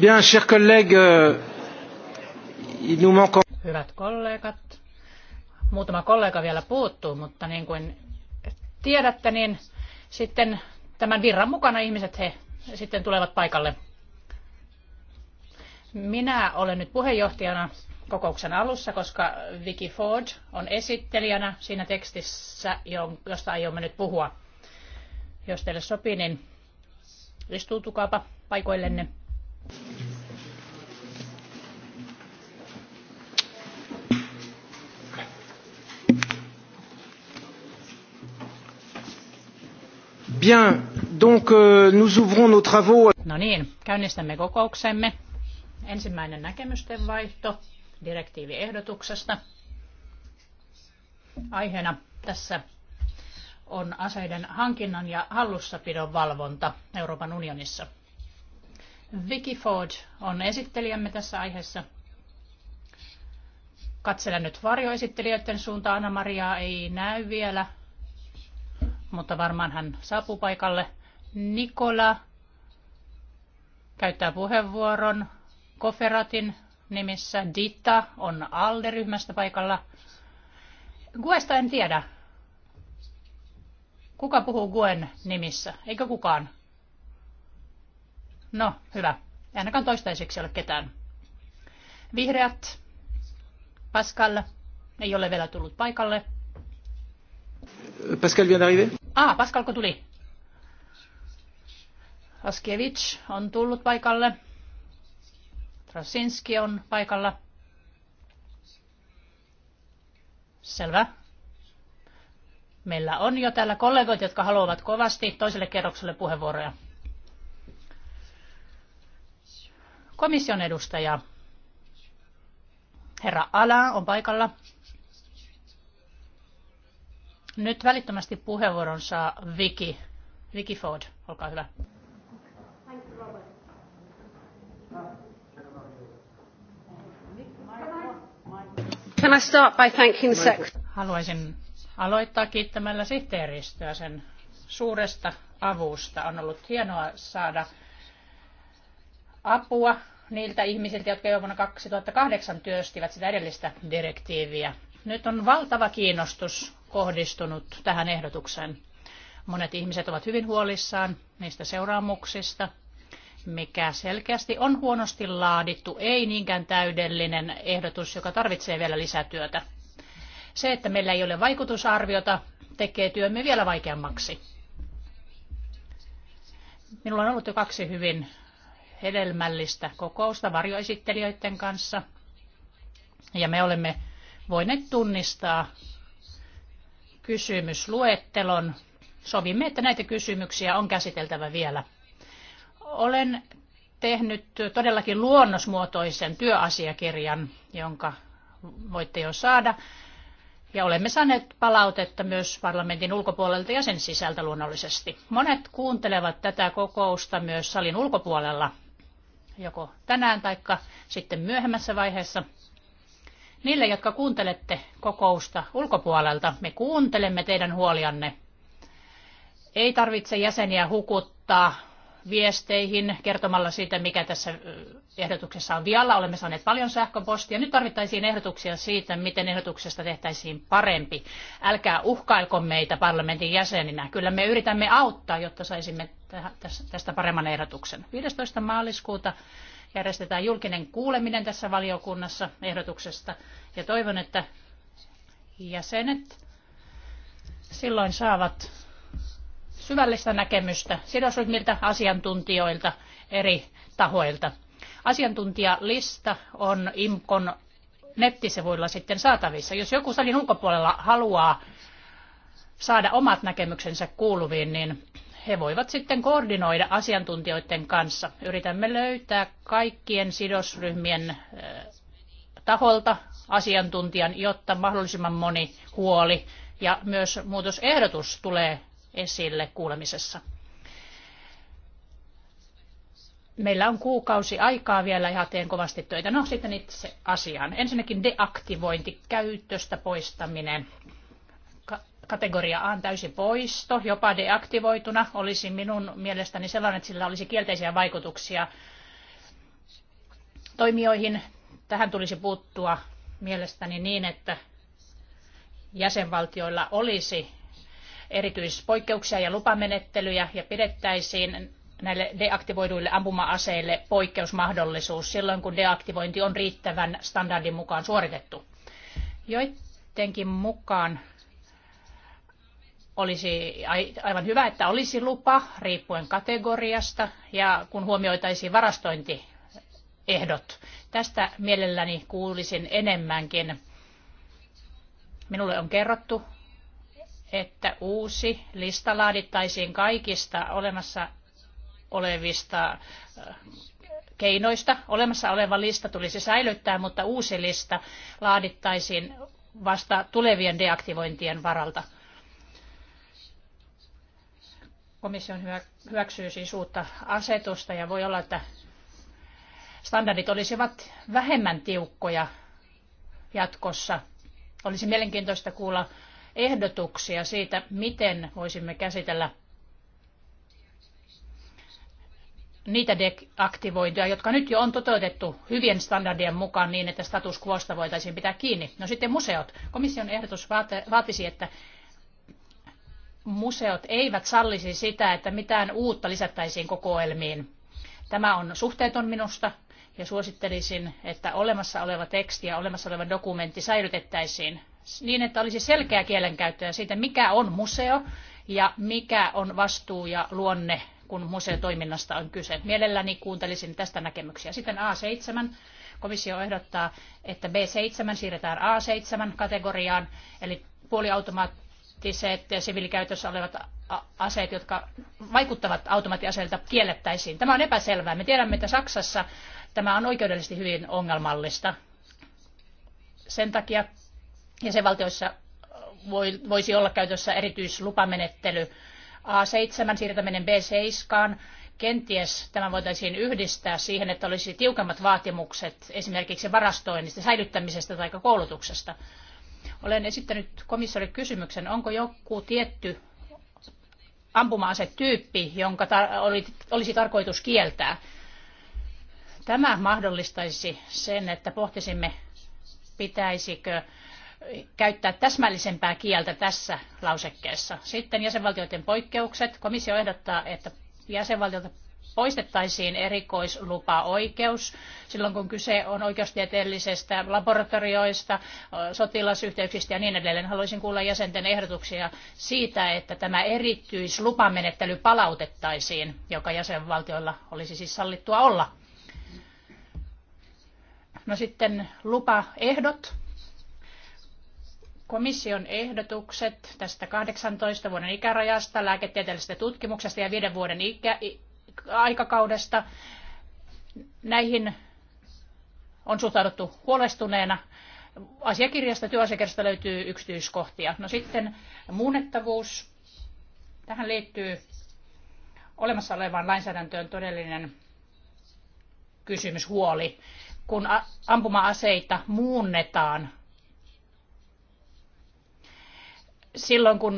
Bien, chers collègues, euh, il nous manque... Hyvät kollegat, muutama kollega vielä puuttuu, mutta niin kuin tiedätte, niin sitten tämän virran mukana ihmiset he sitten tulevat paikalle. Minä olen nyt puheenjohtajana kokouksen alussa, koska Vicky Ford on esittelijänä siinä tekstissä, josta aiomme nyt puhua. Jos teille sopii, niin Istuutukaapa paikoillenne. Bien, donc euh, nous ouvrons nos travaux. No niin, käynnistämme kokouksemme. Ensimmäinen näkemysten vaihto direktiiviehdotuksesta. Aiheena tässä on aseiden hankinnan ja hallussapidon valvonta Euroopan unionissa. Vicky Ford on esittelijämme tässä aiheessa. Katselen nyt varjoesittelijöiden suuntaan. anna Maria ei näy vielä, mutta varmaan hän saapuu paikalle. Nikola käyttää puheenvuoron Koferatin nimissä. Dita on ALDE-ryhmästä paikalla. Guesta en tiedä. Kuka puhuu Guen nimissä? Eikö kukaan? No, hyvä. Ei ainakaan toistaiseksi ole ketään. Vihreät, Pascal, ei ole vielä tullut paikalle. Pascal vient d'arriver? Ah, Pascalko tuli. Askevich on tullut paikalle. Trasinski on paikalla. Selvä. Meillä on jo täällä kollegoit, jotka haluavat kovasti toiselle kerrokselle puheenvuoroja. Komission edustaja herra Ala on paikalla. Nyt välittömästi puheenvuoron saa Vicky. Vicky Ford, olkaa hyvä. Can I start by thanking the Haluaisin aloittaa kiittämällä sihteeristöä sen suuresta avusta. On ollut hienoa saada apua niiltä ihmisiltä, jotka jo vuonna 2008 työstivät sitä edellistä direktiiviä. Nyt on valtava kiinnostus kohdistunut tähän ehdotukseen. Monet ihmiset ovat hyvin huolissaan niistä seuraamuksista, mikä selkeästi on huonosti laadittu, ei niinkään täydellinen ehdotus, joka tarvitsee vielä lisätyötä. Se, että meillä ei ole vaikutusarviota, tekee työmme vielä vaikeammaksi. Minulla on ollut jo kaksi hyvin hedelmällistä kokousta varjoesittelijöiden kanssa. Ja me olemme voineet tunnistaa kysymysluettelon. Sovimme, että näitä kysymyksiä on käsiteltävä vielä. Olen tehnyt todellakin luonnosmuotoisen työasiakirjan, jonka voitte jo saada. Ja olemme saaneet palautetta myös parlamentin ulkopuolelta ja sen sisältä luonnollisesti. Monet kuuntelevat tätä kokousta myös salin ulkopuolella, joko tänään tai sitten myöhemmässä vaiheessa. Niille, jotka kuuntelette kokousta ulkopuolelta, me kuuntelemme teidän huolianne. Ei tarvitse jäseniä hukuttaa viesteihin kertomalla siitä, mikä tässä ehdotuksessa on vialla. Olemme saaneet paljon sähköpostia. Nyt tarvittaisiin ehdotuksia siitä, miten ehdotuksesta tehtäisiin parempi. Älkää uhkailko meitä parlamentin jäseninä. Kyllä me yritämme auttaa, jotta saisimme tästä paremman ehdotuksen. 15. maaliskuuta järjestetään julkinen kuuleminen tässä valiokunnassa ehdotuksesta ja toivon, että jäsenet silloin saavat syvällistä näkemystä sidosryhmiltä, asiantuntijoilta, eri tahoilta. Asiantuntijalista on IMKON nettisivuilla sitten saatavissa. Jos joku salin ulkopuolella haluaa saada omat näkemyksensä kuuluviin, niin he voivat sitten koordinoida asiantuntijoiden kanssa. Yritämme löytää kaikkien sidosryhmien eh, taholta asiantuntijan, jotta mahdollisimman moni huoli ja myös muutosehdotus tulee esille kuulemisessa. Meillä on kuukausi aikaa vielä ja teen kovasti töitä. No sitten itse asiaan. Ensinnäkin deaktivointi, käyttöstä poistaminen. Kategoria A on täysin poisto, jopa deaktivoituna olisi minun mielestäni sellainen, että sillä olisi kielteisiä vaikutuksia toimijoihin. Tähän tulisi puuttua mielestäni niin, että jäsenvaltioilla olisi erityispoikkeuksia ja lupamenettelyjä ja pidettäisiin näille deaktivoiduille ampuma-aseille poikkeusmahdollisuus silloin, kun deaktivointi on riittävän standardin mukaan suoritettu. Joidenkin mukaan olisi aivan hyvä, että olisi lupa riippuen kategoriasta ja kun huomioitaisiin varastointiehdot. Tästä mielelläni kuulisin enemmänkin. Minulle on kerrottu, että uusi lista laadittaisiin kaikista olemassa olevista äh, keinoista. Olemassa oleva lista tulisi säilyttää, mutta uusi lista laadittaisiin vasta tulevien deaktivointien varalta. Komission hyväksyy siis uutta asetusta ja voi olla, että standardit olisivat vähemmän tiukkoja jatkossa. Olisi mielenkiintoista kuulla ehdotuksia siitä, miten voisimme käsitellä niitä deaktivointeja, jotka nyt jo on toteutettu hyvien standardien mukaan niin, että status quosta voitaisiin pitää kiinni. No sitten museot. Komission ehdotus vaatisi, että museot eivät sallisi sitä, että mitään uutta lisättäisiin kokoelmiin. Tämä on suhteeton minusta ja suosittelisin, että olemassa oleva teksti ja olemassa oleva dokumentti säilytettäisiin niin, että olisi selkeä kielenkäyttöä siitä, mikä on museo ja mikä on vastuu ja luonne, kun museotoiminnasta on kyse. Mielelläni kuuntelisin tästä näkemyksiä. Sitten A7. Komissio ehdottaa, että B7 siirretään A7-kategoriaan, eli puoliautomaattiset ja siviilikäytössä olevat aseet, jotka vaikuttavat automaattiaseilta, kiellettäisiin. Tämä on epäselvää. Me tiedämme, että Saksassa tämä on oikeudellisesti hyvin ongelmallista. Sen takia Jäsenvaltioissa voi, voisi olla käytössä erityislupamenettely A7 siirtäminen B7. Kenties tämä voitaisiin yhdistää siihen, että olisi tiukemmat vaatimukset esimerkiksi varastoinnista, säilyttämisestä tai koulutuksesta. Olen esittänyt komissiolle kysymyksen, onko joku tietty ampuma-asetyyppi, jonka tar- oli, olisi tarkoitus kieltää. Tämä mahdollistaisi sen, että pohtisimme, pitäisikö käyttää täsmällisempää kieltä tässä lausekkeessa. Sitten jäsenvaltioiden poikkeukset. Komissio ehdottaa, että jäsenvaltiolta poistettaisiin erikoislupaoikeus silloin, kun kyse on oikeustieteellisestä laboratorioista, sotilasyhteyksistä ja niin edelleen. Haluaisin kuulla jäsenten ehdotuksia siitä, että tämä erityislupamenettely palautettaisiin, joka jäsenvaltioilla olisi siis sallittua olla. No sitten lupaehdot komission ehdotukset tästä 18 vuoden ikärajasta, lääketieteellisestä tutkimuksesta ja viiden vuoden ikä, aikakaudesta. Näihin on suhtauduttu huolestuneena. Asiakirjasta, työasiakirjasta löytyy yksityiskohtia. No sitten muunnettavuus. Tähän liittyy olemassa olevaan lainsäädäntöön todellinen kysymys, huoli. Kun ampuma-aseita muunnetaan silloin, kun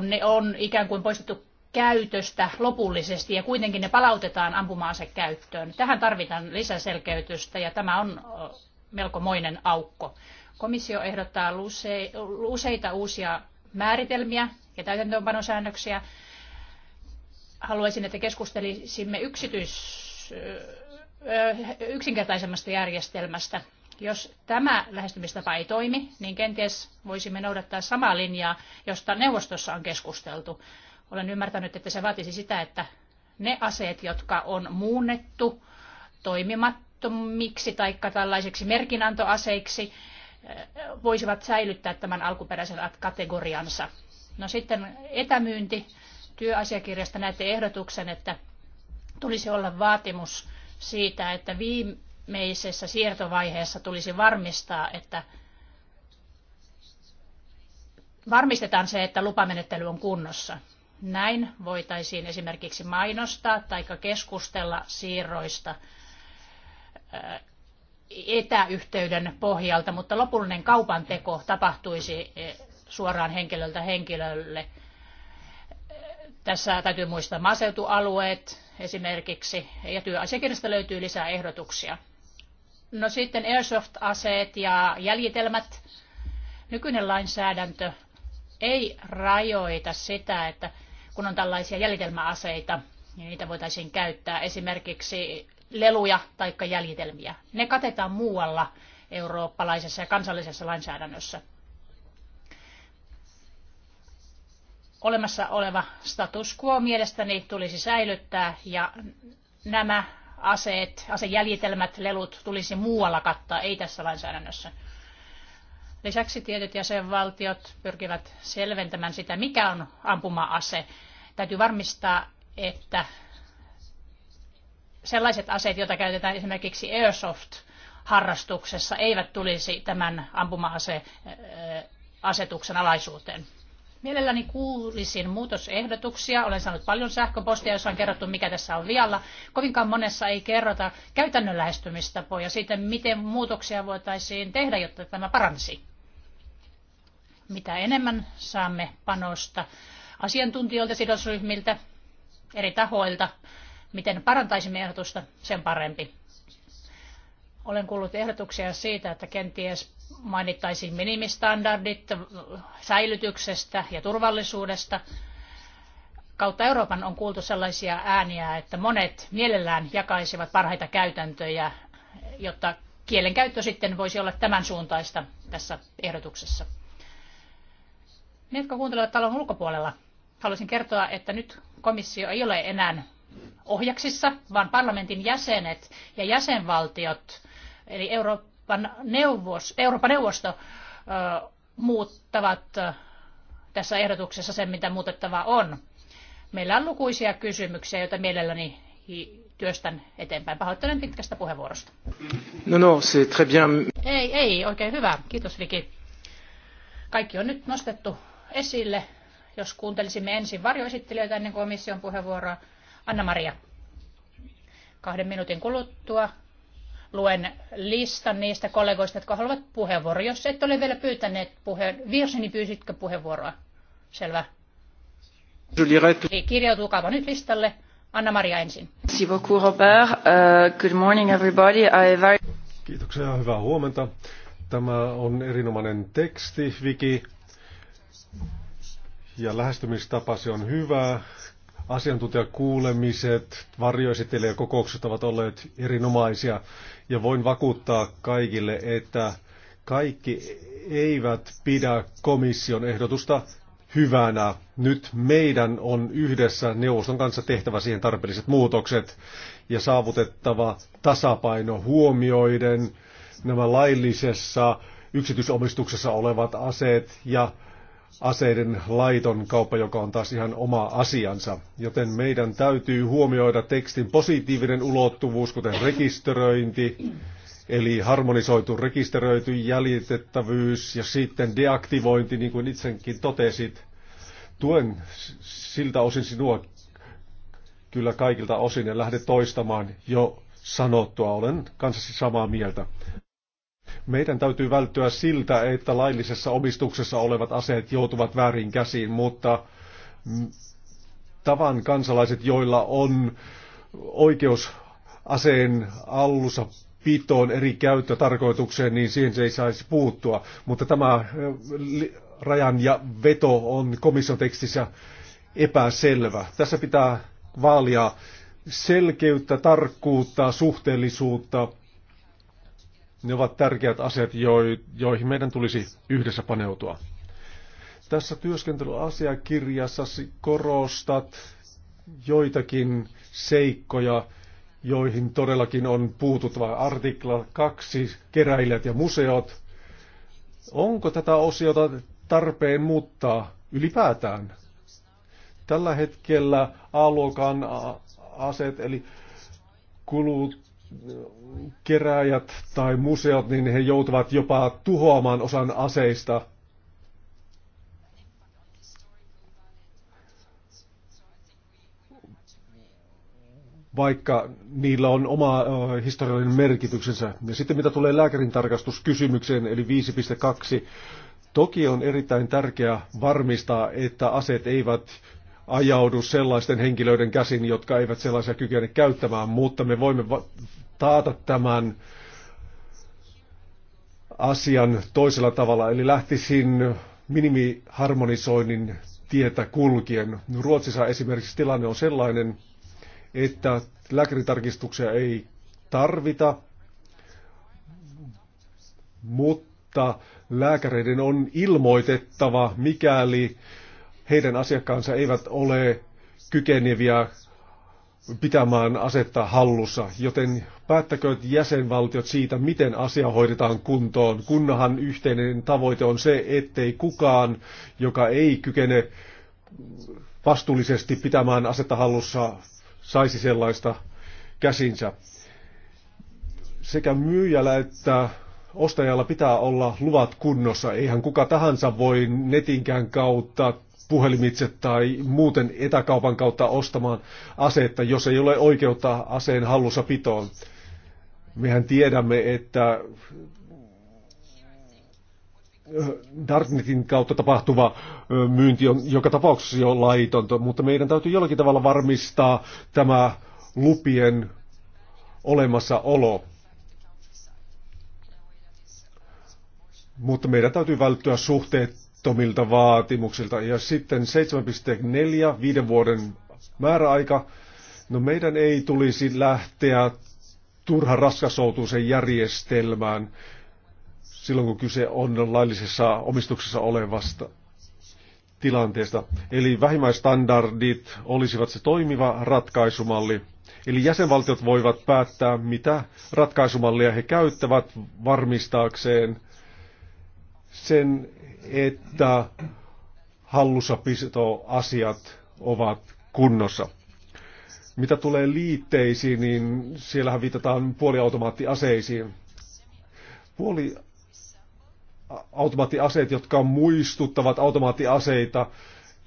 ne on ikään kuin poistettu käytöstä lopullisesti ja kuitenkin ne palautetaan ampuma-ase käyttöön. Tähän tarvitaan lisäselkeytystä ja tämä on melkomoinen aukko. Komissio ehdottaa useita uusia määritelmiä ja täytäntöönpanosäännöksiä. Haluaisin, että keskustelisimme yksityis, yksinkertaisemmasta järjestelmästä jos tämä lähestymistapa ei toimi, niin kenties voisimme noudattaa samaa linjaa, josta neuvostossa on keskusteltu. Olen ymmärtänyt, että se vaatisi sitä, että ne aseet, jotka on muunnettu toimimattomiksi tai tällaisiksi merkinantoaseiksi, eh, voisivat säilyttää tämän alkuperäisen kategoriansa. No sitten etämyynti. Työasiakirjasta näette ehdotuksen, että tulisi olla vaatimus siitä, että viimeisessä siirtovaiheessa tulisi varmistaa, että varmistetaan se, että lupamenettely on kunnossa. Näin voitaisiin esimerkiksi mainostaa tai keskustella siirroista etäyhteyden pohjalta, mutta lopullinen kaupan teko tapahtuisi suoraan henkilöltä henkilölle. Tässä täytyy muistaa maaseutualueet esimerkiksi, ja työasiakirjasta löytyy lisää ehdotuksia. No sitten airsoft-aseet ja jäljitelmät. Nykyinen lainsäädäntö ei rajoita sitä, että kun on tällaisia jäljitelmäaseita, niin niitä voitaisiin käyttää esimerkiksi leluja tai jäljitelmiä. Ne katetaan muualla eurooppalaisessa ja kansallisessa lainsäädännössä. Olemassa oleva status quo mielestäni tulisi säilyttää ja nämä aseet, asejäljitelmät, lelut tulisi muualla kattaa, ei tässä lainsäädännössä. Lisäksi tietyt jäsenvaltiot pyrkivät selventämään sitä, mikä on ampuma-ase. Täytyy varmistaa, että sellaiset aseet, joita käytetään esimerkiksi airsoft-harrastuksessa, eivät tulisi tämän ampuma aseasetuksen alaisuuteen. Mielelläni kuulisin muutosehdotuksia. Olen saanut paljon sähköpostia, jossa on kerrottu, mikä tässä on vialla. Kovinkaan monessa ei kerrota käytännön lähestymistapoja siitä, miten muutoksia voitaisiin tehdä, jotta tämä paransi. Mitä enemmän saamme panosta asiantuntijoilta, sidosryhmiltä, eri tahoilta, miten parantaisimme ehdotusta, sen parempi. Olen kuullut ehdotuksia siitä, että kenties mainittaisiin minimistandardit säilytyksestä ja turvallisuudesta. Kautta Euroopan on kuultu sellaisia ääniä, että monet mielellään jakaisivat parhaita käytäntöjä, jotta kielenkäyttö sitten voisi olla tämän suuntaista tässä ehdotuksessa. Ne, jotka kuuntelevat talon ulkopuolella, haluaisin kertoa, että nyt komissio ei ole enää ohjaksissa, vaan parlamentin jäsenet ja jäsenvaltiot, eli Euroopan Euroopan, neuvos, Euroopan neuvosto muuttavat tässä ehdotuksessa sen, mitä muutettavaa on. Meillä on lukuisia kysymyksiä, joita mielelläni työstän eteenpäin. Pahoittelen pitkästä puheenvuorosta. No, no, c'est très bien. Ei, ei, oikein hyvä. Kiitos Viki. Kaikki on nyt nostettu esille. Jos kuuntelisimme ensin varjoesittelijöitä ennen komission puheenvuoroa. Anna-Maria. Kahden minuutin kuluttua luen listan niistä kollegoista, jotka haluavat puheenvuoron. Jos et ole vielä pyytäneet puheen, niin pyysitkö puheenvuoroa? Selvä. Eli nyt listalle. Anna-Maria ensin. Uh, good morning everybody. I... Kiitoksia ja hyvää huomenta. Tämä on erinomainen teksti, Viki. Ja lähestymistapasi on hyvä. Asiantuntijakuulemiset, kokoukset ovat olleet erinomaisia ja voin vakuuttaa kaikille, että kaikki eivät pidä komission ehdotusta hyvänä. Nyt meidän on yhdessä neuvoston kanssa tehtävä siihen tarpeelliset muutokset ja saavutettava tasapaino huomioiden nämä laillisessa yksityisomistuksessa olevat aseet ja aseiden laiton kauppa, joka on taas ihan oma asiansa. Joten meidän täytyy huomioida tekstin positiivinen ulottuvuus, kuten rekisteröinti, eli harmonisoitu rekisteröity jäljitettävyys ja sitten deaktivointi, niin kuin itsekin totesit. Tuen siltä osin sinua kyllä kaikilta osin ja lähde toistamaan jo sanottua. Olen kanssasi samaa mieltä. Meidän täytyy välttyä siltä, että laillisessa omistuksessa olevat aseet joutuvat väärin käsiin, mutta tavan kansalaiset, joilla on oikeus aseen allussa pitoon eri käyttötarkoitukseen, niin siihen se ei saisi puuttua. Mutta tämä rajan ja veto on komission tekstissä epäselvä. Tässä pitää vaalia selkeyttä, tarkkuutta, suhteellisuutta ne ovat tärkeät asiat, joihin meidän tulisi yhdessä paneutua. Tässä työskentelyasiakirjassa korostat joitakin seikkoja, joihin todellakin on puututtava artikla 2, keräilijät ja museot. Onko tätä osiota tarpeen muuttaa ylipäätään? Tällä hetkellä A-luokan aset, eli kulut, keräjät tai museot, niin he joutuvat jopa tuhoamaan osan aseista. vaikka niillä on oma ö, historiallinen merkityksensä. Ja sitten mitä tulee lääkärin tarkastuskysymykseen, eli 5.2, toki on erittäin tärkeää varmistaa, että aseet eivät ajaudu sellaisten henkilöiden käsin, jotka eivät sellaisia kykene käyttämään, mutta me voimme taata tämän asian toisella tavalla, eli lähtisin minimiharmonisoinnin tietä kulkien. Ruotsissa esimerkiksi tilanne on sellainen, että lääkäritarkistuksia ei tarvita, mutta lääkäreiden on ilmoitettava, mikäli heidän asiakkaansa eivät ole kykeneviä pitämään asetta hallussa, joten päättäkööt jäsenvaltiot siitä, miten asia hoidetaan kuntoon, kunnahan yhteinen tavoite on se, ettei kukaan, joka ei kykene vastuullisesti pitämään asetta hallussa, saisi sellaista käsinsä. Sekä myyjällä että ostajalla pitää olla luvat kunnossa. Eihän kuka tahansa voi netinkään kautta puhelimitse tai muuten etäkaupan kautta ostamaan aseetta, jos ei ole oikeutta aseen hallussapitoon. Mehän tiedämme, että äh, Darknetin kautta tapahtuva äh, myynti on joka tapauksessa jo laitonta, mutta meidän täytyy jollakin tavalla varmistaa tämä lupien olemassaolo. Mutta meidän täytyy välttyä suhteet ehdottomilta vaatimuksilta. Ja sitten 7.4, viiden vuoden määräaika. No meidän ei tulisi lähteä turha raskasoutuisen järjestelmään silloin, kun kyse on laillisessa omistuksessa olevasta tilanteesta. Eli vähimmäistandardit olisivat se toimiva ratkaisumalli. Eli jäsenvaltiot voivat päättää, mitä ratkaisumallia he käyttävät varmistaakseen sen, että hallussapitoasiat ovat kunnossa. Mitä tulee liitteisiin, niin siellähän viitataan puoliautomaattiaseisiin. Puoli automaattiaseet, jotka muistuttavat automaattiaseita,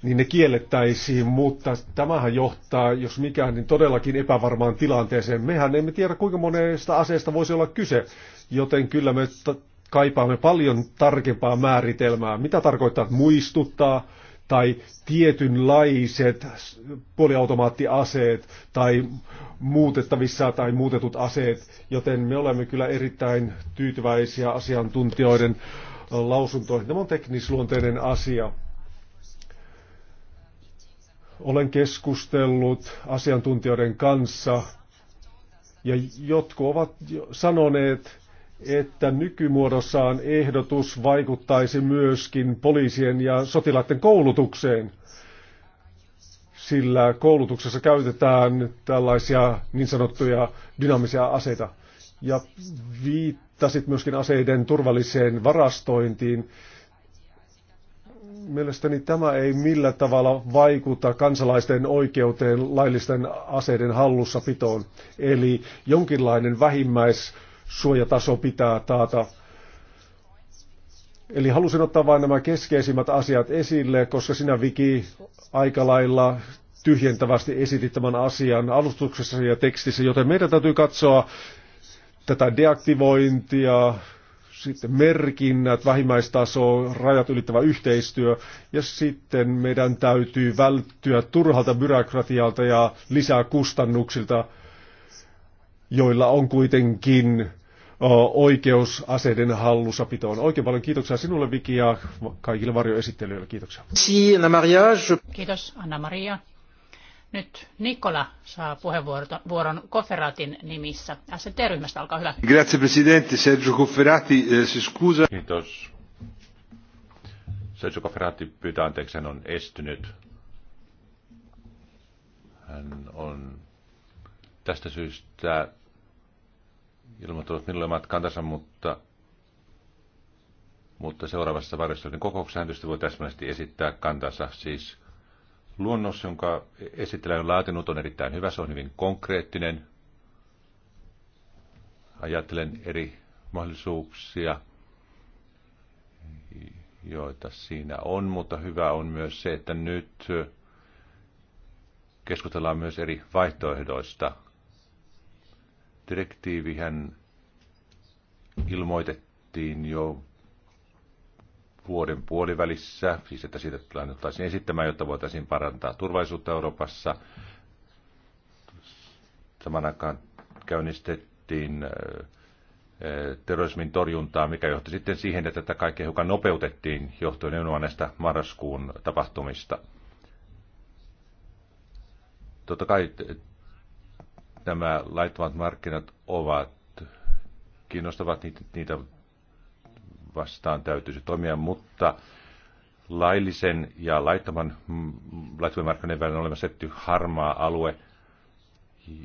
niin ne kiellettäisiin, mutta tämähän johtaa, jos mikään, niin todellakin epävarmaan tilanteeseen. Mehän emme tiedä, kuinka monesta aseesta voisi olla kyse, joten kyllä me kaipaamme paljon tarkempaa määritelmää, mitä tarkoittaa muistuttaa tai tietynlaiset puoliautomaattiaseet tai muutettavissa tai muutetut aseet, joten me olemme kyllä erittäin tyytyväisiä asiantuntijoiden lausuntoihin. Tämä on teknisluonteinen asia. Olen keskustellut asiantuntijoiden kanssa ja jotkut ovat sanoneet, että nykymuodossaan ehdotus vaikuttaisi myöskin poliisien ja sotilaiden koulutukseen, sillä koulutuksessa käytetään tällaisia niin sanottuja dynaamisia aseita. Ja viittasit myöskin aseiden turvalliseen varastointiin. Mielestäni tämä ei millä tavalla vaikuta kansalaisten oikeuteen laillisten aseiden hallussapitoon. Eli jonkinlainen vähimmäis suojataso pitää taata. Eli halusin ottaa vain nämä keskeisimmät asiat esille, koska sinä Viki aika lailla tyhjentävästi esitit tämän asian alustuksessa ja tekstissä, joten meidän täytyy katsoa tätä deaktivointia, sitten merkinnät, vähimmäistaso, rajat ylittävä yhteistyö ja sitten meidän täytyy välttyä turhalta byrokratialta ja lisää kustannuksilta joilla on kuitenkin oikeus aseiden hallussapitoon. Oikein paljon kiitoksia sinulle Viki ja kaikille varjoesittelyille. Kiitoksia. Kiitos Anna-Maria. Nyt Nikola saa puheenvuoron Kofferatin nimissä. ST-ryhmästä, olkaa hyvä. Grazie Presidente, Sergio Cofferati, eh, si scusa. Kiitos. Sergio Kofferati pyytää anteeksi, hän on estynyt. Hän on Tästä syystä ilmoittanut minulle omat mutta, mutta seuraavassa varjostelun kokouksessa hän tietysti voi täsmällisesti esittää kantansa. Siis luonnos, jonka esittelijä on laatinut, on erittäin hyvä, se on hyvin konkreettinen. Ajattelen eri mahdollisuuksia, joita siinä on, mutta hyvä on myös se, että nyt keskustellaan myös eri vaihtoehdoista – Direktiivihän ilmoitettiin jo vuoden puolivälissä, siis että siitä lähdettäisiin esittämään, jotta voitaisiin parantaa turvallisuutta Euroopassa. Saman aikaan käynnistettiin äh, terrorismin torjuntaa, mikä johti sitten siihen, että tätä kaikkea hiukan nopeutettiin johtuen nimenomaan näistä marraskuun tapahtumista. Totta kai nämä laittomat markkinat ovat, kiinnostavat niitä, niitä vastaan täytyisi toimia, mutta laillisen ja laittoman, mm, laittoman markkinoiden välillä on olemassa tietty harmaa alue,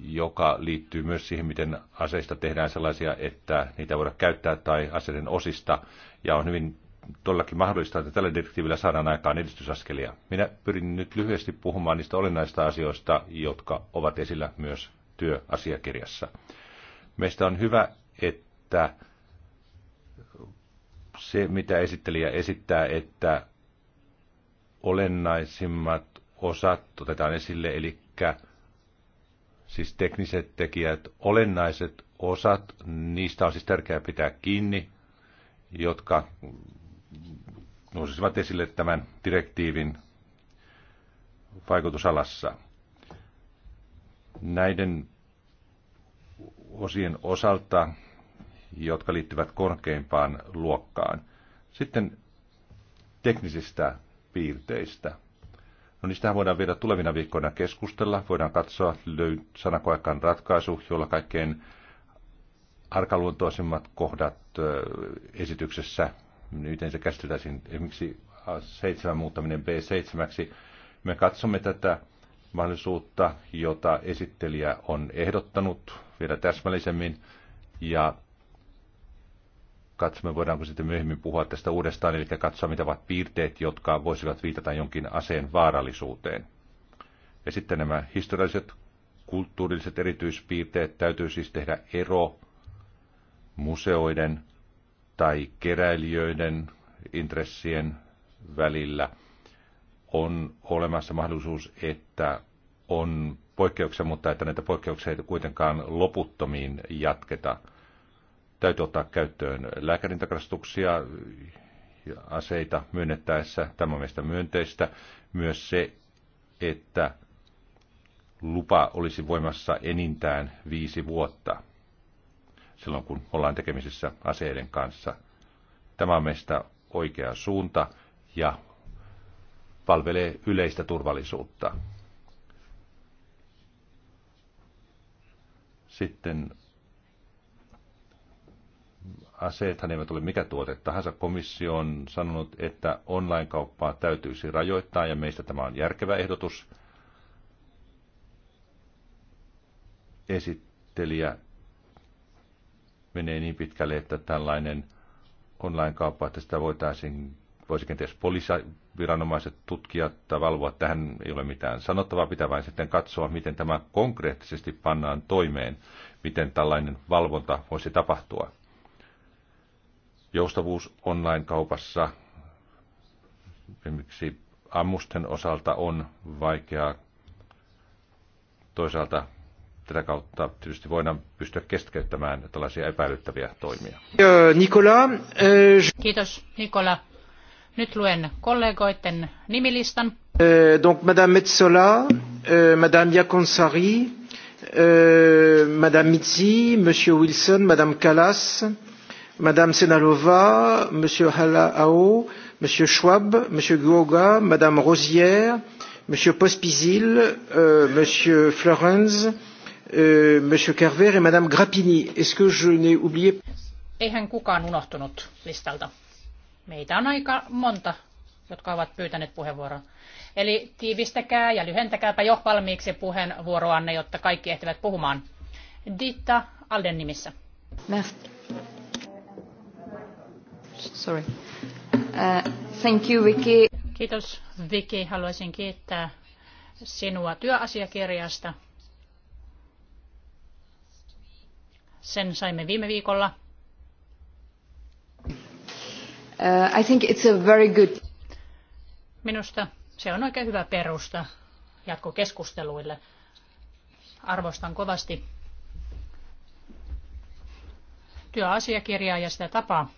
joka liittyy myös siihen, miten aseista tehdään sellaisia, että niitä voidaan käyttää tai aseiden osista. Ja on hyvin todellakin mahdollista, että tällä direktiivillä saadaan aikaan edistysaskelia. Minä pyrin nyt lyhyesti puhumaan niistä olennaista asioista, jotka ovat esillä myös työasiakirjassa. Meistä on hyvä, että se, mitä esittelijä esittää, että olennaisimmat osat otetaan esille, eli siis tekniset tekijät, olennaiset osat, niistä on siis tärkeää pitää kiinni, jotka nousisivat esille tämän direktiivin vaikutusalassa. Näiden osien osalta, jotka liittyvät korkeimpaan luokkaan. Sitten teknisistä piirteistä. No niistähän voidaan vielä tulevina viikkoina keskustella. Voidaan katsoa löy- sanakoekan ratkaisu, jolla kaikkein arkaluontoisimmat kohdat esityksessä, miten se käsiteltäisiin, esimerkiksi A7 muuttaminen B7. Me katsomme tätä mahdollisuutta, jota esittelijä on ehdottanut vielä täsmällisemmin. Ja katsomme, voidaanko sitten myöhemmin puhua tästä uudestaan, eli katsoa, mitä ovat piirteet, jotka voisivat viitata jonkin aseen vaarallisuuteen. Ja sitten nämä historialliset, kulttuurilliset erityispiirteet täytyy siis tehdä ero museoiden tai keräilijöiden intressien välillä – on olemassa mahdollisuus, että on poikkeuksia, mutta että näitä poikkeuksia ei kuitenkaan loputtomiin jatketa. Täytyy ottaa käyttöön ja aseita myönnettäessä. Tämä on mielestäni myönteistä. Myös se, että lupa olisi voimassa enintään viisi vuotta silloin, kun ollaan tekemisissä aseiden kanssa. Tämä on meistä oikea suunta ja palvelee yleistä turvallisuutta. Sitten aseethan eivät ole mikä tuote tahansa. Komissio on sanonut, että online-kauppaa täytyisi rajoittaa ja meistä tämä on järkevä ehdotus. Esittelijä menee niin pitkälle, että tällainen online-kauppa, että sitä voitaisiin voisi kenties poliisiviranomaiset tutkia tai valvoa. Tähän ei ole mitään sanottavaa, pitää vain sitten katsoa, miten tämä konkreettisesti pannaan toimeen, miten tällainen valvonta voisi tapahtua. Joustavuus online-kaupassa esimerkiksi ammusten osalta on vaikeaa. Toisaalta tätä kautta tietysti voidaan pystyä keskeyttämään tällaisia epäilyttäviä toimia. Nikola. Euh, Kiitos Nikola. Nyt luen kollegoiden nimilistan. Eh, donc Madame Metsola, eh, Madame Yakonsari, eh, Madame Mitzi, Monsieur Wilson, Madame Callas, Madame Senalova, Monsieur Halaao, Monsieur Schwab, Monsieur Guoga, Madame Rosière, Monsieur Pospisil, eh, Monsieur Florence, Monsieur Carver et Madame Grappini. Est-ce que je n'ai oublié Eihän kukaan unohtunut listalta. Meitä on aika monta, jotka ovat pyytäneet puheenvuoroa. Eli tiivistäkää ja lyhentäkääpä jo valmiiksi puheenvuoroanne, jotta kaikki ehtivät puhumaan. Ditta Alden nimissä. Merci. Sorry. Uh, thank you, Vicky. Kiitos Viki. Haluaisin kiittää sinua työasiakirjasta. Sen saimme viime viikolla. Uh, Minusta se on oikein hyvä perusta jatkokeskusteluille. Arvostan kovasti työasiakirjaa ja sitä tapaa,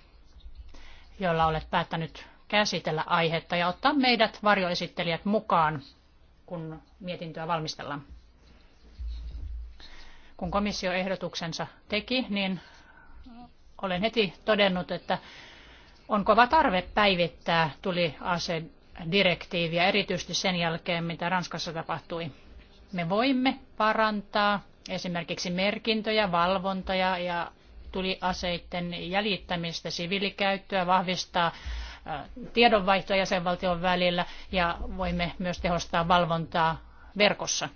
jolla olet päättänyt käsitellä aihetta ja ottaa meidät varjoesittelijät mukaan, kun mietintöä valmistellaan. Kun komissio ehdotuksensa teki, niin olen heti todennut, että on kova tarve päivittää tuliasedirektiiviä, erityisesti sen jälkeen, mitä Ranskassa tapahtui. Me voimme parantaa esimerkiksi merkintöjä, valvontoja ja tuliaseiden jäljittämistä, siviilikäyttöä, vahvistaa tiedonvaihtoa jäsenvaltion välillä ja voimme myös tehostaa valvontaa verkossa.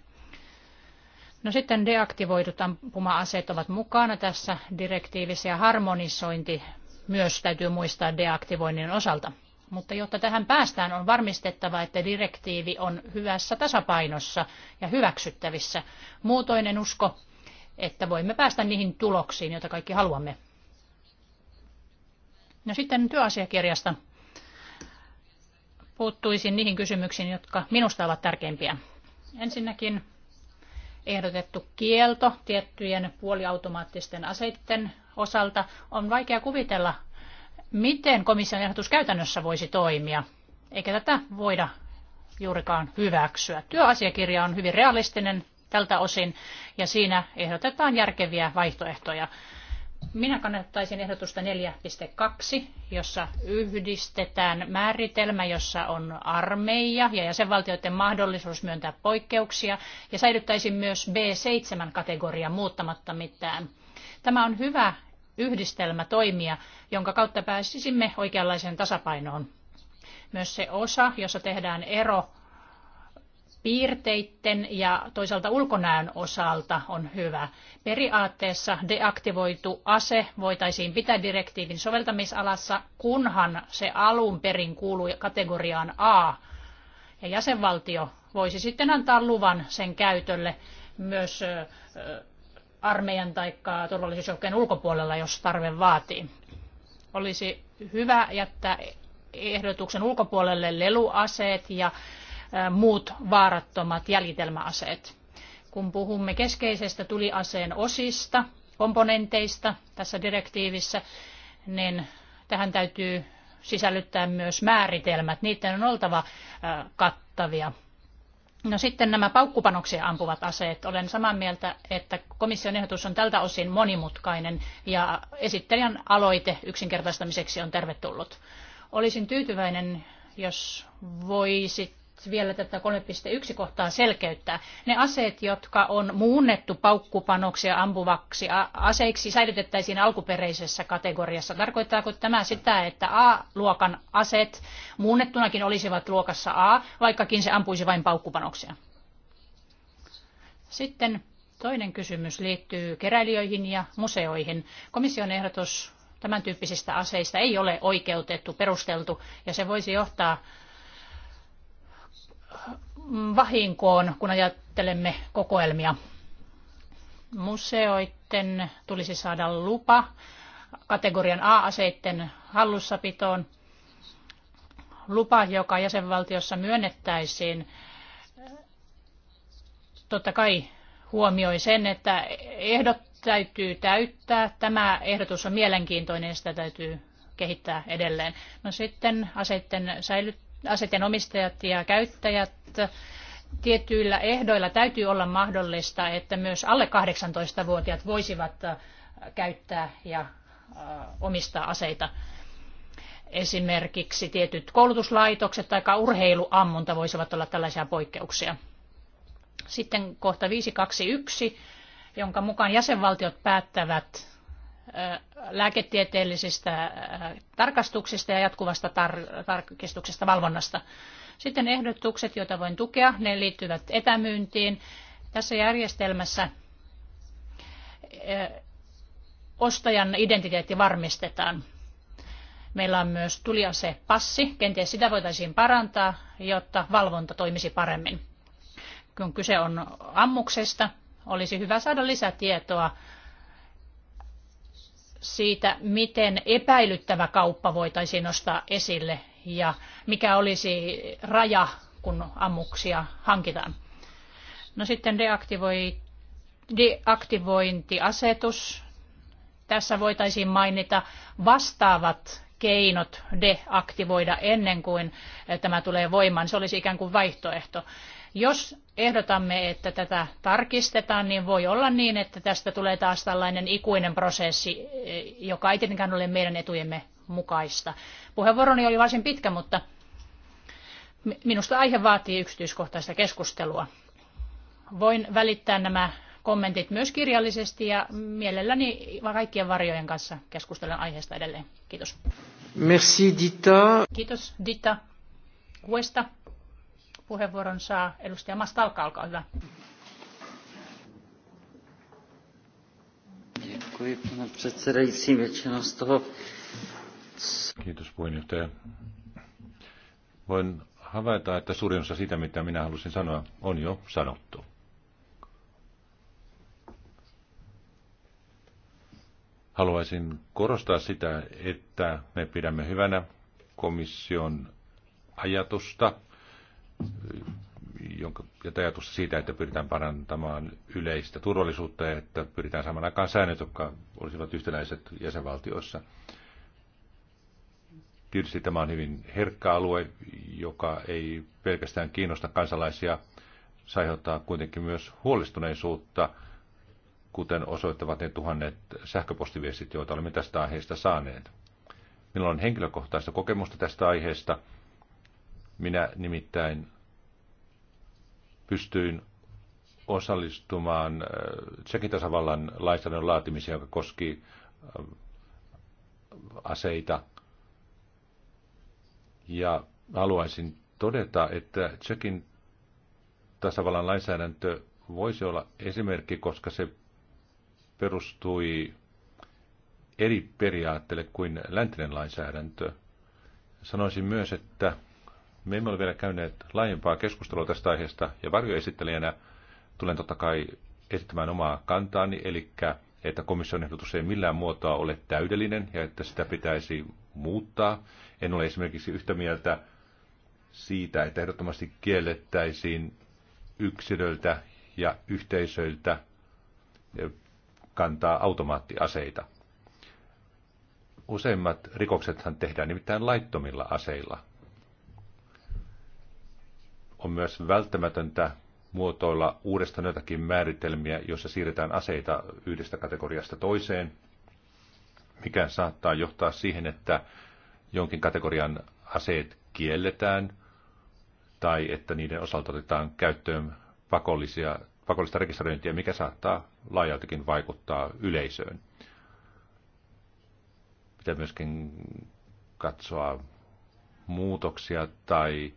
No sitten deaktivoidut ampuma-aseet ovat mukana tässä direktiivissä ja harmonisointi myös täytyy muistaa deaktivoinnin osalta. Mutta jotta tähän päästään, on varmistettava, että direktiivi on hyvässä tasapainossa ja hyväksyttävissä. Muutoin en usko, että voimme päästä niihin tuloksiin, joita kaikki haluamme. No sitten työasiakirjasta puuttuisin niihin kysymyksiin, jotka minusta ovat tärkeimpiä. Ensinnäkin ehdotettu kielto tiettyjen puoliautomaattisten aseiden osalta on vaikea kuvitella, miten komission ehdotus käytännössä voisi toimia. Eikä tätä voida juurikaan hyväksyä. Työasiakirja on hyvin realistinen tältä osin ja siinä ehdotetaan järkeviä vaihtoehtoja. Minä kannattaisin ehdotusta 4.2, jossa yhdistetään määritelmä, jossa on armeija ja jäsenvaltioiden mahdollisuus myöntää poikkeuksia ja säilyttäisin myös B7-kategoria muuttamatta mitään. Tämä on hyvä yhdistelmä toimia, jonka kautta pääsisimme oikeanlaiseen tasapainoon. Myös se osa, jossa tehdään ero piirteitten ja toisaalta ulkonäön osalta on hyvä. Periaatteessa deaktivoitu ase voitaisiin pitää direktiivin soveltamisalassa, kunhan se alun perin kuului kategoriaan A. Ja jäsenvaltio voisi sitten antaa luvan sen käytölle myös armeijan tai turvallisuusjoukkojen ulkopuolella, jos tarve vaatii. Olisi hyvä jättää ehdotuksen ulkopuolelle leluaseet ja muut vaarattomat jäljitelmäaseet. Kun puhumme keskeisestä tuliaseen osista, komponenteista tässä direktiivissä, niin tähän täytyy sisällyttää myös määritelmät. Niiden on oltava kattavia. No sitten nämä paukkupanoksia ampuvat aseet. Olen samaa mieltä, että komission ehdotus on tältä osin monimutkainen ja esittelijän aloite yksinkertaistamiseksi on tervetullut. Olisin tyytyväinen, jos voisit vielä tätä 3.1 kohtaa selkeyttää. Ne aseet, jotka on muunnettu paukkupanoksi ja ampuvaksi aseiksi, säilytettäisiin alkuperäisessä kategoriassa. Tarkoittaako tämä sitä, että A-luokan aseet muunnettunakin olisivat luokassa A, vaikkakin se ampuisi vain paukkupanoksia? Sitten toinen kysymys liittyy keräilijöihin ja museoihin. Komission ehdotus tämän tyyppisistä aseista ei ole oikeutettu, perusteltu, ja se voisi johtaa vahinkoon, kun ajattelemme kokoelmia. Museoiden tulisi saada lupa kategorian A-aseiden hallussapitoon. Lupa, joka jäsenvaltiossa myönnettäisiin, totta kai huomioi sen, että ehdot täytyy täyttää. Tämä ehdotus on mielenkiintoinen ja sitä täytyy kehittää edelleen. No sitten aseiden säilyttäminen aseiden omistajat ja käyttäjät tietyillä ehdoilla täytyy olla mahdollista, että myös alle 18-vuotiaat voisivat äh, käyttää ja äh, omistaa aseita. Esimerkiksi tietyt koulutuslaitokset tai urheiluammunta voisivat olla tällaisia poikkeuksia. Sitten kohta 521, jonka mukaan jäsenvaltiot päättävät lääketieteellisistä tarkastuksista ja jatkuvasta tar- tarkistuksesta valvonnasta. Sitten ehdotukset, joita voin tukea, ne liittyvät etämyyntiin. Tässä järjestelmässä ostajan identiteetti varmistetaan. Meillä on myös tuliase passi, kenties sitä voitaisiin parantaa, jotta valvonta toimisi paremmin. Kun kyse on ammuksesta, olisi hyvä saada lisätietoa siitä, miten epäilyttävä kauppa voitaisiin nostaa esille ja mikä olisi raja, kun ammuksia hankitaan. No sitten deaktivoi, deaktivointiasetus. Tässä voitaisiin mainita vastaavat keinot deaktivoida ennen kuin eh, tämä tulee voimaan. Se olisi ikään kuin vaihtoehto. Jos ehdotamme, että tätä tarkistetaan, niin voi olla niin, että tästä tulee taas tällainen ikuinen prosessi, eh, joka ei tietenkään ole meidän etujemme mukaista. Puheenvuoroni oli varsin pitkä, mutta minusta aihe vaatii yksityiskohtaista keskustelua. Voin välittää nämä kommentit myös kirjallisesti ja mielelläni kaikkien varjojen kanssa keskustelen aiheesta edelleen. Kiitos. Merci Dita. Kiitos Dita. Cuesta puheenvuoron saa edustaja Mastalka, olkaa hyvä. Kiitos puheenjohtaja. Voin havaita, että suurin osa sitä, mitä minä halusin sanoa, on jo sanottu. Haluaisin korostaa sitä, että me pidämme hyvänä komission ajatusta – jonka, ja ajatus siitä, että pyritään parantamaan yleistä turvallisuutta ja että pyritään saamaan aikaan säännöt, jotka olisivat yhtenäiset jäsenvaltioissa. Tietysti tämä on hyvin herkkä alue, joka ei pelkästään kiinnosta kansalaisia, se aiheuttaa kuitenkin myös huolestuneisuutta, kuten osoittavat ne tuhannet sähköpostiviestit, joita olemme tästä aiheesta saaneet. Minulla on henkilökohtaista kokemusta tästä aiheesta – minä nimittäin pystyin osallistumaan äh, Tsekin tasavallan lainsäädännön laatimiseen, joka koski äh, aseita. Ja haluaisin todeta, että Tsekin tasavallan lainsäädäntö voisi olla esimerkki, koska se perustui eri periaatteelle kuin läntinen lainsäädäntö. Sanoisin myös, että me emme ole vielä käyneet laajempaa keskustelua tästä aiheesta, ja varjoesittelijänä tulen totta kai esittämään omaa kantaani, eli että komission ehdotus ei millään muotoa ole täydellinen ja että sitä pitäisi muuttaa. En ole esimerkiksi yhtä mieltä siitä, että ehdottomasti kiellettäisiin yksilöltä ja yhteisöiltä e, kantaa automaattiaseita. Useimmat rikoksethan tehdään nimittäin laittomilla aseilla. On myös välttämätöntä muotoilla uudestaan jotakin määritelmiä, joissa siirretään aseita yhdestä kategoriasta toiseen, mikä saattaa johtaa siihen, että jonkin kategorian aseet kielletään tai että niiden osalta otetaan käyttöön pakollisia, pakollista rekisteröintiä, mikä saattaa laajaltikin vaikuttaa yleisöön. Pitää myöskin katsoa muutoksia tai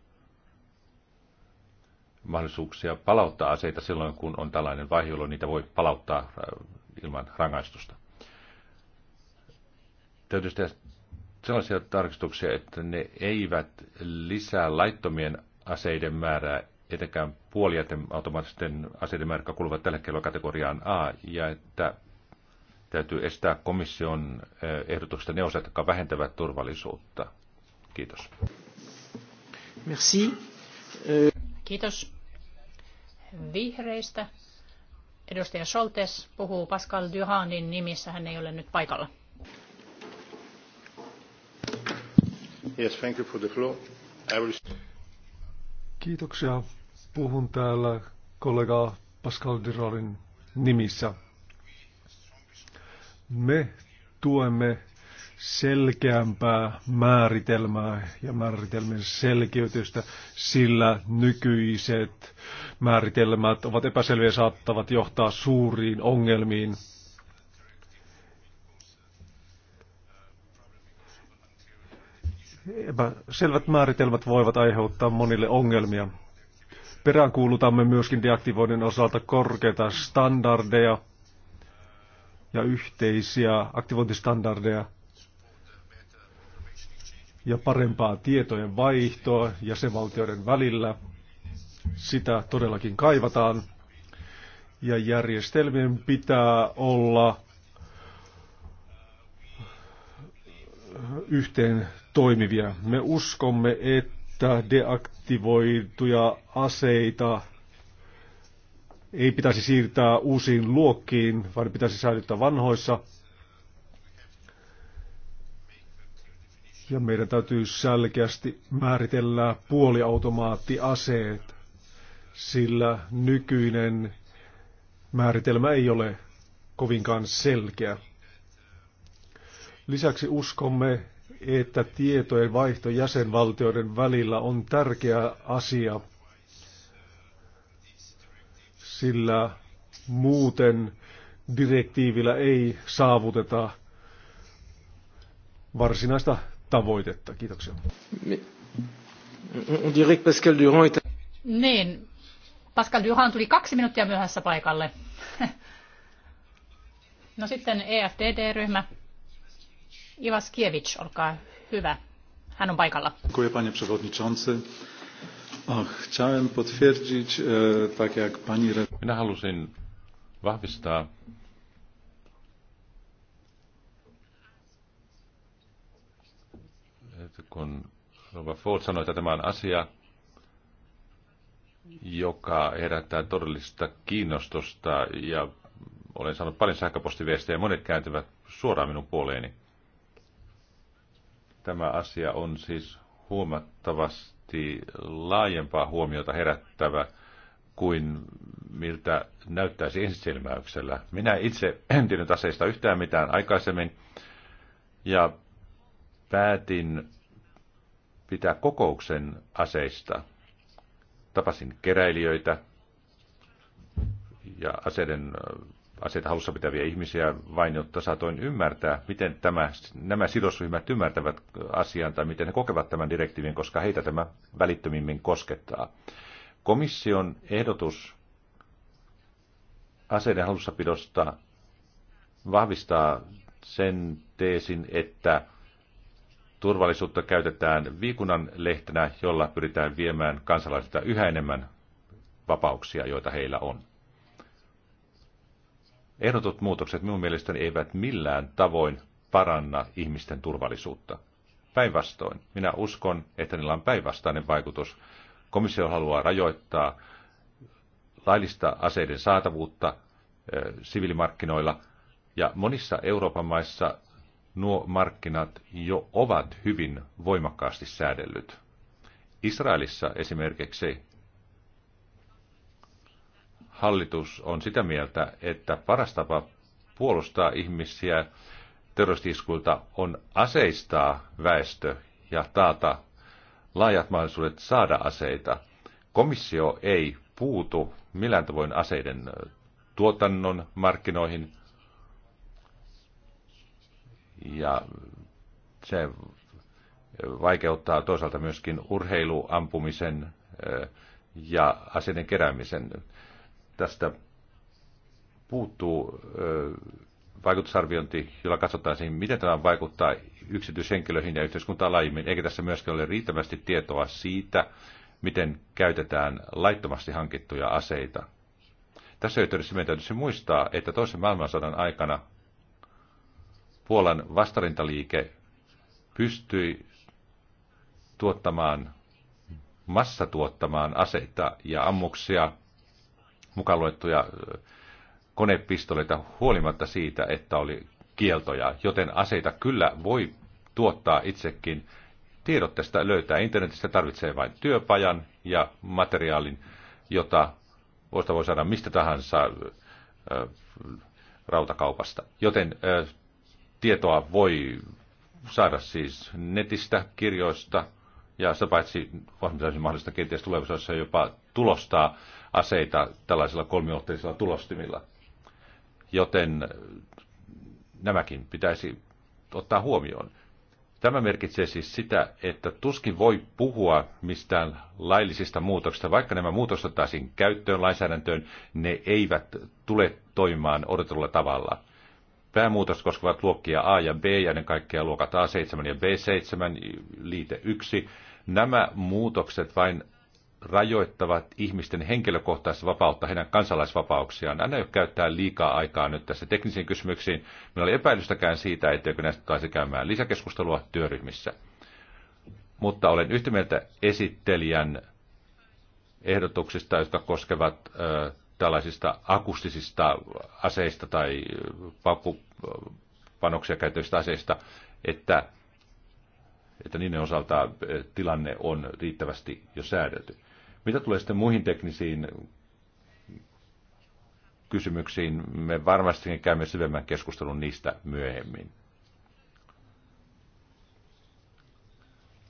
mahdollisuuksia palauttaa aseita silloin, kun on tällainen vaihe, jolloin niitä voi palauttaa äh, ilman rangaistusta. Täytyy tehdä sellaisia tarkistuksia, että ne eivät lisää laittomien aseiden määrää, etenkään puolijäten automaattisten aseiden määrä, jotka kuuluvat tällä hetkellä kategoriaan A, ja että täytyy estää komission äh, ehdotuksesta ne osat, jotka vähentävät turvallisuutta. Kiitos. Merci. Kiitos vihreistä. Edustaja Soltes puhuu Pascal Duhanin nimissä, hän ei ole nyt paikalla. Yes, thank you for the floor. I will... Kiitoksia. Puhun täällä kollega Pascal Duhanin nimissä. Me tuemme selkeämpää määritelmää ja määritelmien selkeytystä, sillä nykyiset määritelmät ovat epäselviä ja saattavat johtaa suuriin ongelmiin. Selvät määritelmät voivat aiheuttaa monille ongelmia. Peräänkuulutamme myöskin deaktivoinnin osalta korkeita standardeja ja yhteisiä aktivointistandardeja – ja parempaa tietojen vaihtoa jäsenvaltioiden välillä. Sitä todellakin kaivataan. Ja järjestelmien pitää olla yhteen toimivia. Me uskomme, että deaktivoituja aseita ei pitäisi siirtää uusiin luokkiin, vaan pitäisi säilyttää vanhoissa Ja meidän täytyy selkeästi määritellä puoliautomaattiaseet, sillä nykyinen määritelmä ei ole kovinkaan selkeä. Lisäksi uskomme, että tietojen vaihto jäsenvaltioiden välillä on tärkeä asia, sillä muuten direktiivillä ei saavuteta varsinaista tavoitetta. Kiitoksia. On dirait Pascal Durand Niin, Pascal Durand tuli kaksi minuuttia myöhässä paikalle. No sitten EFDD-ryhmä. Ivas Kievich, olkaa hyvä. Hän on paikalla. Dziękuję panie przewodniczący. Chciałem potwierdzić, e, tak jak pani... Minä halusin vahvistaa kun Rova Ford sanoi, että tämä on asia, joka herättää todellista kiinnostusta ja olen saanut paljon sähköpostiviestejä ja monet kääntyvät suoraan minun puoleeni. Tämä asia on siis huomattavasti laajempaa huomiota herättävä kuin miltä näyttäisi ensisilmäyksellä. Minä itse en tiennyt aseista yhtään mitään aikaisemmin ja päätin pitää kokouksen aseista. Tapasin keräilijöitä ja aseiden, aseita halussa pitäviä ihmisiä vain, jotta saatoin ymmärtää, miten tämä, nämä sidosryhmät ymmärtävät asian tai miten he kokevat tämän direktiivin, koska heitä tämä välittömimmin koskettaa. Komission ehdotus aseiden halussapidosta vahvistaa sen teesin, että turvallisuutta käytetään viikunan lehtenä, jolla pyritään viemään kansalaisilta yhä enemmän vapauksia, joita heillä on. Ehdotut muutokset minun mielestäni eivät millään tavoin paranna ihmisten turvallisuutta. Päinvastoin, minä uskon, että niillä on päinvastainen vaikutus. Komissio haluaa rajoittaa laillista aseiden saatavuutta eh, sivilimarkkinoilla ja monissa Euroopan maissa nuo markkinat jo ovat hyvin voimakkaasti säädellyt. Israelissa esimerkiksi hallitus on sitä mieltä, että paras tapa puolustaa ihmisiä terroristiskuilta on aseistaa väestö ja taata laajat mahdollisuudet saada aseita. Komissio ei puutu millään tavoin aseiden tuotannon markkinoihin ja se vaikeuttaa toisaalta myöskin urheiluampumisen eh, ja aseiden keräämisen. Tästä puuttuu eh, vaikutusarviointi, jolla katsotaan siihen, miten tämä vaikuttaa yksityishenkilöihin ja yhteiskuntaan laajemmin, eikä tässä myöskään ole riittävästi tietoa siitä, miten käytetään laittomasti hankittuja aseita. Tässä yhteydessä meidän täytyisi muistaa, että toisen maailmansodan aikana Puolan vastarintaliike pystyi tuottamaan, massatuottamaan aseita ja ammuksia, mukaan luettuja konepistoleita huolimatta siitä, että oli kieltoja, joten aseita kyllä voi tuottaa itsekin. Tiedot tästä löytää internetistä, tarvitsee vain työpajan ja materiaalin, jota voi saada mistä tahansa rautakaupasta. Joten tietoa voi saada siis netistä, kirjoista ja se paitsi olisi mahdollista kenties tulevaisuudessa jopa tulostaa aseita tällaisilla kolmiohteisilla tulostimilla. Joten eh, nämäkin pitäisi ottaa huomioon. Tämä merkitsee siis sitä, että tuskin voi puhua mistään laillisista muutoksista. Vaikka nämä muutokset ottaisiin käyttöön lainsäädäntöön, ne eivät tule toimimaan odotetulla tavalla. Päämuutos koskevat luokkia A ja B ja ennen kaikkea luokat A7 ja B7, liite 1. Nämä muutokset vain rajoittavat ihmisten henkilökohtaista vapautta, heidän kansalaisvapauksiaan. Aina ei ole käyttää liikaa aikaa nyt tässä teknisiin kysymyksiin. Meillä oli epäilystäkään siitä, etteikö näistä taisi käymään lisäkeskustelua työryhmissä. Mutta olen yhtä mieltä esittelijän ehdotuksista, jotka koskevat tällaisista akustisista aseista tai äh, äh, panoksia käytävistä aseista, että, että niiden osalta äh, tilanne on riittävästi jo säädelty. Mitä tulee sitten muihin teknisiin kysymyksiin, me varmasti käymme syvemmän keskustelun niistä myöhemmin.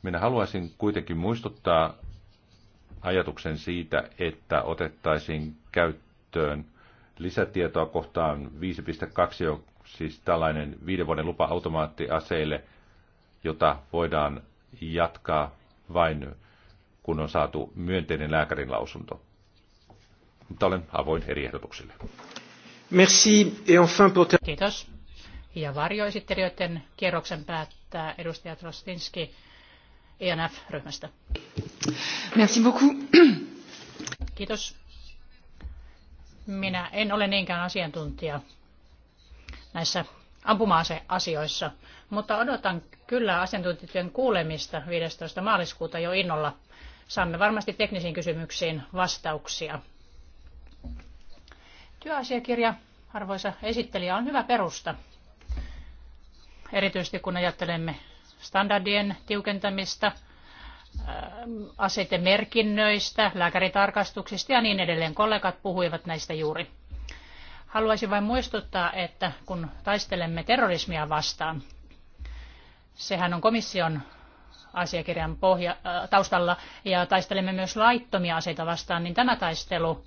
Minä haluaisin kuitenkin muistuttaa ajatuksen siitä, että otettaisiin käyttöön lisätietoa kohtaan 5.2, siis tällainen viiden vuoden lupa automaattiaseille, jota voidaan jatkaa vain kun on saatu myönteinen lääkärin lausunto. Mutta olen avoin eri ehdotuksille. Merci. Et enfin pour... Kiitos. Ja varjoesittelijöiden kierroksen päättää edustaja Trostinski ENF-ryhmästä. Merci beaucoup. Kiitos. Minä en ole niinkään asiantuntija näissä ampuma-aseasioissa, mutta odotan kyllä asiantuntijoiden kuulemista 15. maaliskuuta jo innolla. Saamme varmasti teknisiin kysymyksiin vastauksia. Työasiakirja, arvoisa esittelijä, on hyvä perusta, erityisesti kun ajattelemme standardien tiukentamista – Äh, asetemerkinnöistä, lääkäritarkastuksista ja niin edelleen. Kollegat puhuivat näistä juuri. Haluaisin vain muistuttaa, että kun taistelemme terrorismia vastaan, sehän on komission asiakirjan pohja, äh, taustalla ja taistelemme myös laittomia aseita vastaan, niin tämä taistelu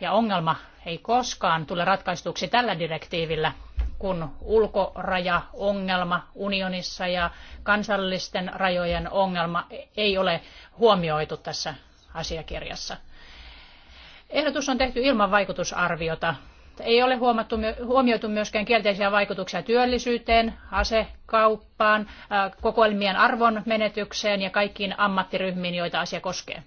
ja ongelma ei koskaan tule ratkaistuksi tällä direktiivillä, kun ulkorajaongelma unionissa ja kansallisten rajojen ongelma ei ole huomioitu tässä asiakirjassa. Ehdotus on tehty ilman vaikutusarviota. Ei ole huomattu, huomioitu myöskään kielteisiä vaikutuksia työllisyyteen, asekauppaan, kokoelmien arvon menetykseen ja kaikkiin ammattiryhmiin, joita asia koskee.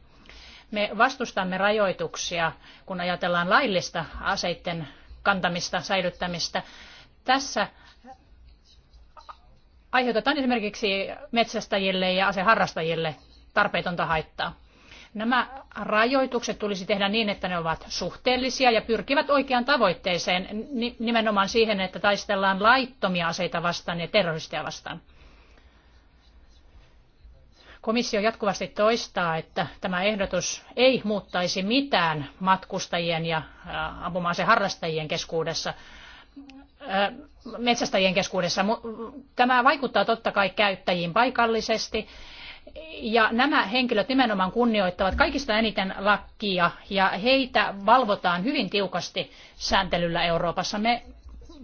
Me vastustamme rajoituksia, kun ajatellaan laillista aseiden kantamista, säilyttämistä tässä aiheutetaan esimerkiksi metsästäjille ja aseharrastajille tarpeetonta haittaa. Nämä rajoitukset tulisi tehdä niin, että ne ovat suhteellisia ja pyrkivät oikeaan tavoitteeseen, nimenomaan siihen, että taistellaan laittomia aseita vastaan ja terroristeja vastaan. Komissio jatkuvasti toistaa, että tämä ehdotus ei muuttaisi mitään matkustajien ja ampuma-aseharrastajien keskuudessa metsästäjien keskuudessa. Tämä vaikuttaa totta kai käyttäjiin paikallisesti. Ja nämä henkilöt nimenomaan kunnioittavat kaikista eniten lakia ja heitä valvotaan hyvin tiukasti sääntelyllä Euroopassa. Me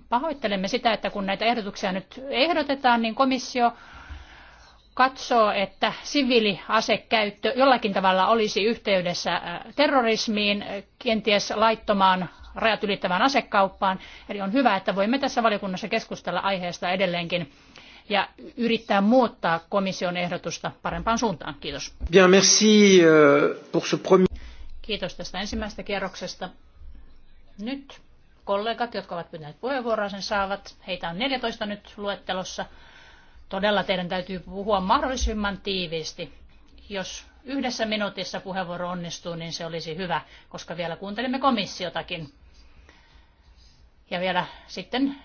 pahoittelemme sitä, että kun näitä ehdotuksia nyt ehdotetaan, niin komissio katsoo, että siviiliasekäyttö jollakin tavalla olisi yhteydessä äh, terrorismiin, kenties laittomaan rajat ylittävään asekauppaan. Eli on hyvä, että voimme tässä valiokunnassa keskustella aiheesta edelleenkin ja yrittää muuttaa komission ehdotusta parempaan suuntaan. Kiitos. Bien, merci euh, pour ce premier... Kiitos tästä ensimmäisestä kierroksesta. Nyt kollegat, jotka ovat pyytäneet puheenvuoroa, sen saavat. Heitä on 14 nyt luettelossa. Todella teidän täytyy puhua mahdollisimman tiiviisti. Jos yhdessä minuutissa puheenvuoro onnistuu, niin se olisi hyvä, koska vielä kuuntelimme komissiotakin. Ja vielä sitten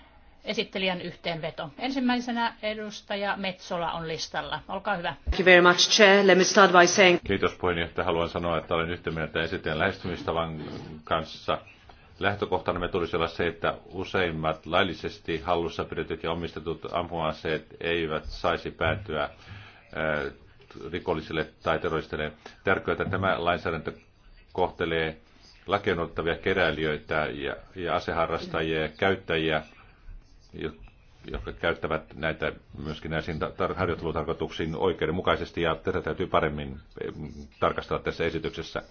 esittelijän yhteenveto. Ensimmäisenä edustaja Metsola on listalla. Olkaa hyvä. Thank you very much, Chair. Let me start by saying... Kiitos puheenjohtaja. Haluan sanoa, että olen yhtä mieltä esiteen lähestymistavan kanssa. Lähtökohtana me tulisi olla se, että useimmat laillisesti hallussa pidetyt ja omistetut ampumaseet eivät saisi päätyä rikollisille tai terroristille. Tärkeää, että tämä lainsäädäntö kohtelee lakeen ottavia keräilijöitä ja, ja aseharrastajia ja käyttäjiä, jotka käyttävät näitä myöskin näisiin harjoittelutarkoituksiin oikeudenmukaisesti, ja tätä täytyy paremmin tarkastella tässä esityksessä.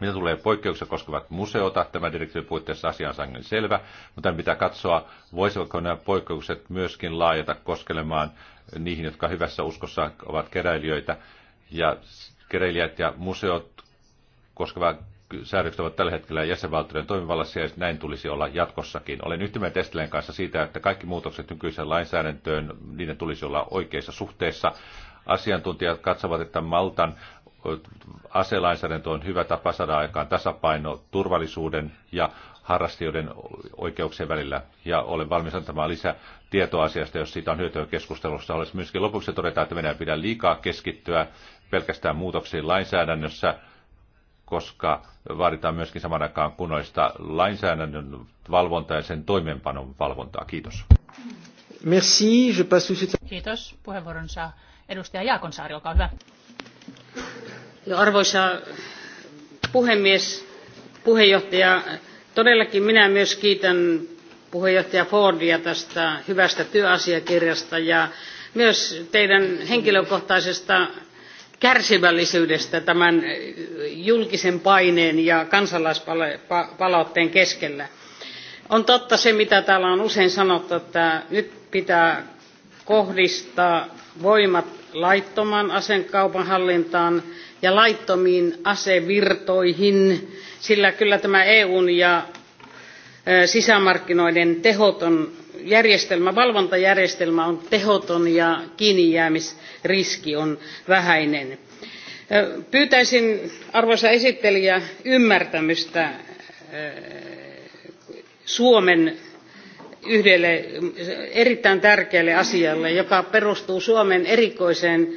Mitä tulee poikkeuksia koskevat museota, tämä direktiivi puitteissa asia on sangen selvä, mutta pitää katsoa, voisivatko nämä poikkeukset myöskin laajata koskelemaan niihin, jotka hyvässä uskossa ovat keräilijöitä. Ja keräilijät ja museot koskevat säädökset ovat tällä hetkellä jäsenvaltioiden toimivallassa ja näin tulisi olla jatkossakin. Olen yhtymän Testelän kanssa siitä, että kaikki muutokset nykyiseen lainsäädäntöön, niiden tulisi olla oikeissa suhteissa. Asiantuntijat katsovat, että Maltan aselainsäädäntö on hyvä tapa saada aikaan tasapaino turvallisuuden ja harrastijoiden oikeuksien välillä. Ja olen valmis antamaan lisää tietoa asiasta, jos siitä on hyötyä keskustelussa. Olisi myöskin lopuksi todeta, että meidän pitää liikaa keskittyä pelkästään muutoksiin lainsäädännössä, koska vaaditaan myöskin saman aikaan kunnoista lainsäädännön valvontaa ja sen toimeenpanon valvontaa. Kiitos. Merci, je passe Kiitos. Puheenvuoron saa edustaja Jaakonsaari, olkaa hyvä. Arvoisa puhemies, puheenjohtaja, todellakin minä myös kiitän puheenjohtaja Fordia tästä hyvästä työasiakirjasta ja myös teidän henkilökohtaisesta kärsivällisyydestä tämän julkisen paineen ja kansalaispalautteen keskellä. On totta se, mitä täällä on usein sanottu, että nyt pitää kohdistaa voimat laittoman aseenkaupan hallintaan ja laittomiin asevirtoihin, sillä kyllä tämä EUn ja sisämarkkinoiden tehoton järjestelmä, valvontajärjestelmä on tehoton ja kiinnijäämisriski on vähäinen. Pyytäisin arvoisa esittelijä ymmärtämystä Suomen yhdelle erittäin tärkeälle asialle, joka perustuu Suomen erikoiseen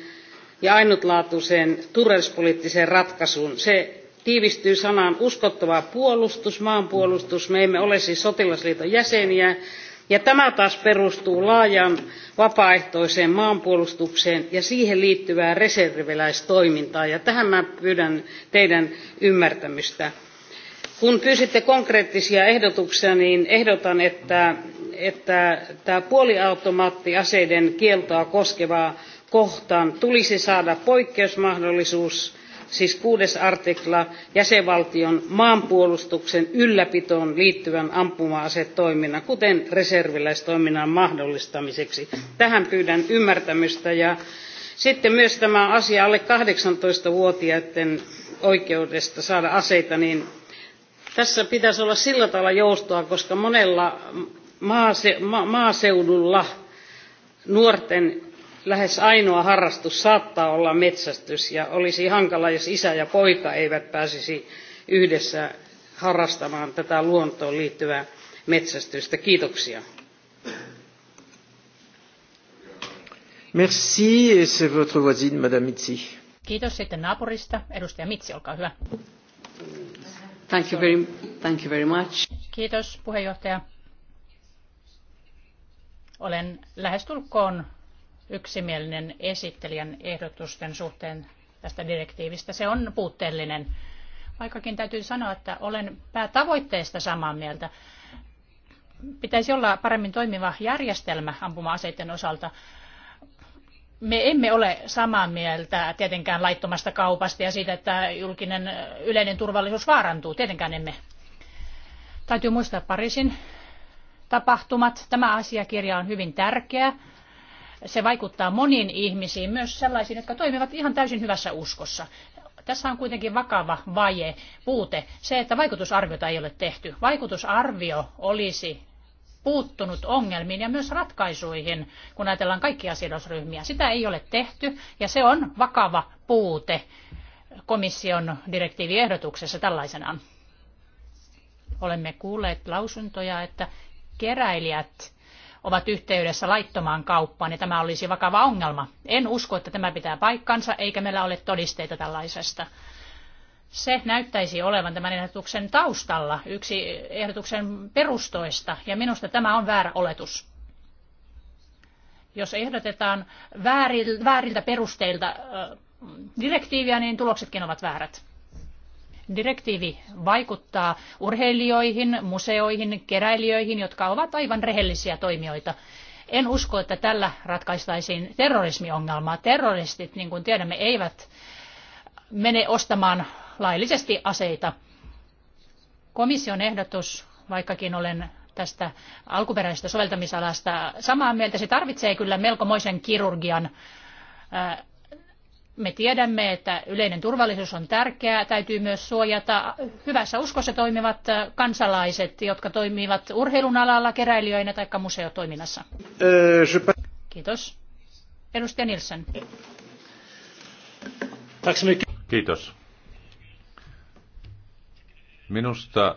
ja ainutlaatuiseen turvallisuuspoliittiseen ratkaisuun. Se tiivistyy sanaan uskottava puolustus, maanpuolustus. Me emme ole siis sotilasliiton jäseniä. Ja tämä taas perustuu laajaan vapaaehtoiseen maanpuolustukseen ja siihen liittyvään reserviläistoimintaan. Ja tähän mä pyydän teidän ymmärtämystä. Kun pyysitte konkreettisia ehdotuksia, niin ehdotan, että, että tämä puoliautomaattiaseiden kieltoa koskeva kohtaan tulisi saada poikkeusmahdollisuus, siis kuudes artikla jäsenvaltion maanpuolustuksen ylläpitoon liittyvän ampuma-asetoiminnan, kuten reserviläistoiminnan mahdollistamiseksi. Tähän pyydän ymmärtämystä ja sitten myös tämä asia alle 18-vuotiaiden oikeudesta saada aseita, niin tässä pitäisi olla sillä tavalla joustoa, koska monella maase, ma, maaseudulla nuorten lähes ainoa harrastus saattaa olla metsästys ja olisi hankala, jos isä ja poika eivät pääsisi yhdessä harrastamaan tätä luontoon liittyvää metsästystä. Kiitoksia. Merci, c'est votre voisine, Madame Mitsi. Kiitos sitten naapurista. Edustaja Mitsi, olkaa hyvä. Thank you very, thank you very much. Kiitos puheenjohtaja. Olen lähestulkoon yksimielinen esittelijän ehdotusten suhteen tästä direktiivistä. Se on puutteellinen, vaikkakin täytyy sanoa, että olen päätavoitteesta samaa mieltä. Pitäisi olla paremmin toimiva järjestelmä ampuma-aseiden osalta. Me emme ole samaa mieltä tietenkään laittomasta kaupasta ja siitä, että julkinen yleinen turvallisuus vaarantuu. Tietenkään emme. Täytyy muistaa Pariisin tapahtumat. Tämä asiakirja on hyvin tärkeä se vaikuttaa moniin ihmisiin, myös sellaisiin, jotka toimivat ihan täysin hyvässä uskossa. Tässä on kuitenkin vakava vaje, puute, se, että vaikutusarviota ei ole tehty. Vaikutusarvio olisi puuttunut ongelmiin ja myös ratkaisuihin, kun ajatellaan kaikkia sidosryhmiä. Sitä ei ole tehty ja se on vakava puute komission direktiiviehdotuksessa tällaisenaan. Olemme kuulleet lausuntoja, että keräilijät ovat yhteydessä laittomaan kauppaan, ja tämä olisi vakava ongelma. En usko, että tämä pitää paikkansa, eikä meillä ole todisteita tällaisesta. Se näyttäisi olevan tämän ehdotuksen taustalla, yksi ehdotuksen perustoista, ja minusta tämä on väärä oletus. Jos ehdotetaan vääriltä perusteilta direktiiviä, niin tuloksetkin ovat väärät direktiivi vaikuttaa urheilijoihin, museoihin, keräilijöihin, jotka ovat aivan rehellisiä toimijoita. En usko, että tällä ratkaistaisiin terrorismiongelmaa. Terroristit, niin kuin tiedämme, eivät mene ostamaan laillisesti aseita. Komission ehdotus, vaikkakin olen tästä alkuperäisestä soveltamisalasta samaa mieltä, se tarvitsee kyllä melkomoisen kirurgian me tiedämme, että yleinen turvallisuus on tärkeää. Täytyy myös suojata hyvässä uskossa toimivat äh, kansalaiset, jotka toimivat urheilun alalla, keräilijöinä tai museotoiminnassa. Kiitos. Edustaja Nilsson. Kiitos. Minusta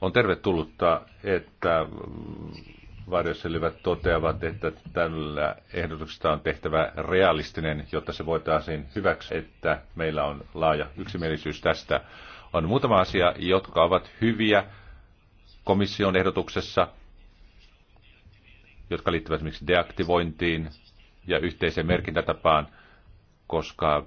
on tervetullutta, että varjoselivät toteavat, että tällä ehdotuksesta on tehtävä realistinen, jotta se voitaisiin hyväksyä, että meillä on laaja yksimielisyys tästä. On muutama asia, jotka ovat hyviä komission ehdotuksessa, jotka liittyvät esimerkiksi deaktivointiin ja yhteiseen merkintätapaan, koska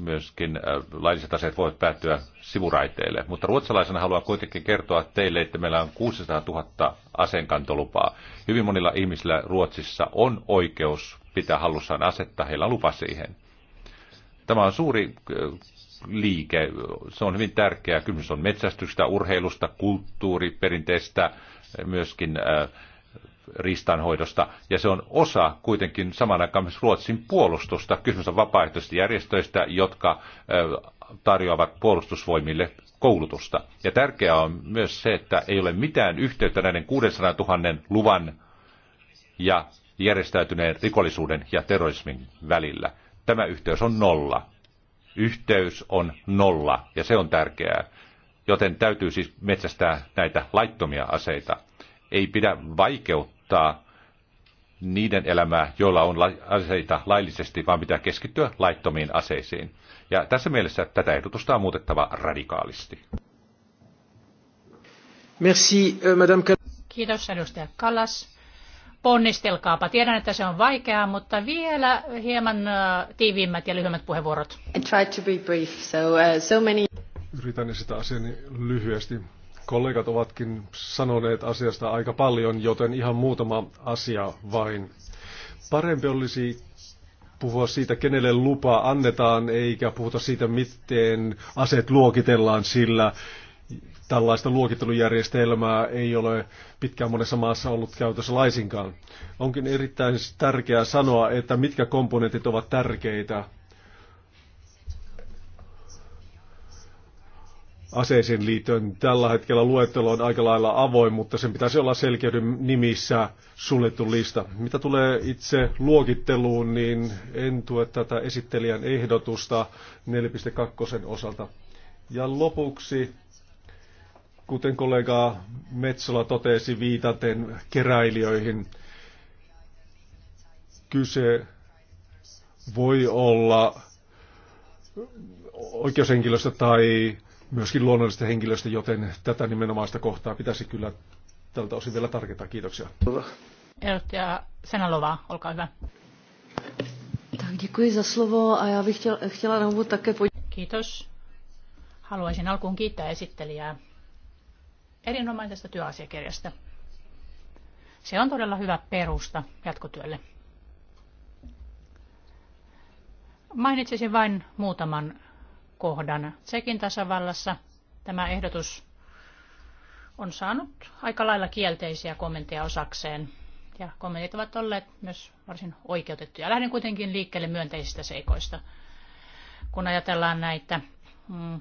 myöskin äh, lailliset aseet voivat päättyä sivuraiteille. Mutta ruotsalaisena haluan kuitenkin kertoa teille, että meillä on 600 000 aseenkantolupaa. Hyvin monilla ihmisillä Ruotsissa on oikeus pitää hallussaan asetta, heillä on lupa siihen. Tämä on suuri äh, liike, se on hyvin tärkeää. Kysymys on metsästyksestä, urheilusta, kulttuuriperinteestä, äh, myöskin äh, riistanhoidosta, ja se on osa kuitenkin saman aikaan myös Ruotsin puolustusta. Kysymys on vapaaehtoisista järjestöistä, jotka tarjoavat puolustusvoimille koulutusta. Ja tärkeää on myös se, että ei ole mitään yhteyttä näiden 600 000 luvan ja järjestäytyneen rikollisuuden ja terrorismin välillä. Tämä yhteys on nolla. Yhteys on nolla, ja se on tärkeää. Joten täytyy siis metsästää näitä laittomia aseita. Ei pidä vaikeuttaa helpottaa niiden elämää, joilla on aseita laillisesti, vaan pitää keskittyä laittomiin aseisiin. Ja tässä mielessä tätä ehdotusta on muutettava radikaalisti. Merci, euh, Madame Kiitos, edustaja Kallas. Ponnistelkaapa. Tiedän, että se on vaikeaa, mutta vielä hieman äh, tiiviimmät ja lyhyemmät puheenvuorot. Uh, Yritän esittää asiani lyhyesti. Kollegat ovatkin sanoneet asiasta aika paljon, joten ihan muutama asia vain. Parempi olisi puhua siitä, kenelle lupa annetaan, eikä puhuta siitä, miten aset luokitellaan sillä. Tällaista luokittelujärjestelmää ei ole pitkään monessa maassa ollut käytössä laisinkaan. Onkin erittäin tärkeää sanoa, että mitkä komponentit ovat tärkeitä aseisiin liittyen. Tällä hetkellä luettelo on aika lailla avoin, mutta sen pitäisi olla selkeyden nimissä suljettu lista. Mitä tulee itse luokitteluun, niin en tue tätä esittelijän ehdotusta 4.2 osalta. Ja lopuksi, kuten kollega Metsola totesi viitaten keräilijöihin, kyse voi olla oikeushenkilöstä tai myöskin luonnollista henkilöstä, joten tätä nimenomaista kohtaa pitäisi kyllä tältä osin vielä tarkentaa. Kiitoksia. Edustaja Senalova, olkaa hyvä. Tak děkuji za slovo a já bych chtěla, chtěla na Kiitos. Haluaisin alkuun kiittää esittelijää erinomaisesta työasiakirjasta. Se on todella hyvä perusta jatkotyölle. Mainitsisin vain muutaman kohdan. Tsekin tasavallassa tämä ehdotus on saanut aika lailla kielteisiä kommentteja osakseen. Ja kommentit ovat olleet myös varsin oikeutettuja. Lähden kuitenkin liikkeelle myönteisistä seikoista. Kun ajatellaan näitä mm,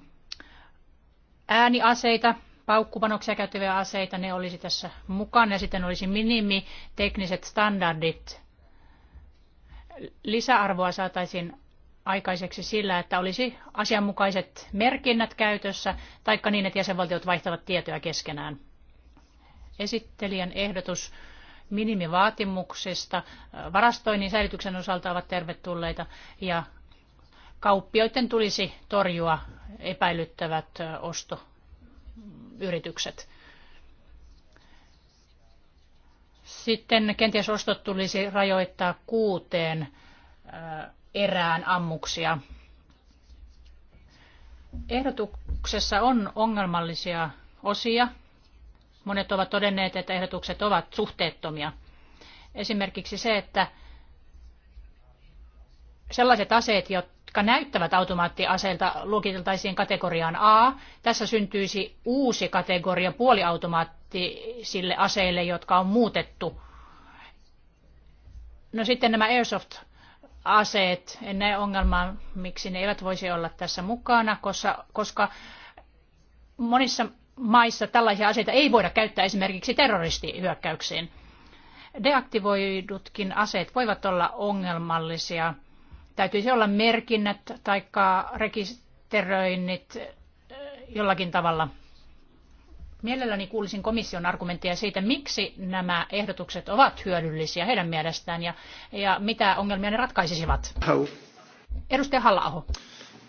ääniaseita, paukkupanoksia käyttäviä aseita, ne olisi tässä mukana. Ja sitten olisi minimi tekniset standardit. Lisäarvoa saataisiin aikaiseksi sillä, että olisi asianmukaiset merkinnät käytössä, taikka niin, että jäsenvaltiot vaihtavat tietoja keskenään. Esittelijän ehdotus minimivaatimuksista varastoinnin säilytyksen osalta ovat tervetulleita ja kauppioiden tulisi torjua epäilyttävät ostoyritykset. Sitten kenties ostot tulisi rajoittaa kuuteen erään ammuksia. Ehdotuksessa on ongelmallisia osia. Monet ovat todenneet, että ehdotukset ovat suhteettomia. Esimerkiksi se, että sellaiset aseet, jotka näyttävät automaattiaseelta, luokiteltaisiin kategoriaan A. Tässä syntyisi uusi kategoria puoliautomaattisille aseille, jotka on muutettu. No sitten nämä airsoft aseet, en näe ongelmaa, miksi ne eivät voisi olla tässä mukana, koska, koska monissa maissa tällaisia aseita ei voida käyttää esimerkiksi terroristihyökkäyksiin. Deaktivoidutkin aseet voivat olla ongelmallisia. Täytyisi olla merkinnät tai rekisteröinnit eh, jollakin tavalla Mielelläni kuulisin komission argumentteja siitä, miksi nämä ehdotukset ovat hyödyllisiä heidän mielestään ja, ja mitä ongelmia ne ratkaisisivat. How? Edustaja halla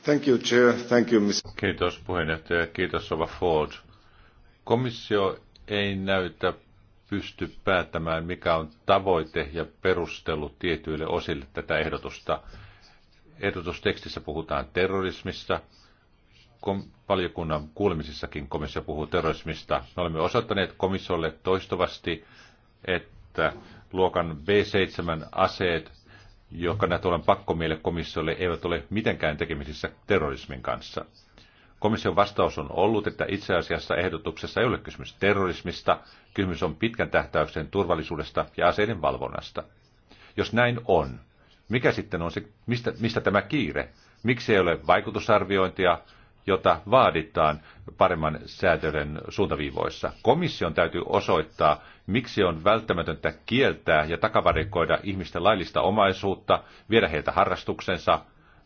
Thank you, Chair. Thank you, Miss. Kiitos puheenjohtaja. Kiitos Sova Ford. Komissio ei näytä pysty päättämään, mikä on tavoite ja perustelu tietyille osille tätä ehdotusta. Ehdotustekstissä puhutaan terrorismista, valiokunnan kuulemisissakin komissio puhuu terrorismista. Me olemme osoittaneet komissiolle toistuvasti, että luokan B7-aseet, jotka näitä olen pakko meille komissiolle, eivät ole mitenkään tekemisissä terrorismin kanssa. Komission vastaus on ollut, että itse asiassa ehdotuksessa ei ole kysymys terrorismista, kysymys on pitkän tähtäyksen turvallisuudesta ja aseiden valvonnasta. Jos näin on, mikä sitten on se, mistä, mistä tämä kiire? Miksi ei ole vaikutusarviointia, jota vaaditaan paremman säätelyn suuntaviivoissa. Komission täytyy osoittaa, miksi on välttämätöntä kieltää ja takavarikoida ihmisten laillista omaisuutta, viedä heiltä harrastuksensa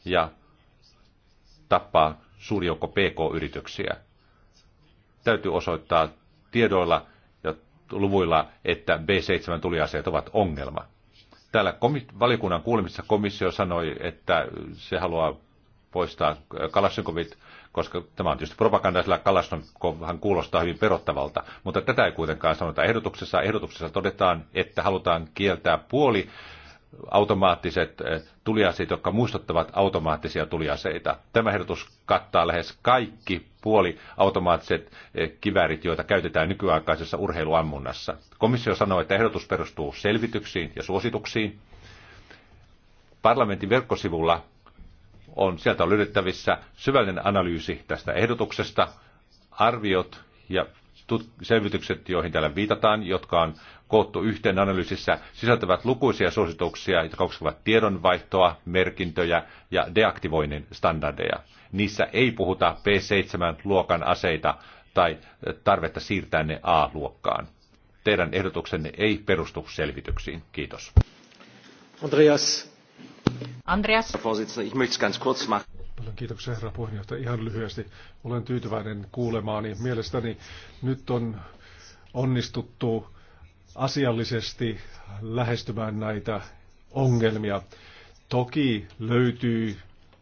ja tappaa suuri joukko PK-yrityksiä. Täytyy osoittaa tiedoilla ja luvuilla, että B7 tuliaseet ovat ongelma. Täällä valiokunnan kuulemisessa komissio sanoi, että se haluaa poistaa Kalasnikovit koska tämä on tietysti propaganda, sillä Kalashnikovhan kuulostaa hyvin perottavalta, mutta tätä ei kuitenkaan sanota ehdotuksessa. Ehdotuksessa todetaan, että halutaan kieltää puoli automaattiset eh, tuliaseet, jotka muistuttavat automaattisia tuliaseita. Tämä ehdotus kattaa lähes kaikki puoli automaattiset eh, kiväärit, joita käytetään nykyaikaisessa urheiluammunnassa. Komissio sanoo, että ehdotus perustuu selvityksiin ja suosituksiin. Parlamentin verkkosivulla on, sieltä on löydettävissä syvällinen analyysi tästä ehdotuksesta, arviot ja selvitykset, joihin täällä viitataan, jotka on koottu yhteen analyysissä, sisältävät lukuisia suosituksia, jotka koskevat tiedonvaihtoa, merkintöjä ja deaktivoinnin standardeja. Niissä ei puhuta P7-luokan aseita tai tarvetta siirtää ne A-luokkaan. Teidän ehdotuksenne ei perustu selvityksiin. Kiitos. Andreas Andreas. kiitoksia herra puheenjohtaja. Ihan lyhyesti olen tyytyväinen kuulemaani. Mielestäni nyt on onnistuttu asiallisesti lähestymään näitä ongelmia. Toki löytyy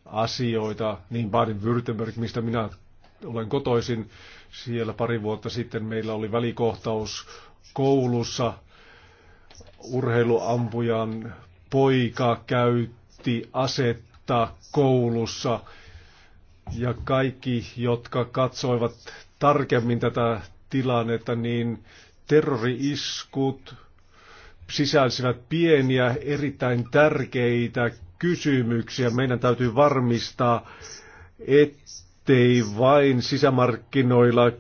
asioita, niin Baden-Württemberg, mistä minä olen kotoisin, siellä pari vuotta sitten meillä oli välikohtaus koulussa. Urheiluampujan poika käytti asetta koulussa. Ja kaikki, jotka katsoivat tarkemmin tätä tilannetta, niin terroriiskut sisälsivät pieniä, erittäin tärkeitä kysymyksiä. Meidän täytyy varmistaa, ettei vain sisämarkkinoilla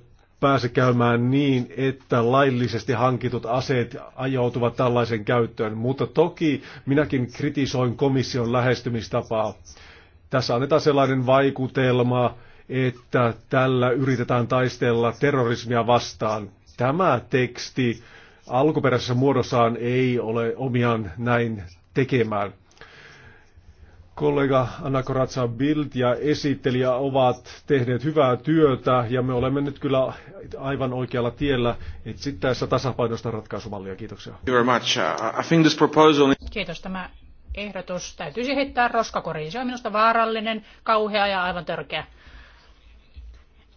pääse käymään niin, että laillisesti hankitut aseet ajautuvat tällaisen käyttöön. Mutta toki minäkin kritisoin komission lähestymistapaa. Tässä annetaan sellainen vaikutelma, että tällä yritetään taistella terrorismia vastaan. Tämä teksti alkuperäisessä muodossaan ei ole omiaan näin tekemään kollega Anna Koratsa Bild ja esittelijä ovat tehneet hyvää työtä ja me olemme nyt kyllä aivan oikealla tiellä etsittäessä tasapainoista ratkaisumallia. Kiitoksia. Uh, Kiitos. Tämä ehdotus täytyisi heittää roskakoriin. Se on minusta vaarallinen, kauhea ja aivan törkeä.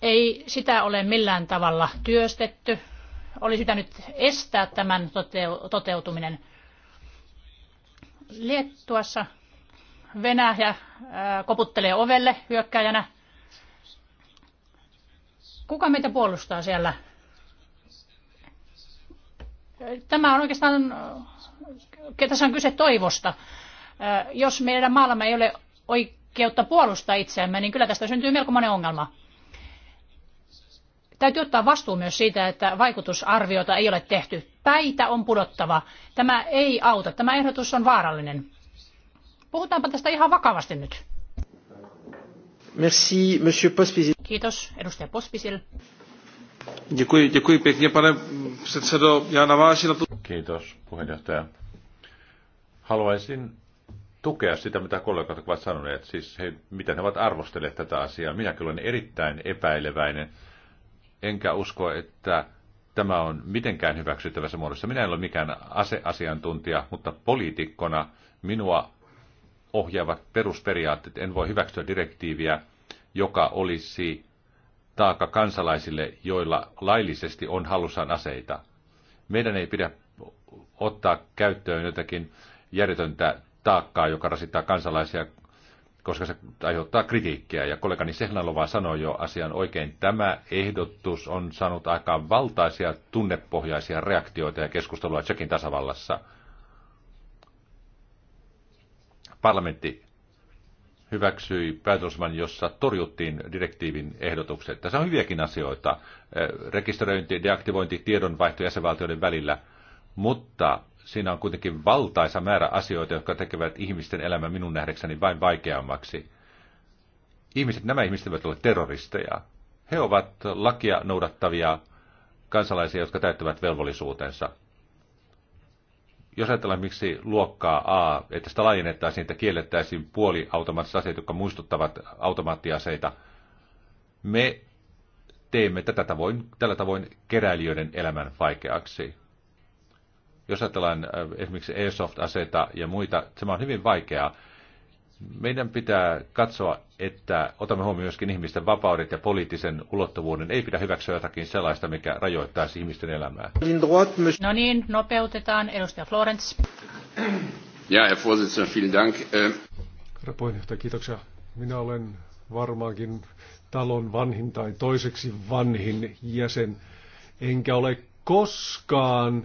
Ei sitä ole millään tavalla työstetty. Olisi pitänyt estää tämän toteutuminen. Liettuassa Venäjä äh, koputtelee ovelle hyökkäjänä. Kuka meitä puolustaa siellä? Tämä on oikeastaan, äh, tässä on kyse toivosta. Äh, jos meidän maailma ei ole oikeutta puolustaa itseämme, niin kyllä tästä syntyy melkoinen ongelma. Täytyy ottaa vastuu myös siitä, että vaikutusarviota ei ole tehty. Päitä on pudottava. Tämä ei auta. Tämä ehdotus on vaarallinen. Puhutaanpa tästä ihan vakavasti nyt. Merci, monsieur Pospisil. Kiitos, edustaja Pospisil. Děkuji, děkuji pěkně, pane předsedo. Já navážu na tu... Kiitos, puheenjohtaja. Haluaisin tukea sitä, mitä kollegat ovat sanoneet, siis he, miten he ovat arvostelleet tätä asiaa. kyllä olen erittäin epäileväinen, enkä usko, että tämä on mitenkään hyväksyttävässä muodossa. Minä en ole mikään aseasiantuntija, mutta poliitikkona minua ohjaavat perusperiaatteet. En voi hyväksyä direktiiviä, joka olisi taaka kansalaisille, joilla laillisesti on halussaan aseita. Meidän ei pidä ottaa käyttöön jotakin järjetöntä taakkaa, joka rasittaa kansalaisia, koska se aiheuttaa kritiikkiä. Ja kollegani Sehnalova sanoi jo asian oikein. Tämä ehdotus on saanut aika valtaisia tunnepohjaisia reaktioita ja keskustelua Tsekin tasavallassa – parlamentti hyväksyi päätösman, jossa torjuttiin direktiivin ehdotukset. Tässä on hyviäkin asioita, äh, rekisteröinti, deaktivointi, tiedonvaihto jäsenvaltioiden välillä, mutta siinä on kuitenkin valtaisa määrä asioita, jotka tekevät ihmisten elämän minun nähdäkseni vain vaikeammaksi. Ihmiset, nämä ihmiset eivät ole terroristeja. He ovat lakia noudattavia kansalaisia, jotka täyttävät velvollisuutensa jos ajatellaan miksi luokkaa A, että sitä laajennettaisiin, että kiellettäisiin puoliautomaattiset aseet, jotka muistuttavat automaattiaseita, me teemme tätä tavoin, tällä tavoin keräilijöiden elämän vaikeaksi. Jos ajatellaan äh, esimerkiksi airsoft-aseita ja muita, se on hyvin vaikeaa. Meidän pitää katsoa, että otamme huomioon myöskin ihmisten vapaudet ja poliittisen ulottuvuuden. Ei pidä hyväksyä jotakin sellaista, mikä rajoittaisi ihmisten elämää. No niin, nopeutetaan. Edustaja Florence. Ja, Herr Vorsitzender, vielen Dank. Ähm, Herra puheenjohtaja, kiitoksia. Minä olen varmaankin talon vanhin tai toiseksi vanhin jäsen, enkä ole koskaan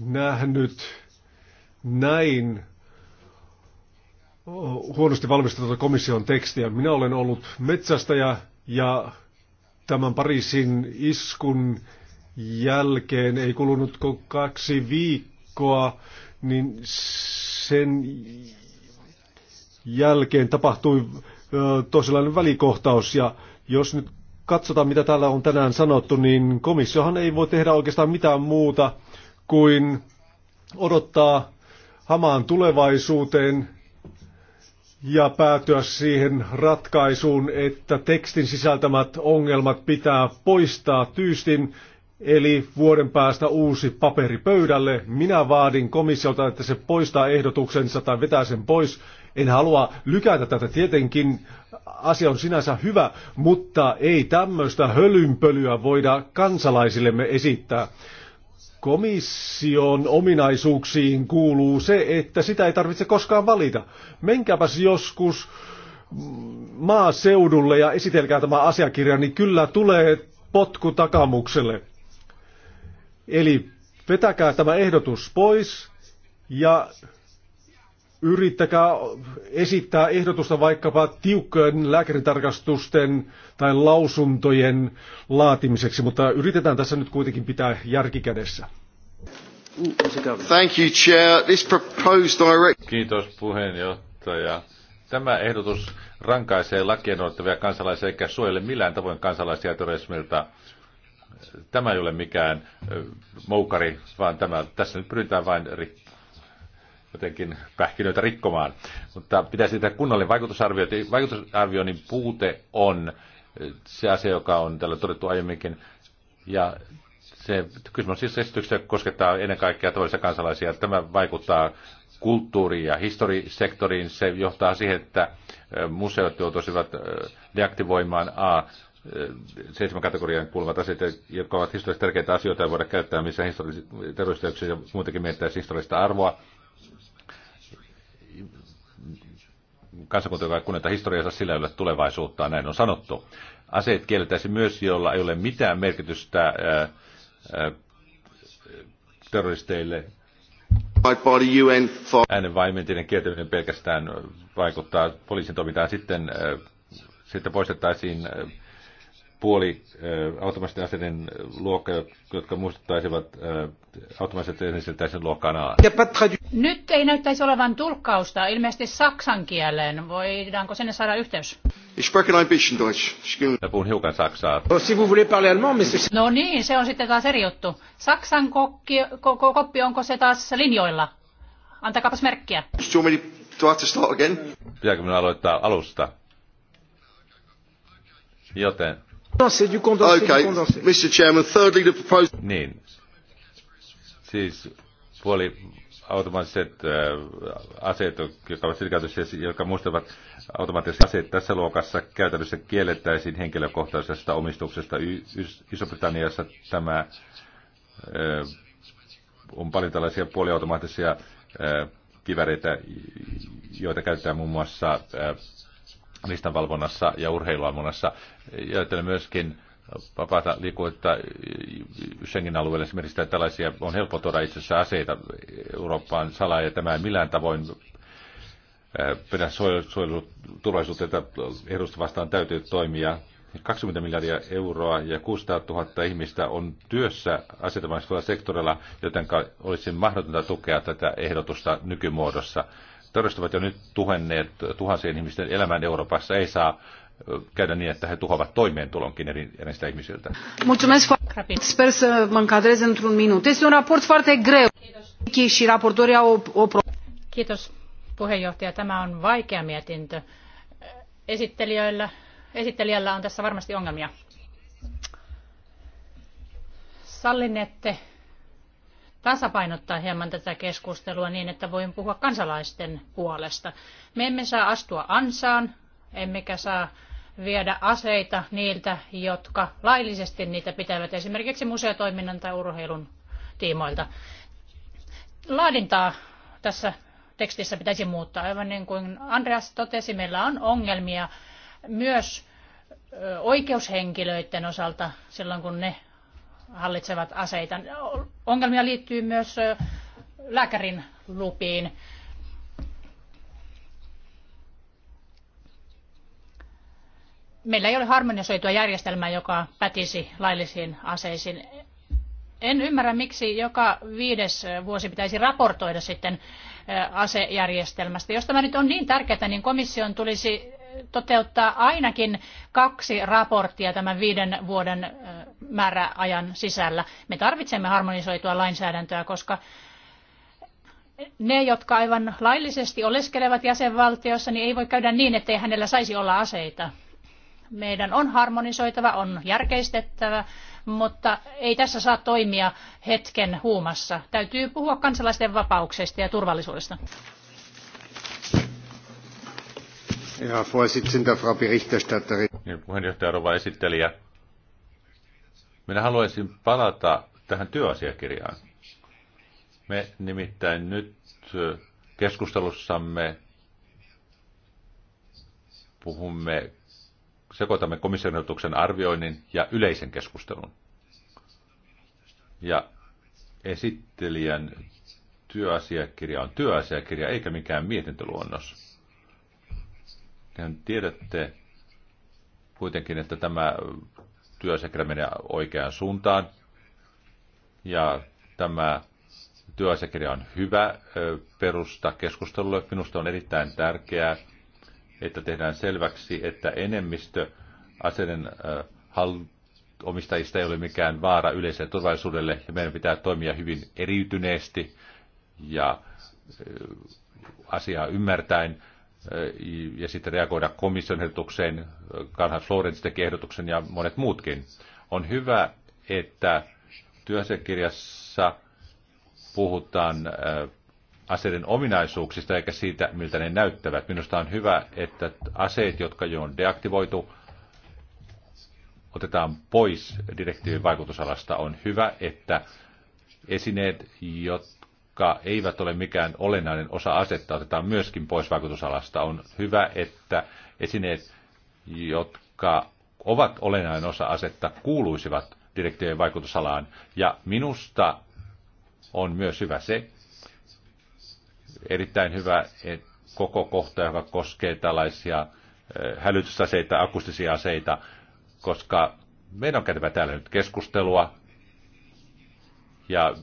nähnyt näin huonosti valmisteltua komission tekstiä. Minä olen ollut metsästäjä ja tämän Pariisin iskun jälkeen ei kulunut kuin kaksi viikkoa, niin sen jälkeen tapahtui tosiaan välikohtaus. Ja jos nyt katsotaan, mitä täällä on tänään sanottu, niin komissiohan ei voi tehdä oikeastaan mitään muuta kuin odottaa hamaan tulevaisuuteen ja päätyä siihen ratkaisuun, että tekstin sisältämät ongelmat pitää poistaa tyystin, eli vuoden päästä uusi paperi pöydälle. Minä vaadin komissiolta, että se poistaa ehdotuksensa tai vetää sen pois. En halua lykätä tätä tietenkin, asia on sinänsä hyvä, mutta ei tämmöistä hölynpölyä voida kansalaisillemme esittää. Komission ominaisuuksiin kuuluu se, että sitä ei tarvitse koskaan valita. Menkääpäs joskus maaseudulle ja esitelkää tämä asiakirja, niin kyllä tulee potku takamukselle. Eli vetäkää tämä ehdotus pois ja Yrittäkää esittää ehdotusta vaikkapa tiukkojen lääkärintarkastusten tai lausuntojen laatimiseksi, mutta yritetään tässä nyt kuitenkin pitää järkikädessä. Thank you, Chair. This proposed direct... Kiitos puheenjohtaja. Tämä ehdotus rankaisee lakien noudattavia kansalaisia eikä suojele millään tavoin kansalaisia terrorismilta. Tämä ei ole mikään moukari, vaan tämä, tässä nyt pyritään vain rikkiä jotenkin pähkinöitä rikkomaan. Mutta pitäisi tehdä kunnollinen vaikutusarvio. Vaikutusarvioinnin puute on eh, se asia, joka on täällä todettu aiemminkin. Ja se kysymys siis esityksessä koskettaa ennen kaikkea toisia kansalaisia. Tämä vaikuttaa kulttuuri- ja historisektoriin. Se johtaa siihen, että eh, museot joutuisivat eh, deaktivoimaan A, seitsemän kategorian kulmat asiat, jotka ovat historiallisesti tärkeitä asioita ja voida käyttää missä historiallisissa ja muutenkin miettää historiallista arvoa. kansakunta, joka kunnioittaa historiassa sillä ei ole tulevaisuutta, näin on sanottu. Aseet kielletäisiin myös, joilla ei ole mitään merkitystä ää, äh, ää, äh, terroristeille. Äänenvaimentinen kieltäminen pelkästään vaikuttaa poliisin toimintaan. Sitten, ää, äh, sitten poistettaisiin puoli automaattisten aseiden luokka, jotka muistuttaisivat automaattisen aseiden luokkaan A. Nyt ei näyttäisi olevan tulkkausta, ilmeisesti saksan kieleen. Voidaanko sinne saada yhteys? Deutsch. Mä puhun hiukan saksaa. Oh, no niin, se on sitten taas eri juttu. Saksan kokki, ko, ko, koppi, onko se taas linjoilla? Antakaapas merkkiä. Pitääkö minä aloittaa alusta? Joten Okay. Mr. Chairman, thirdly the proposal... Niin. Siis puoli automaattiset äh, aseet, jotka ovat käytössä, jotka muistavat automaattiset aseet tässä luokassa, käytännössä kiellettäisiin henkilökohtaisesta omistuksesta. Y- Iso-Britanniassa tämä äh, on paljon tällaisia puoliautomaattisia äh, kiväreitä, joita käytetään muun muassa äh, listanvalvonnassa ja urheiluammunnassa. Ajattelen myöskin vapaata liikkuvuutta Schengen alueella esimerkiksi tällaisia on helppo tuoda itse asiassa aseita Eurooppaan salaa ja tämä ei millään tavoin pidä suojeluturvallisuutta ehdosta vastaan täytyy toimia. 20 miljardia euroa ja 600 000 ihmistä on työssä asetamaisella sektorilla, joten olisi mahdotonta tukea tätä ehdotusta nykymuodossa terroristit ovat jo nyt tuhenneet tuhansien ihmisten elämään Euroopassa, ei saa käydä niin, että he tuhoavat toimeentulonkin eri, näistä ihmisiltä. Mulțumesc foarte Sper să mă încadrez într-un minut. Este un raport foarte greu. Kiitos. Kiitos puheenjohtaja. Tämä on vaikea mietintö. Esittelijöillä, esittelijällä on tässä varmasti ongelmia. Sallinette tasapainottaa hieman tätä keskustelua niin, että voin puhua kansalaisten puolesta. Me emme saa astua ansaan, emmekä saa viedä aseita niiltä, jotka laillisesti niitä pitävät, esimerkiksi museotoiminnan tai urheilun tiimoilta. Laadintaa tässä tekstissä pitäisi muuttaa. Aivan niin kuin Andreas totesi, meillä on ongelmia myös oikeushenkilöiden osalta silloin, kun ne hallitsevat aseita. Ongelmia liittyy myös lääkärin lupiin. Meillä ei ole harmonisoitua järjestelmää, joka pätisi laillisiin aseisiin. En ymmärrä, miksi joka viides vuosi pitäisi raportoida sitten asejärjestelmästä. Jos tämä nyt on niin tärkeää, niin komission tulisi toteuttaa ainakin kaksi raporttia tämän viiden vuoden määräajan sisällä. Me tarvitsemme harmonisoitua lainsäädäntöä, koska ne, jotka aivan laillisesti oleskelevat jäsenvaltiossa, niin ei voi käydä niin, ettei hänellä saisi olla aseita. Meidän on harmonisoitava, on järkeistettävä, mutta ei tässä saa toimia hetken huumassa. Täytyy puhua kansalaisten vapauksista ja turvallisuudesta. Ja, Vorsitzender, niin, puheenjohtaja esittelijä. Minä haluaisin palata tähän työasiakirjaan. Me nimittäin nyt keskustelussamme puhumme, sekoitamme komission arvioinnin ja yleisen keskustelun. Ja esittelijän työasiakirja on työasiakirja eikä mikään mietintöluonnos. Tehän tiedätte kuitenkin, että tämä työasiakirja menee oikeaan suuntaan ja tämä työasiakirja on hyvä perusta keskustelulle. Minusta on erittäin tärkeää, että tehdään selväksi, että enemmistö aseiden omistajista ei ole mikään vaara yleiselle turvallisuudelle ja meidän pitää toimia hyvin eriytyneesti ja asiaa ymmärtäen ja sitten reagoida komission ehdotukseen. Karl Florence teki ehdotuksen ja monet muutkin. On hyvä, että työsekirjassa puhutaan aseiden ominaisuuksista eikä siitä, miltä ne näyttävät. Minusta on hyvä, että aseet, jotka jo on deaktivoitu, otetaan pois direktiivin vaikutusalasta. On hyvä, että esineet, jotka jotka eivät ole mikään olennainen osa asetta, otetaan myöskin pois vaikutusalasta. On hyvä, että esineet, jotka ovat olennainen osa asetta, kuuluisivat direktiivien vaikutusalaan. Ja minusta on myös hyvä se, erittäin hyvä, että koko kohta, joka koskee tällaisia eh, hälytysaseita, akustisia aseita, koska meidän on käytävä täällä nyt keskustelua ja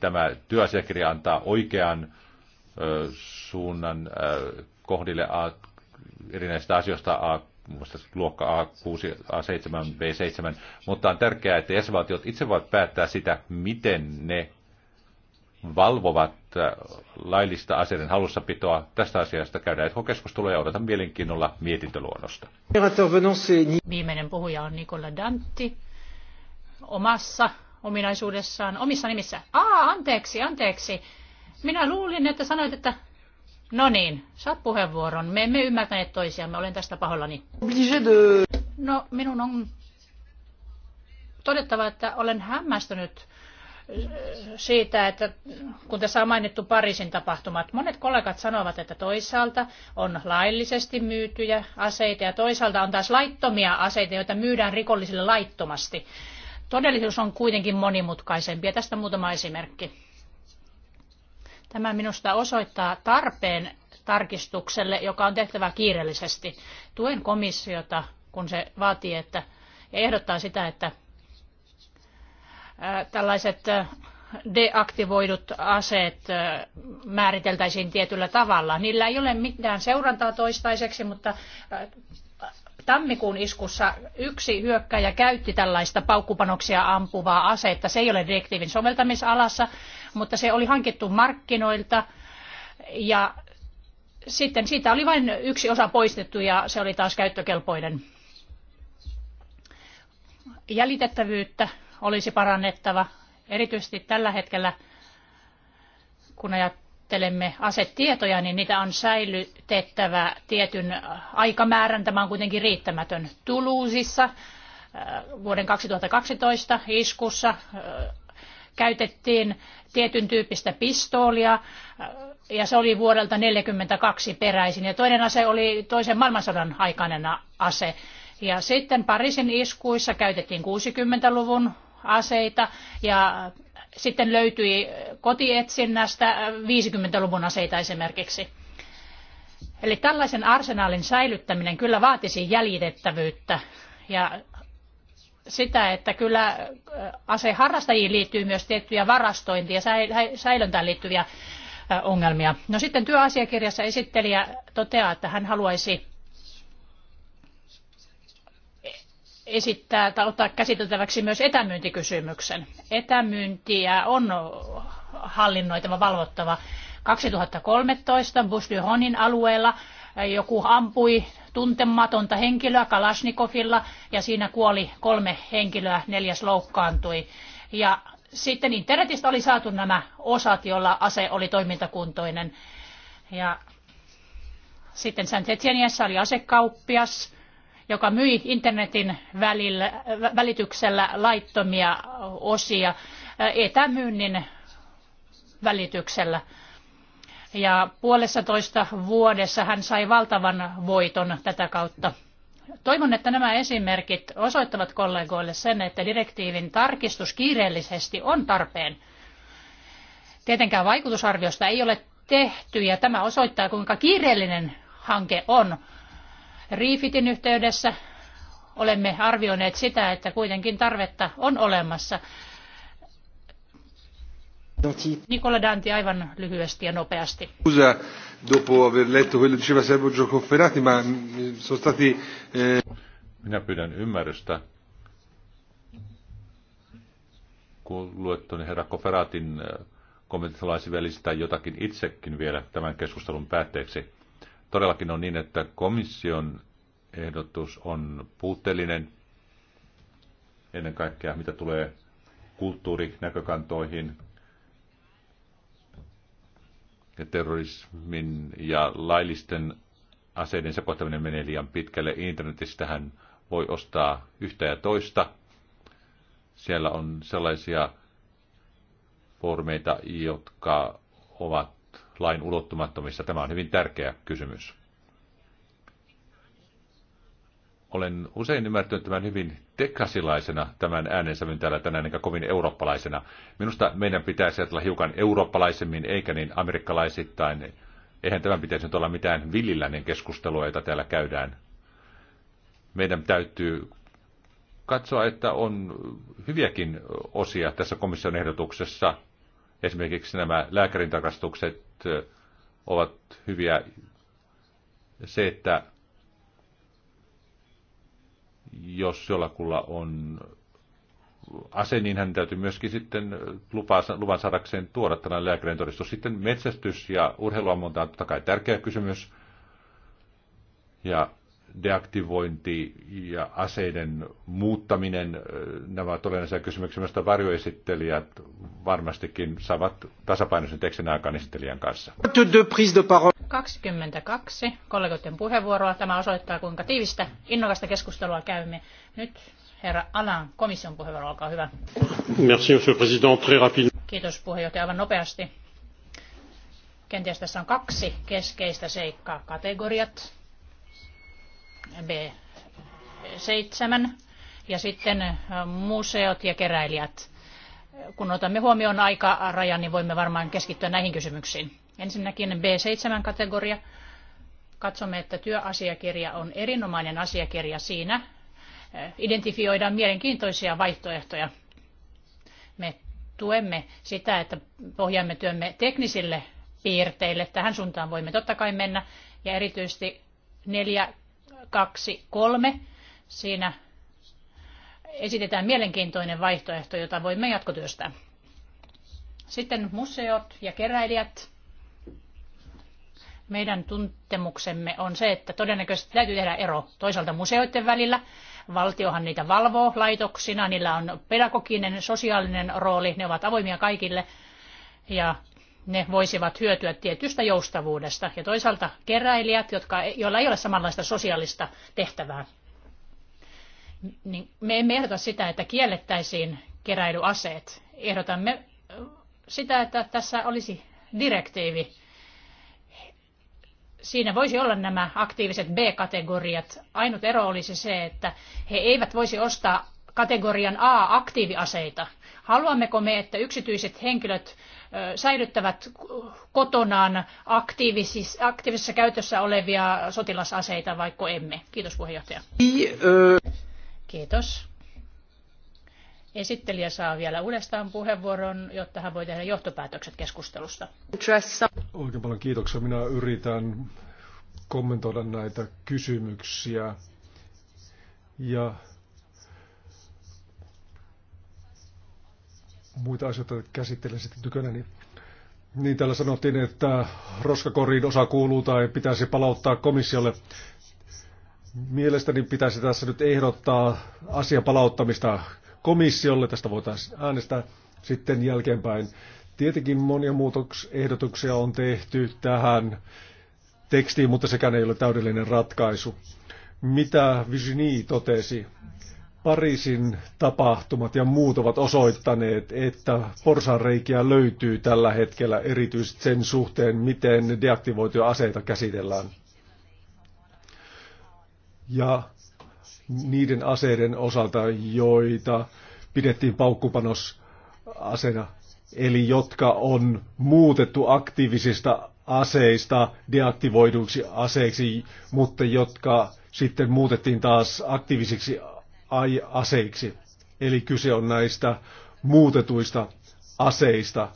tämä työasiakirja antaa oikean ö, suunnan ö, kohdille A, erinäisistä asioista A, muista luokka A6, A7, B7, mutta on tärkeää, että jäsenvaltiot itse voivat päättää sitä, miten ne valvovat laillista aseiden hallussapitoa. Tästä asiasta käydään keskustelua ja odotan mielenkiinnolla mietintöluonnosta. Viimeinen puhuja on Nikola Dantti omassa ominaisuudessaan omissa nimissä. Aa, anteeksi, anteeksi. Minä luulin, että sanoit, että No niin, saat puheenvuoron. Me emme ymmärtäneet toisiamme, olen tästä pahollani. No, minun on todettava, että olen hämmästynyt äh, siitä, että kun tässä on mainittu Pariisin tapahtumat, monet kollegat sanovat, että toisaalta on laillisesti myytyjä aseita ja toisaalta on taas laittomia aseita, joita myydään rikollisille laittomasti. Todellisuus on kuitenkin monimutkaisempi ja tästä muutama esimerkki. Tämä minusta osoittaa tarpeen tarkistukselle, joka on tehtävä kiireellisesti. Tuen komissiota, kun se vaatii että, ja ehdottaa sitä, että tällaiset deaktivoidut aseet määriteltäisiin tietyllä tavalla. Niillä ei ole mitään seurantaa toistaiseksi, mutta tammikuun iskussa yksi hyökkäjä käytti tällaista paukkupanoksia ampuvaa asetta. Se ei ole direktiivin soveltamisalassa, mutta se oli hankittu markkinoilta ja sitten siitä oli vain yksi osa poistettu ja se oli taas käyttökelpoinen. Jäljitettävyyttä olisi parannettava, erityisesti tällä hetkellä, kun ajat, käsittelemme asetietoja, niin niitä on säilytettävä tietyn aikamäärän. Tämä on kuitenkin riittämätön. Tuluusissa äh, vuoden 2012 iskussa äh, käytettiin tietyn tyyppistä pistoolia äh, ja se oli vuodelta 1942 peräisin ja toinen ase oli toisen maailmansodan aikainen ase. Ja sitten Pariisin iskuissa käytettiin 60-luvun aseita ja sitten löytyi kotietsinnästä 50-luvun aseita esimerkiksi. Eli tällaisen arsenaalin säilyttäminen kyllä vaatisi jäljitettävyyttä ja sitä, että kyllä aseharrastajiin liittyy myös tiettyjä varastointia ja säilöntään liittyviä ongelmia. No sitten työasiakirjassa esittelijä toteaa, että hän haluaisi esittää tai ottaa käsiteltäväksi myös etämyyntikysymyksen. Etämyyntiä on hallinnoitava, valvottava. 2013 Busdyhonin alueella joku ampui tuntematonta henkilöä Kalashnikovilla ja siinä kuoli kolme henkilöä, neljäs loukkaantui. Ja sitten internetistä oli saatu nämä osat, joilla ase oli toimintakuntoinen. Ja sitten San Tietjeniessä oli asekauppias, joka myi internetin välillä, välityksellä laittomia osia etämyynnin välityksellä. Ja puolessa toista vuodessa hän sai valtavan voiton tätä kautta. Toivon, että nämä esimerkit osoittavat kollegoille sen, että direktiivin tarkistus kiireellisesti on tarpeen. Tietenkään vaikutusarviosta ei ole tehty ja tämä osoittaa, kuinka kiireellinen hanke on Riifitin yhteydessä olemme arvioineet sitä, että kuitenkin tarvetta on olemassa. Nicola Danti aivan lyhyesti ja nopeasti. Scusa dopo aver letto quello diceva Sergio Cofferati, ma mm, sono stati... Eh, Minä pyydän ymmärrystä. Kun luettu niin herra Cofferatin eh, kommentit välissä jotakin itsekin vielä tämän keskustelun päätteeksi todellakin on niin, että komission ehdotus on puutteellinen ennen kaikkea, mitä tulee kulttuurinäkökantoihin ja terrorismin ja laillisten aseiden sekoittaminen menee liian pitkälle. Internetistähän voi ostaa yhtä ja toista. Siellä on sellaisia foorumeita, jotka ovat lain ulottumattomissa? Tämä on hyvin tärkeä kysymys. Olen usein ymmärtänyt tämän hyvin tekkasilaisena tämän äänensävyn täällä tänään, enkä kovin eurooppalaisena. Minusta meidän pitäisi ajatella hiukan eurooppalaisemmin, eikä niin amerikkalaisittain. Eihän tämän pitäisi nyt olla mitään villiläinen keskustelua, jota täällä käydään. Meidän täytyy katsoa, että on hyviäkin osia tässä komission ehdotuksessa. Esimerkiksi nämä lääkärintarkastukset ovat hyviä. Se, että jos jollakulla on ase, niin hän täytyy myöskin sitten lupaa, luvan saadakseen tuoda tällainen lääkärin todistus. Sitten metsästys ja urheiluammunta on totta kai tärkeä kysymys. Ja deaktivointi ja aseiden muuttaminen, nämä todennäköisiä kysymyksiä, joista varjoesittelijät varmastikin saavat tasapainoisen tekstin aikaan esittelijän kanssa. 22 kollegoiden puheenvuoroa. Tämä osoittaa, kuinka tiivistä, innokasta keskustelua käymme. Nyt herra Alan, komission puheenvuoro, olkaa hyvä. Merci, monsieur président. Très rapide. Kiitos puheenjohtaja, aivan nopeasti. Kenties tässä on kaksi keskeistä seikkaa. Kategoriat, B7 ja sitten äh, museot ja keräilijät. Kun otamme huomioon aikarajan, niin voimme varmaan keskittyä näihin kysymyksiin. Ensinnäkin B7-kategoria. Katsomme, että työasiakirja on erinomainen asiakirja siinä. Äh, identifioidaan mielenkiintoisia vaihtoehtoja. Me tuemme sitä, että pohjaamme työmme teknisille piirteille. Tähän suuntaan voimme totta kai mennä. Ja erityisesti neljä kaksi kolme Siinä esitetään mielenkiintoinen vaihtoehto, jota voimme jatkotyöstää. Sitten museot ja keräilijät. Meidän tuntemuksemme on se, että todennäköisesti täytyy tehdä ero toisaalta museoiden välillä. Valtiohan niitä valvoo laitoksina, niillä on pedagoginen, sosiaalinen rooli, ne ovat avoimia kaikille. Ja ne voisivat hyötyä tietystä joustavuudesta. Ja toisaalta keräilijät, jotka, e- joilla ei ole samanlaista sosiaalista tehtävää. Niin me emme ehdota sitä, että kiellettäisiin keräilyaseet. Ehdotamme sitä, että tässä olisi direktiivi. Siinä voisi olla nämä aktiiviset B-kategoriat. Ainut ero olisi se, että he eivät voisi ostaa kategorian A-aktiiviaseita – Haluammeko me, että yksityiset henkilöt säilyttävät kotonaan aktiivisessa käytössä olevia sotilasaseita, vaikka emme? Kiitos puheenjohtaja. Kiitos. Esittelijä saa vielä uudestaan puheenvuoron, jotta hän voi tehdä johtopäätökset keskustelusta. Oikein paljon kiitoksia. Minä yritän kommentoida näitä kysymyksiä. Ja muita asioita käsittelen sitten tykönä, Niin, niin täällä sanottiin, että roskakoriin osa kuuluu tai pitäisi palauttaa komissiolle. Mielestäni pitäisi tässä nyt ehdottaa asian palauttamista komissiolle. Tästä voitaisiin äänestää sitten jälkeenpäin. Tietenkin monia muutoksehdotuksia on tehty tähän tekstiin, mutta sekään ei ole täydellinen ratkaisu. Mitä visini totesi, Pariisin tapahtumat ja muut ovat osoittaneet, että porsanreikiä löytyy tällä hetkellä erityisesti sen suhteen, miten deaktivoituja aseita käsitellään. Ja niiden aseiden osalta, joita pidettiin paukkupanosasena, eli jotka on muutettu aktiivisista aseista deaktivoiduiksi aseiksi, mutta jotka sitten muutettiin taas aktiivisiksi aseiksi. Eli kyse on näistä muutetuista aseista.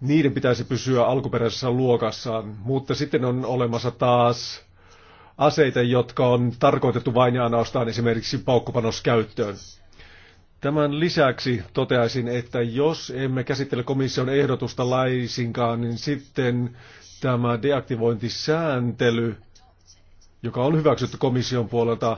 Niiden pitäisi pysyä alkuperäisessä luokassaan, mutta sitten on olemassa taas aseita, jotka on tarkoitettu vain ja ainoastaan esimerkiksi paukkupanoskäyttöön. Tämän lisäksi toteaisin, että jos emme käsittele komission ehdotusta laisinkaan, niin sitten tämä deaktivointisääntely, joka on hyväksytty komission puolelta,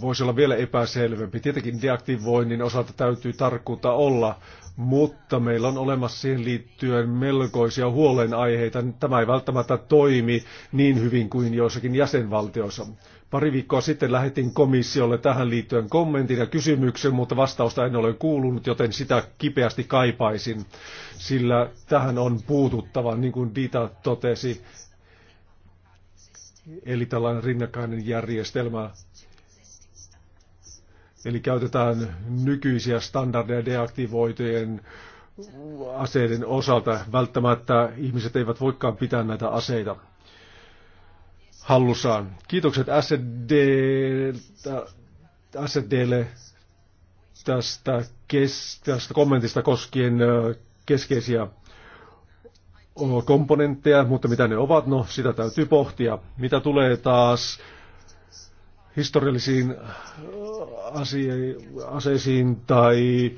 voisi olla vielä epäselvempi. Tietenkin deaktivoinnin osalta täytyy tarkkuutta olla, mutta meillä on olemassa siihen liittyen melkoisia huolenaiheita. Tämä ei välttämättä toimi niin hyvin kuin joissakin jäsenvaltioissa. Pari viikkoa sitten lähetin komissiolle tähän liittyen kommentin ja kysymyksen, mutta vastausta en ole kuulunut, joten sitä kipeästi kaipaisin, sillä tähän on puututtava, niin kuin Dita totesi. Eli tällainen rinnakkainen järjestelmä Eli käytetään nykyisiä standardeja deaktivoitujen aseiden osalta. Välttämättä ihmiset eivät voikaan pitää näitä aseita hallussaan. Kiitokset SDlle tästä, kes, tästä kommentista koskien keskeisiä komponentteja, mutta mitä ne ovat, no sitä täytyy pohtia. Mitä tulee taas historiallisiin äh, aseisiin tai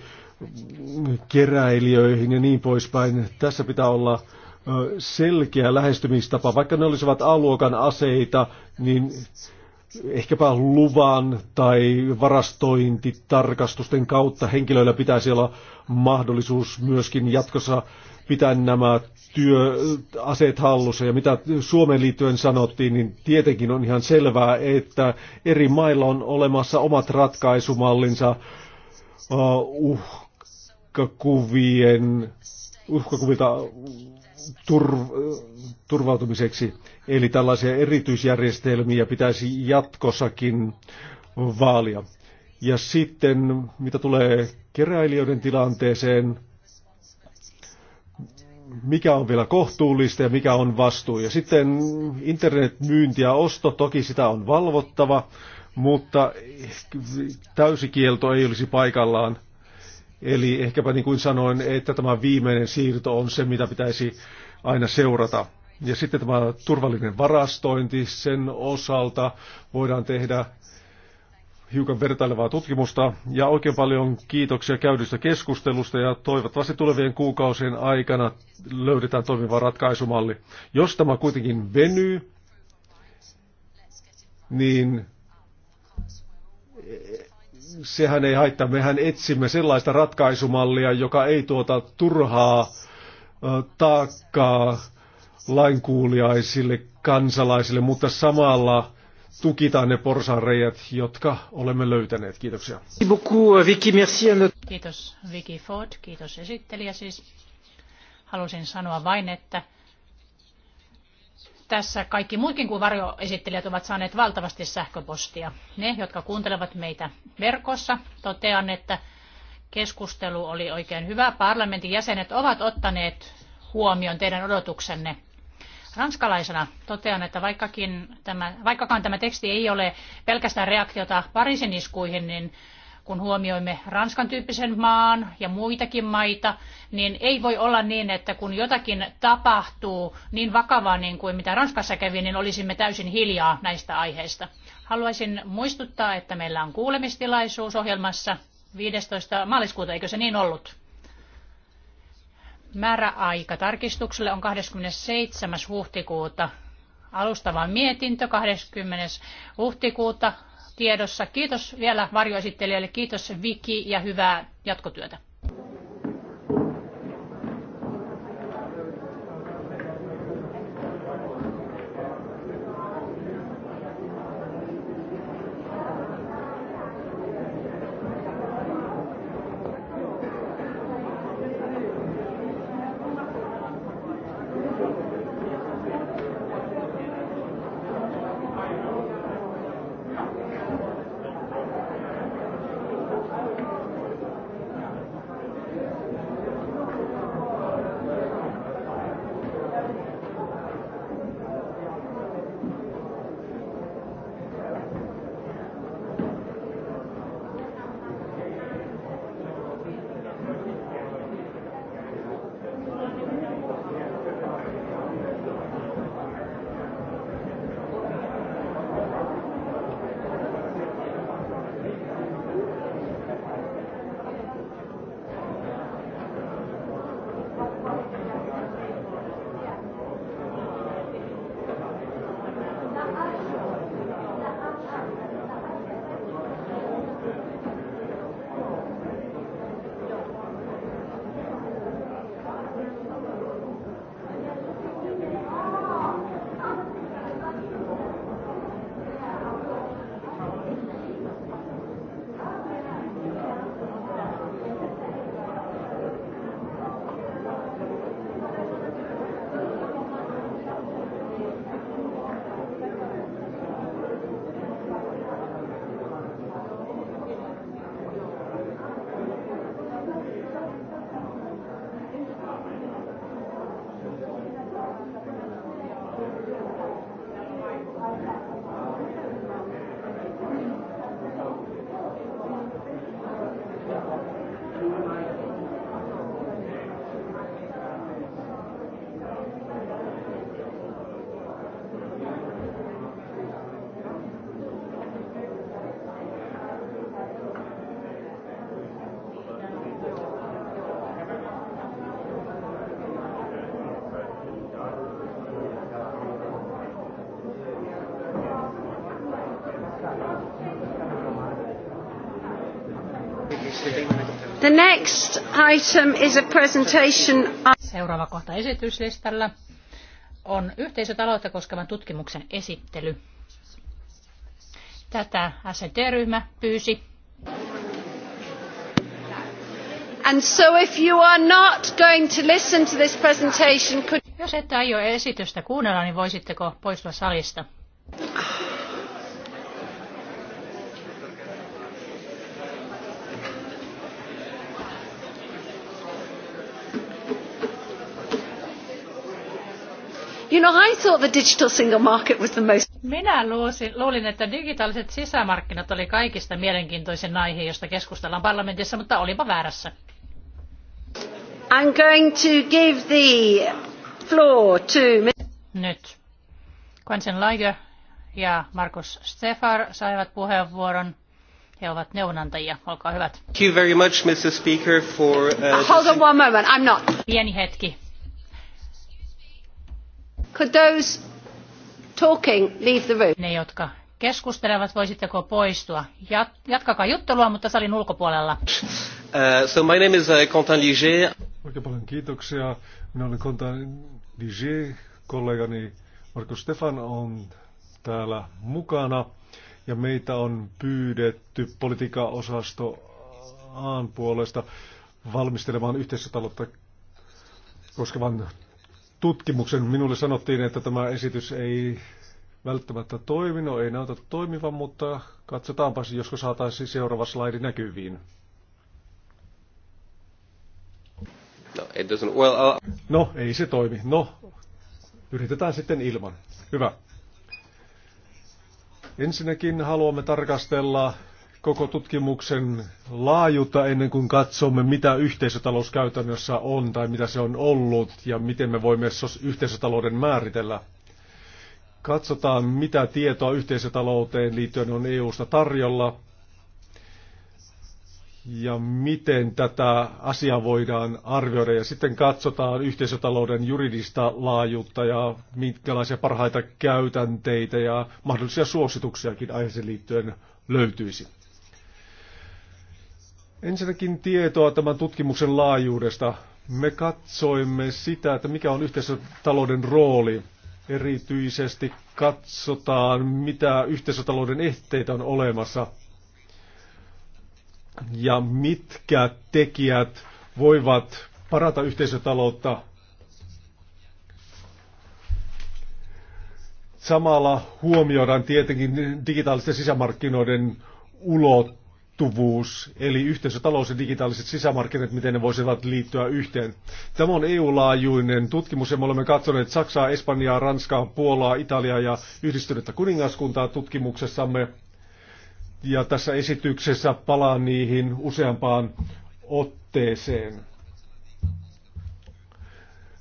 keräilijöihin ja niin poispäin. Tässä pitää olla äh, selkeä lähestymistapa. Vaikka ne olisivat aluokan aseita, niin ehkäpä luvan tai varastointitarkastusten kautta henkilöillä pitäisi olla mahdollisuus myöskin jatkossa pitää nämä työaseet hallussa ja mitä Suomen liittyen sanottiin, niin tietenkin on ihan selvää, että eri mailla on olemassa omat ratkaisumallinsa uh, uhkakuvien, uhkakuvilta tur, turvautumiseksi. Eli tällaisia erityisjärjestelmiä pitäisi jatkossakin vaalia. Ja sitten, mitä tulee keräilijöiden tilanteeseen, mikä on vielä kohtuullista ja mikä on vastuu. Ja sitten internetmyynti ja osto, toki sitä on valvottava, mutta täysikielto ei olisi paikallaan. Eli ehkäpä niin kuin sanoin, että tämä viimeinen siirto on se, mitä pitäisi aina seurata. Ja sitten tämä turvallinen varastointi, sen osalta voidaan tehdä hiukan vertailevaa tutkimusta ja oikein paljon kiitoksia käydystä keskustelusta ja toivottavasti tulevien kuukausien aikana löydetään toimiva ratkaisumalli. Jos tämä kuitenkin venyy, niin eh, sehän ei haittaa. Mehän etsimme sellaista ratkaisumallia, joka ei tuota turhaa taakkaa lainkuuliaisille kansalaisille, mutta samalla tukitaan ne porsaanreijät, jotka olemme löytäneet. Kiitoksia. Kiitos Vicky Ford, kiitos esittelijä siis. Halusin sanoa vain, että tässä kaikki muutkin kuin varjoesittelijät ovat saaneet valtavasti sähköpostia. Ne, jotka kuuntelevat meitä verkossa, totean, että keskustelu oli oikein hyvä. Parlamentin jäsenet ovat ottaneet huomioon teidän odotuksenne Ranskalaisena totean, että vaikkakin tämä, vaikkakaan tämä teksti ei ole pelkästään reaktiota Pariisin iskuihin, niin kun huomioimme Ranskan tyyppisen maan ja muitakin maita, niin ei voi olla niin, että kun jotakin tapahtuu niin vakavaa niin kuin mitä Ranskassa kävi, niin olisimme täysin hiljaa näistä aiheista. Haluaisin muistuttaa, että meillä on kuulemistilaisuus ohjelmassa 15. maaliskuuta, eikö se niin ollut? Määräaika tarkistukselle on 27. huhtikuuta. Alustava mietintö 20. huhtikuuta tiedossa. Kiitos vielä varjoesittelijöille, kiitos Viki ja hyvää jatkotyötä. next item is a presentation... Seuraava kohta esityslistalla on yhteisötaloutta koskevan tutkimuksen esittely. Tätä SNT-ryhmä pyysi. And so if you are not going to listen to this presentation, could... Jos ette aio esitystä kuunnella, niin voisitteko poistua salista? You know, I thought the digital single market was the most... Minä luosin, luulin, että digitaaliset sisämarkkinat oli kaikista mielenkiintoisin aihe, josta keskustellaan parlamentissa, mutta olipa väärässä. I'm going to give the floor to... Nyt. Quentin Lager ja Markus Stefar saivat puheenvuoron. He ovat neuvonantajia. Olkaa hyvät. Thank you very much, Mr. Speaker, for... Uh, Hold on one moment, I'm not. Pieni hetki. Could those talking leave the room? Ne, jotka keskustelevat, voisitteko poistua? Jat- jatkakaa juttelua, mutta salin ulkopuolella. Uh, so my name is uh, Quentin Ligier. Oikein paljon kiitoksia. Minä olen Quentin Ligier. Kollegani Markus Stefan on täällä mukana. Ja meitä on pyydetty politiikka-osasto Aan puolesta valmistelemaan yhteisötaloutta koskevan tutkimuksen. Minulle sanottiin, että tämä esitys ei välttämättä toimi. No ei näytä toimivan, mutta katsotaanpa, josko saataisiin seuraava slaidi näkyviin. No, it well, no ei se toimi. No, yritetään sitten ilman. Hyvä. Ensinnäkin haluamme tarkastella koko tutkimuksen laajuutta ennen kuin katsomme, mitä yhteisötalous käytännössä on tai mitä se on ollut ja miten me voimme yhteisötalouden määritellä. Katsotaan, mitä tietoa yhteisötalouteen liittyen on EUsta tarjolla ja miten tätä asiaa voidaan arvioida. Ja sitten katsotaan yhteisötalouden juridista laajuutta ja minkälaisia parhaita käytänteitä ja mahdollisia suosituksiakin aiheeseen liittyen löytyisi. Ensinnäkin tietoa tämän tutkimuksen laajuudesta. Me katsoimme sitä, että mikä on yhteisötalouden rooli. Erityisesti katsotaan, mitä yhteisötalouden ehteitä on olemassa ja mitkä tekijät voivat parata yhteisötaloutta samalla huomioidaan tietenkin digitaalisten sisämarkkinoiden ulottuvuus ulottuvuus, eli yhteisötalous ja digitaaliset sisämarkkinat, miten ne voisivat liittyä yhteen. Tämä on EU-laajuinen tutkimus ja me olemme katsoneet Saksaa, Espanjaa, Ranskaa, Puolaa, Italiaa ja yhdistynyttä kuningaskuntaa tutkimuksessamme. Ja tässä esityksessä palaan niihin useampaan otteeseen.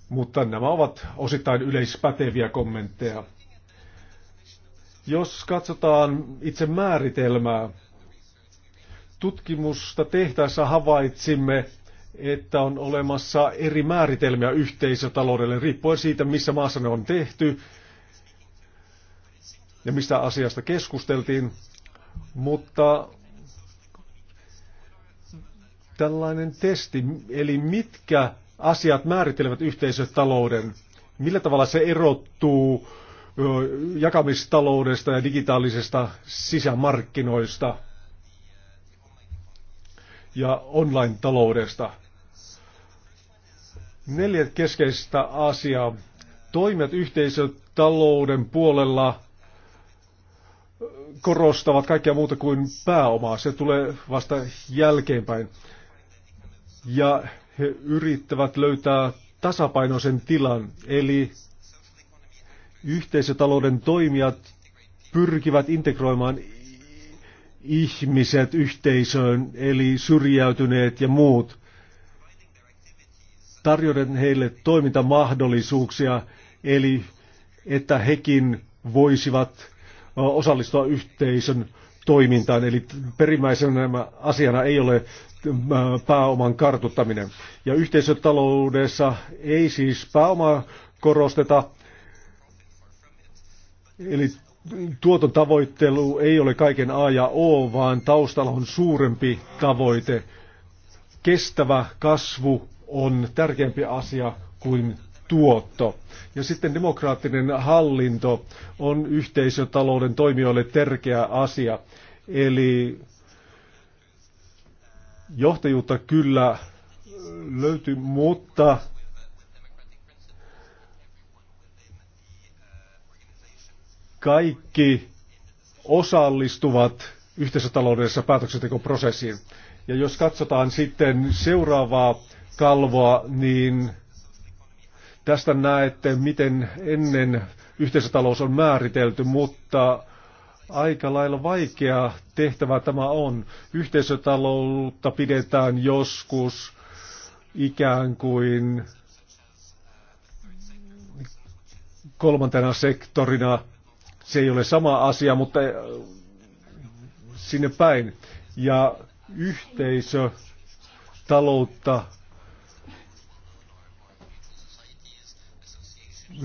Mutta nämä ovat osittain yleispäteviä kommentteja. Jos katsotaan itse määritelmää, tutkimusta tehtäessä havaitsimme, että on olemassa eri määritelmiä yhteisötaloudelle riippuen siitä, missä maassa ne on tehty ja mistä asiasta keskusteltiin. Mutta tällainen testi, eli mitkä asiat määrittelevät yhteisötalouden, millä tavalla se erottuu jakamistaloudesta ja digitaalisesta sisämarkkinoista – ja online-taloudesta. Neljä keskeistä asiaa. Toimet yhteisötalouden puolella korostavat kaikkea muuta kuin pääomaa. Se tulee vasta jälkeenpäin. Ja he yrittävät löytää tasapainoisen tilan, eli yhteisötalouden toimijat pyrkivät integroimaan ihmiset yhteisöön, eli syrjäytyneet ja muut. Tarjoten heille toimintamahdollisuuksia, eli että hekin voisivat osallistua yhteisön toimintaan. Eli perimmäisenä asiana ei ole pääoman kartuttaminen. Ja yhteisötaloudessa ei siis pääomaa korosteta, eli tuoton tavoittelu ei ole kaiken A ja O, vaan taustalla on suurempi tavoite. Kestävä kasvu on tärkeämpi asia kuin tuotto. Ja sitten demokraattinen hallinto on yhteisötalouden toimijoille tärkeä asia. Eli johtajuutta kyllä löytyy, mutta kaikki osallistuvat yhteisötaloudellisessa päätöksentekoprosessiin. Ja jos katsotaan sitten seuraavaa kalvoa, niin tästä näette, miten ennen yhteisötalous on määritelty, mutta aika lailla vaikea tehtävä tämä on. Yhteisötaloutta pidetään joskus ikään kuin kolmantena sektorina – se ei ole sama asia, mutta äh, sinne päin. Ja yhteisö taloutta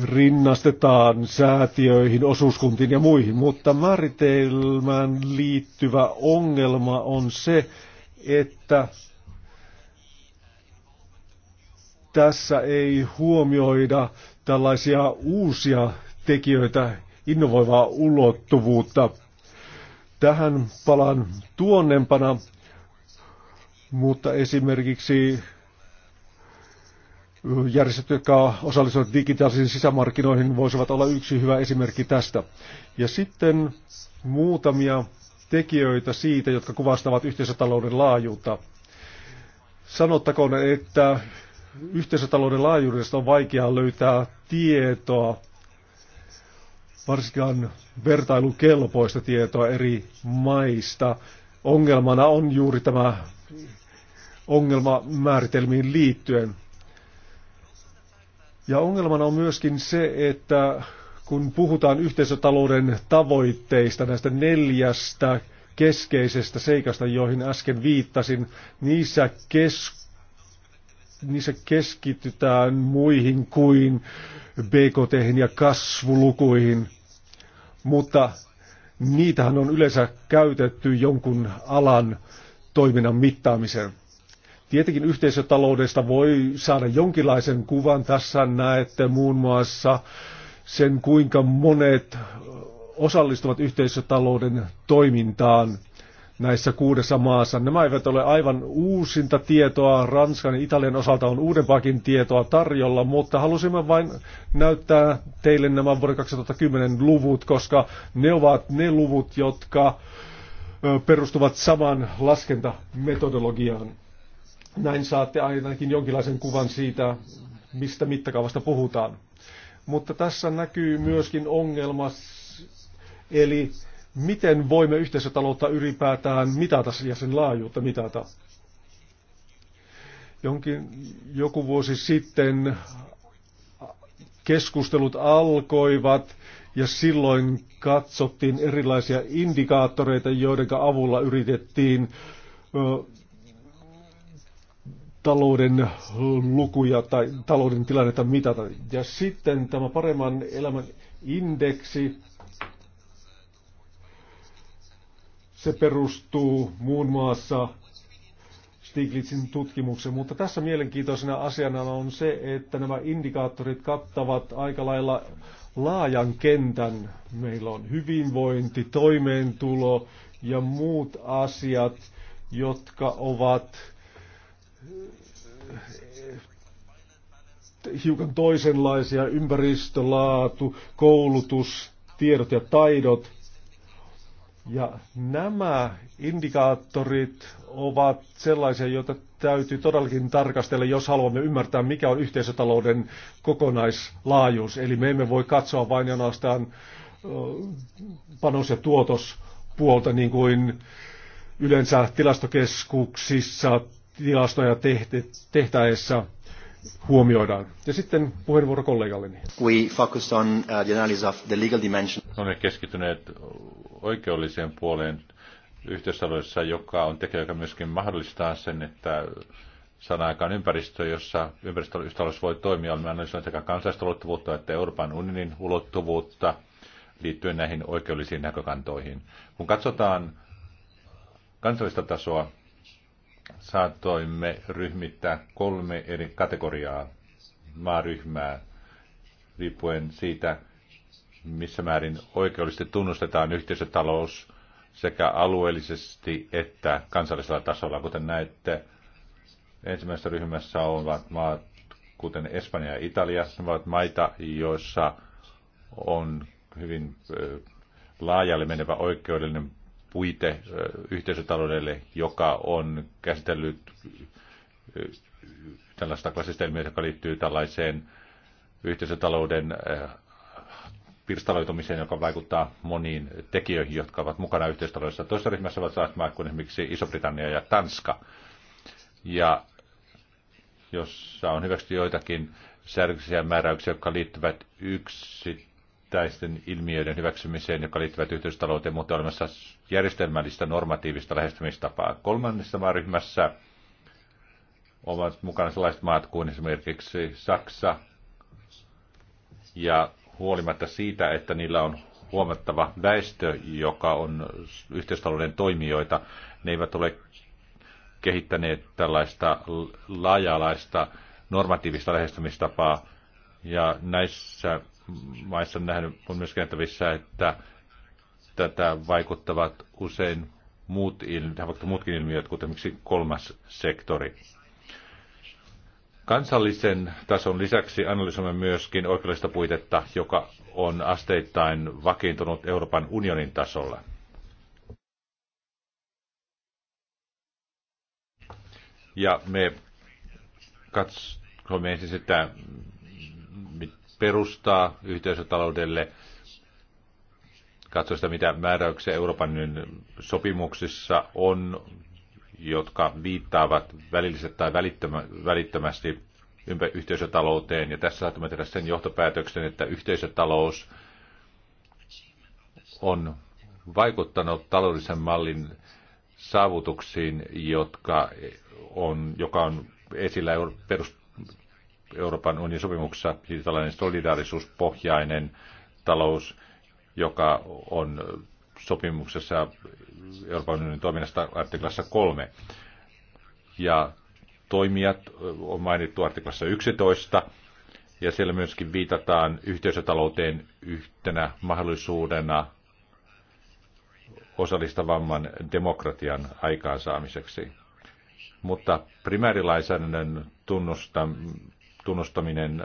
rinnastetaan säätiöihin, osuuskuntiin ja muihin, mutta määritelmään liittyvä ongelma on se, että tässä ei huomioida tällaisia uusia tekijöitä, innovoivaa ulottuvuutta. Tähän palaan tuonnempana, mutta esimerkiksi järjestöt, jotka osallistuvat digitaalisiin sisämarkkinoihin, voisivat olla yksi hyvä esimerkki tästä. Ja sitten muutamia tekijöitä siitä, jotka kuvastavat yhteisötalouden laajuutta. Sanottakoon, että yhteisötalouden laajuudesta on vaikea löytää tietoa varsinkaan vertailukelpoista tietoa eri maista. Ongelmana on juuri tämä ongelma määritelmiin liittyen. Ja ongelmana on myöskin se, että kun puhutaan yhteisötalouden tavoitteista, näistä neljästä keskeisestä seikasta, joihin äsken viittasin, niissä, kes, niissä keskitytään muihin kuin BKT ja kasvulukuihin mutta niitähän on yleensä käytetty jonkun alan toiminnan mittaamiseen. Tietenkin yhteisötaloudesta voi saada jonkinlaisen kuvan. Tässä näette muun muassa sen, kuinka monet osallistuvat yhteisötalouden toimintaan – näissä kuudessa maassa. Nämä eivät ole aivan uusinta tietoa. Ranskan ja Italian osalta on uudempaakin tietoa tarjolla, mutta halusimme vain näyttää teille nämä vuoden 2010 luvut, koska ne ovat ne luvut, jotka perustuvat samaan laskentametodologiaan. Näin saatte ainakin jonkinlaisen kuvan siitä, mistä mittakaavasta puhutaan. Mutta tässä näkyy myöskin ongelma, eli miten voimme yhteisötaloutta ylipäätään mitata ja sen laajuutta mitata. Jonkin, joku vuosi sitten keskustelut alkoivat ja silloin katsottiin erilaisia indikaattoreita, joiden avulla yritettiin ö, talouden lukuja tai talouden tilannetta mitata. Ja sitten tämä paremman elämän indeksi Se perustuu muun muassa Stiglitzin tutkimukseen, mutta tässä mielenkiintoisena asiana on se, että nämä indikaattorit kattavat aika lailla laajan kentän. Meillä on hyvinvointi, toimeentulo ja muut asiat, jotka ovat eh, hiukan toisenlaisia, ympäristölaatu, koulutus, tiedot ja taidot – ja nämä indikaattorit ovat sellaisia, joita täytyy todellakin tarkastella, jos haluamme ymmärtää, mikä on yhteisötalouden kokonaislaajuus. Eli me emme voi katsoa vain ja ainoastaan panos- ja tuotospuolta, niin kuin yleensä tilastokeskuksissa tilastoja tehtäessä huomioidaan. Ja sitten puheenvuoro kollegalleni. We focused on uh, the analysis of the legal dimension. Olemme no niin, keskittyneet oikeudelliseen puoleen yhteisöllisessä, joka on tekijä, joka myöskin mahdollistaa sen, että saadaan aikaan ympäristö, jossa ympäristöystävällisyys voi toimia. Olemme analysoineet sekä kansallista ulottuvuutta että Euroopan unionin ulottuvuutta liittyen näihin oikeudellisiin näkökantoihin. Kun katsotaan kansallista tasoa, Saattoimme ryhmittää kolme eri kategoriaa maaryhmää, riippuen siitä, missä määrin oikeudellisesti tunnustetaan yhteisötalous sekä alueellisesti että kansallisella tasolla. Kuten näette, ensimmäisessä ryhmässä ovat maat, kuten Espanja ja Italia, ne ovat maita, joissa on hyvin laajalle menevä oikeudellinen puite yhteisötaloudelle, joka on käsitellyt tällaista klassista ilmiötä, joka liittyy tällaiseen yhteisötalouden pirstaloitumiseen, joka vaikuttaa moniin tekijöihin, jotka ovat mukana yhteistaloudessa. Toisessa ryhmässä ovat sellaiset maat kuin esimerkiksi Iso-Britannia ja Tanska, ja jossa on hyväksytty joitakin säädöksiä ja määräyksiä, jotka liittyvät yksi yksittäisten ilmiöiden hyväksymiseen, jotka liittyvät yhteistalouteen, mutta olemassa järjestelmällistä normatiivista lähestymistapaa. Kolmannessa maaryhmässä ovat mukana sellaiset maat kuin esimerkiksi Saksa, ja huolimatta siitä, että niillä on huomattava väestö, joka on yhteistalouden toimijoita, ne eivät ole kehittäneet tällaista laajalaista normatiivista lähestymistapaa. Ja näissä maissa nähnyt, on myös nähtävissä, että tätä vaikuttavat usein muut ilmiöt, muutkin ilmiöt, kuten esimerkiksi kolmas sektori. Kansallisen tason lisäksi analysoimme myöskin oikeudellista puitetta, joka on asteittain vakiintunut Euroopan unionin tasolla. Ja me katsomme ensin sitä, perustaa yhteisötaloudelle. Katso sitä, mitä määräyksiä Euroopan sopimuksissa on, jotka viittaavat välillisesti tai välittömästi yhteisötalouteen. Ja tässä saatamme tehdä sen johtopäätöksen, että yhteisötalous on vaikuttanut taloudellisen mallin saavutuksiin, jotka on, joka on esillä perus, Euroopan unionin sopimuksessa tällainen solidaarisuuspohjainen talous, joka on sopimuksessa Euroopan unionin toiminnasta artiklassa kolme, Ja toimijat on mainittu artiklassa 11, ja siellä myöskin viitataan yhteisötalouteen yhtenä mahdollisuudena osallistavamman demokratian aikaansaamiseksi. Mutta primäärilainsäädännön tunnusta, tunnustaminen,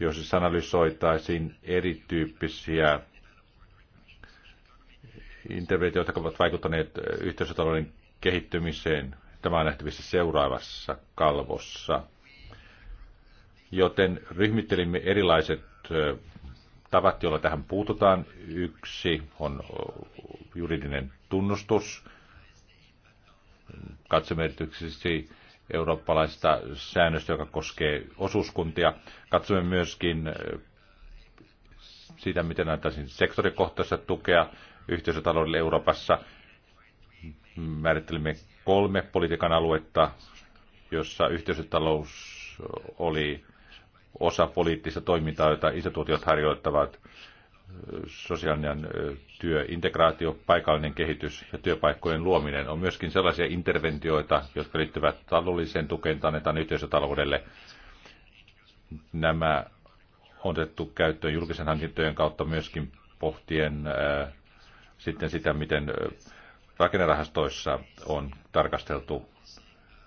jos siis analysoitaisiin erityyppisiä interventioita, jotka ovat vaikuttaneet yhteisötalouden kehittymiseen. Tämä on nähtävissä seuraavassa kalvossa. Joten ryhmittelimme erilaiset tavat, joilla tähän puututaan. Yksi on juridinen tunnustus. Katsomme erityisesti eurooppalaista säännöstä, joka koskee osuuskuntia. Katsomme myöskin äh, siitä, miten näyttäisiin sektorikohtaista tukea yhteisötaloudelle Euroopassa. Määrittelimme kolme politiikan aluetta, jossa yhteisötalous oli osa poliittista toimintaa, jota instituutiot harjoittavat sosiaalinen työ, integraatio, paikallinen kehitys ja työpaikkojen luominen on myöskin sellaisia interventioita, jotka liittyvät taloudelliseen tukeen, tai annetaan yhteisötaloudelle. Nämä on otettu käyttöön julkisen hankintojen kautta myöskin pohtien ää, sitten sitä, miten rakennerahastoissa on tarkasteltu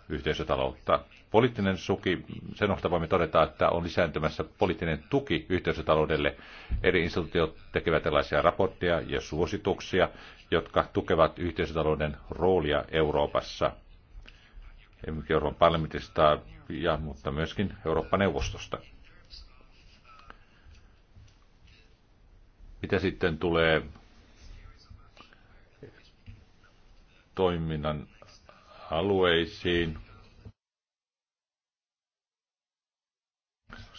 yhteisötaloutta poliittinen suki, sen osalta voimme todeta, että on lisääntymässä poliittinen tuki yhteisötaloudelle. Eri instituutiot tekevät erilaisia raportteja ja suosituksia, jotka tukevat yhteisötalouden roolia Euroopassa. Esimerkiksi Euroopan parlamentista, ja, mutta myöskin Eurooppa-neuvostosta. Mitä sitten tulee toiminnan alueisiin,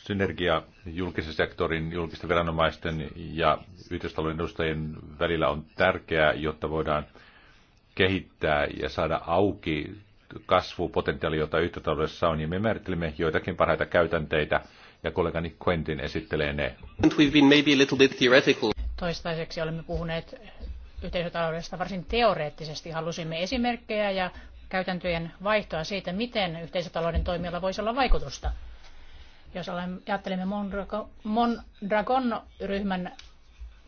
synergia julkisen sektorin, julkisten viranomaisten ja yhteistalouden edustajien välillä on tärkeää, jotta voidaan kehittää ja saada auki kasvupotentiaali, jota yhteistaloudessa on, ja me määrittelemme joitakin parhaita käytänteitä, ja kollegani Quentin esittelee ne. Toistaiseksi olemme puhuneet yhteisötaloudesta varsin teoreettisesti. Halusimme esimerkkejä ja käytäntöjen vaihtoa siitä, miten yhteisötalouden toimijalla voisi olla vaikutusta. Jos ajattelemme Mondragon-ryhmän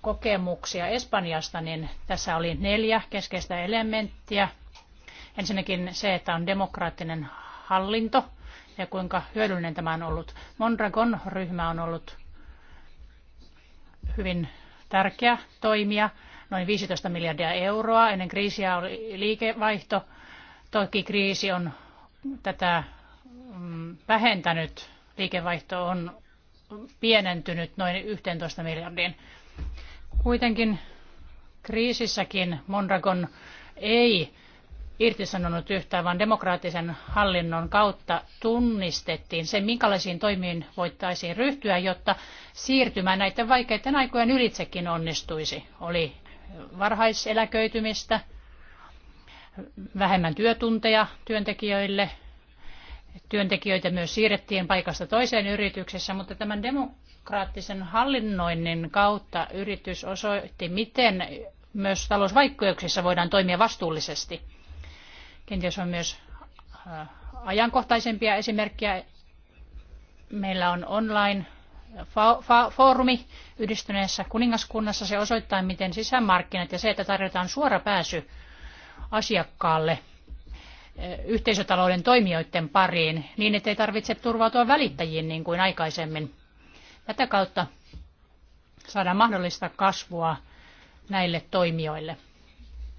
kokemuksia Espanjasta, niin tässä oli neljä keskeistä elementtiä. Ensinnäkin se, että on demokraattinen hallinto ja kuinka hyödyllinen tämä on ollut. Mondragon-ryhmä on ollut hyvin tärkeä toimija, noin 15 miljardia euroa. Ennen kriisiä oli liikevaihto. Toki kriisi on tätä mm, vähentänyt liikevaihto on pienentynyt noin 11 miljardiin. Kuitenkin kriisissäkin Mondragon ei irtisanonut yhtään, vaan demokraattisen hallinnon kautta tunnistettiin se, minkälaisiin toimiin voitaisiin ryhtyä, jotta siirtymä näiden vaikeiden aikojen ylitsekin onnistuisi. Oli varhaiseläköitymistä, vähemmän työtunteja työntekijöille, Työntekijöitä myös siirrettiin paikasta toiseen yrityksessä, mutta tämän demokraattisen hallinnoinnin kautta yritys osoitti, miten myös talousvaikeuksissa voidaan toimia vastuullisesti. Kenties on myös äh, ajankohtaisempia esimerkkejä. Meillä on online foorumi yhdistyneessä kuningaskunnassa. Se osoittaa, miten sisämarkkinat ja se, että tarjotaan suora pääsy asiakkaalle – yhteisötalouden toimijoiden pariin, niin ettei tarvitse turvautua välittäjiin niin kuin aikaisemmin. Tätä kautta saadaan mahdollista kasvua näille toimijoille.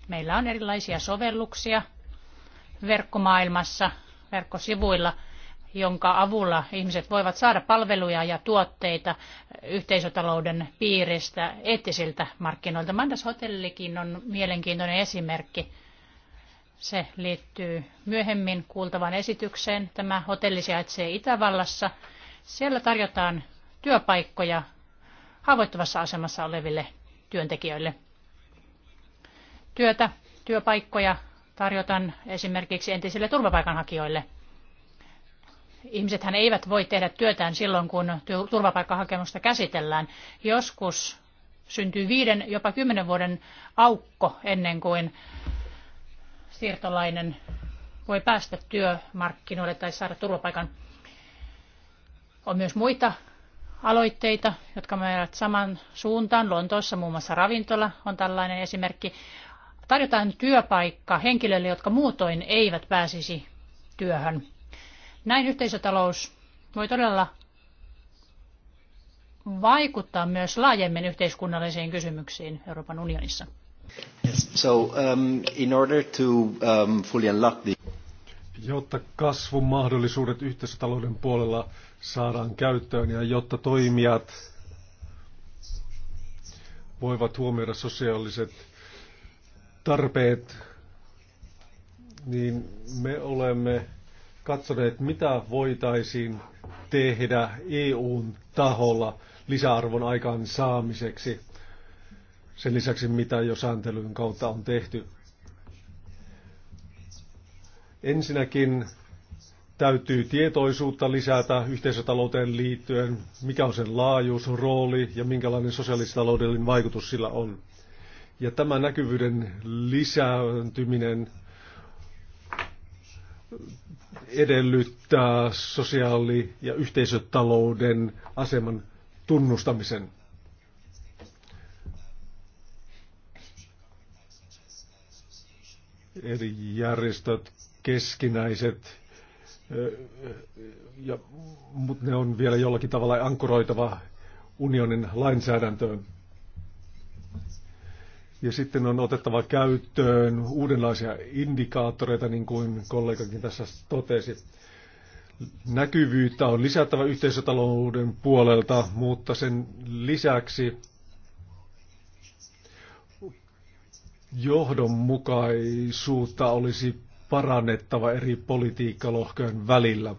Meillä on erilaisia sovelluksia verkkomaailmassa, verkkosivuilla, jonka avulla ihmiset voivat saada palveluja ja tuotteita yhteisötalouden piiristä eettisiltä markkinoilta. Mandas Hotellikin on mielenkiintoinen esimerkki. Se liittyy myöhemmin kuultavan esitykseen. Tämä hotelli sijaitsee Itävallassa. Siellä tarjotaan työpaikkoja haavoittuvassa asemassa oleville työntekijöille. Työtä, työpaikkoja tarjotaan esimerkiksi entisille turvapaikanhakijoille. Ihmisethän eivät voi tehdä työtään silloin, kun turvapaikkahakemusta käsitellään. Joskus syntyy viiden, jopa kymmenen vuoden aukko ennen kuin siirtolainen voi päästä työmarkkinoille tai saada turvapaikan. On myös muita aloitteita, jotka menevät saman suuntaan. Lontoossa muun muassa ravintola on tällainen esimerkki. Tarjotaan työpaikka henkilöille, jotka muutoin eivät pääsisi työhön. Näin yhteisötalous voi todella vaikuttaa myös laajemmin yhteiskunnallisiin kysymyksiin Euroopan unionissa. So, um, in order to, um, fully unlock the... Jotta kasvun mahdollisuudet yhteisötalouden puolella saadaan käyttöön ja jotta toimijat voivat huomioida sosiaaliset tarpeet, niin me olemme katsoneet, mitä voitaisiin tehdä EUn taholla lisäarvon aikaan saamiseksi sen lisäksi mitä jo sääntelyn kautta on tehty. Ensinnäkin täytyy tietoisuutta lisätä yhteisötalouteen liittyen, mikä on sen laajuus, rooli ja minkälainen sosiaalistaloudellinen vaikutus sillä on. Ja tämä näkyvyyden lisääntyminen edellyttää sosiaali- ja yhteisötalouden aseman tunnustamisen. eri järjestöt, keskinäiset, ja, mutta ne on vielä jollakin tavalla ankkuroitava unionin lainsäädäntöön. Ja sitten on otettava käyttöön uudenlaisia indikaattoreita, niin kuin kollegakin tässä totesi. Näkyvyyttä on lisättävä yhteisötalouden puolelta, mutta sen lisäksi johdonmukaisuutta olisi parannettava eri politiikkalohkojen välillä.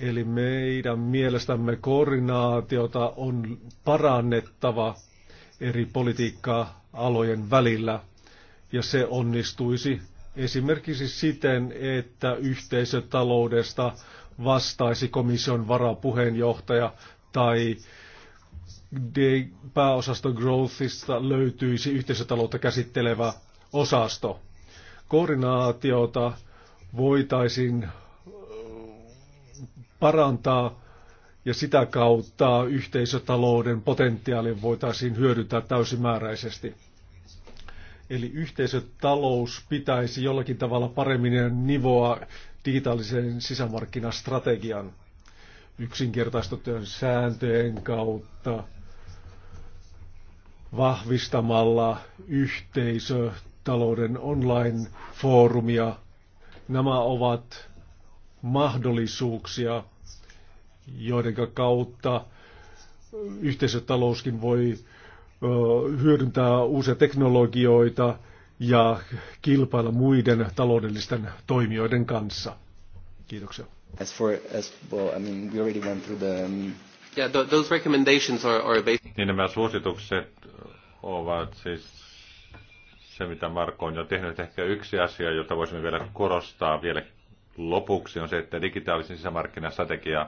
Eli meidän mielestämme koordinaatiota on parannettava eri politiikka-alojen välillä, ja se onnistuisi esimerkiksi siten, että yhteisötaloudesta vastaisi komission varapuheenjohtaja tai pääosasto Growthista löytyisi yhteisötaloutta käsittelevä osasto. Koordinaatiota voitaisiin parantaa ja sitä kautta yhteisötalouden potentiaali voitaisiin hyödyntää täysimääräisesti. Eli yhteisötalous pitäisi jollakin tavalla paremmin nivoa digitaalisen sisämarkkinastrategian yksinkertaistettujen sääntöjen kautta vahvistamalla yhteisötalouden online-foorumia. Nämä ovat mahdollisuuksia, joiden kautta yhteisötalouskin voi hyödyntää uusia teknologioita ja kilpailla muiden taloudellisten toimijoiden kanssa. Kiitoksia. As for, as, well, I mean, we Yeah, those recommendations are, are Niin nämä suositukset ovat siis se, mitä Marko on jo tehnyt. Ehkä yksi asia, jota voisimme vielä korostaa vielä lopuksi, on se, että digitaalisen sisämarkkinastrategia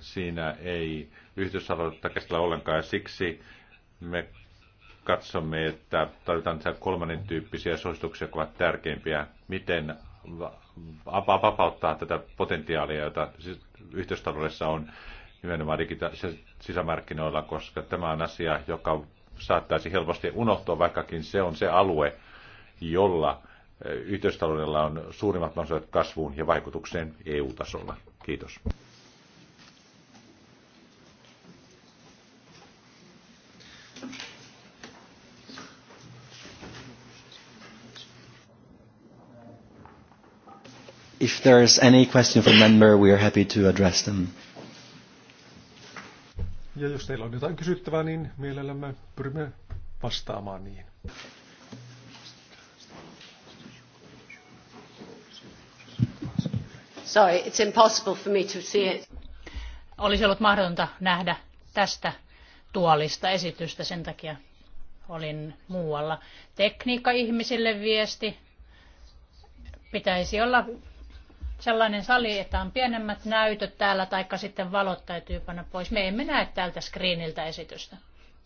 siinä ei yhdysvalloita käsitellä ollenkaan. Ja siksi me katsomme, että tarvitaan kolmannen tyyppisiä suosituksia, jotka ovat tärkeimpiä. Miten vapauttaa tätä potentiaalia, jota siis yhteistaloudessa on, nimenomaan digita- sisämarkkinoilla, koska tämä on asia, joka saattaisi helposti unohtua, vaikkakin se on se alue, jolla e, yhteistaloudella on suurimmat mahdollisuudet kasvuun ja vaikutukseen EU-tasolla. Kiitos. If there is any question from member, we are happy to address them. Ja jos teillä on jotain kysyttävää, niin mielellämme pyrimme vastaamaan niihin. Sorry, it's impossible for me to see it. Olisi ollut mahdotonta nähdä tästä tuolista esitystä, sen takia olin muualla. Tekniikka-ihmisille viesti pitäisi olla sellainen sali, että on pienemmät näytöt täällä, taikka sitten valot täytyy panna pois. Me emme näe täältä screeniltä esitystä.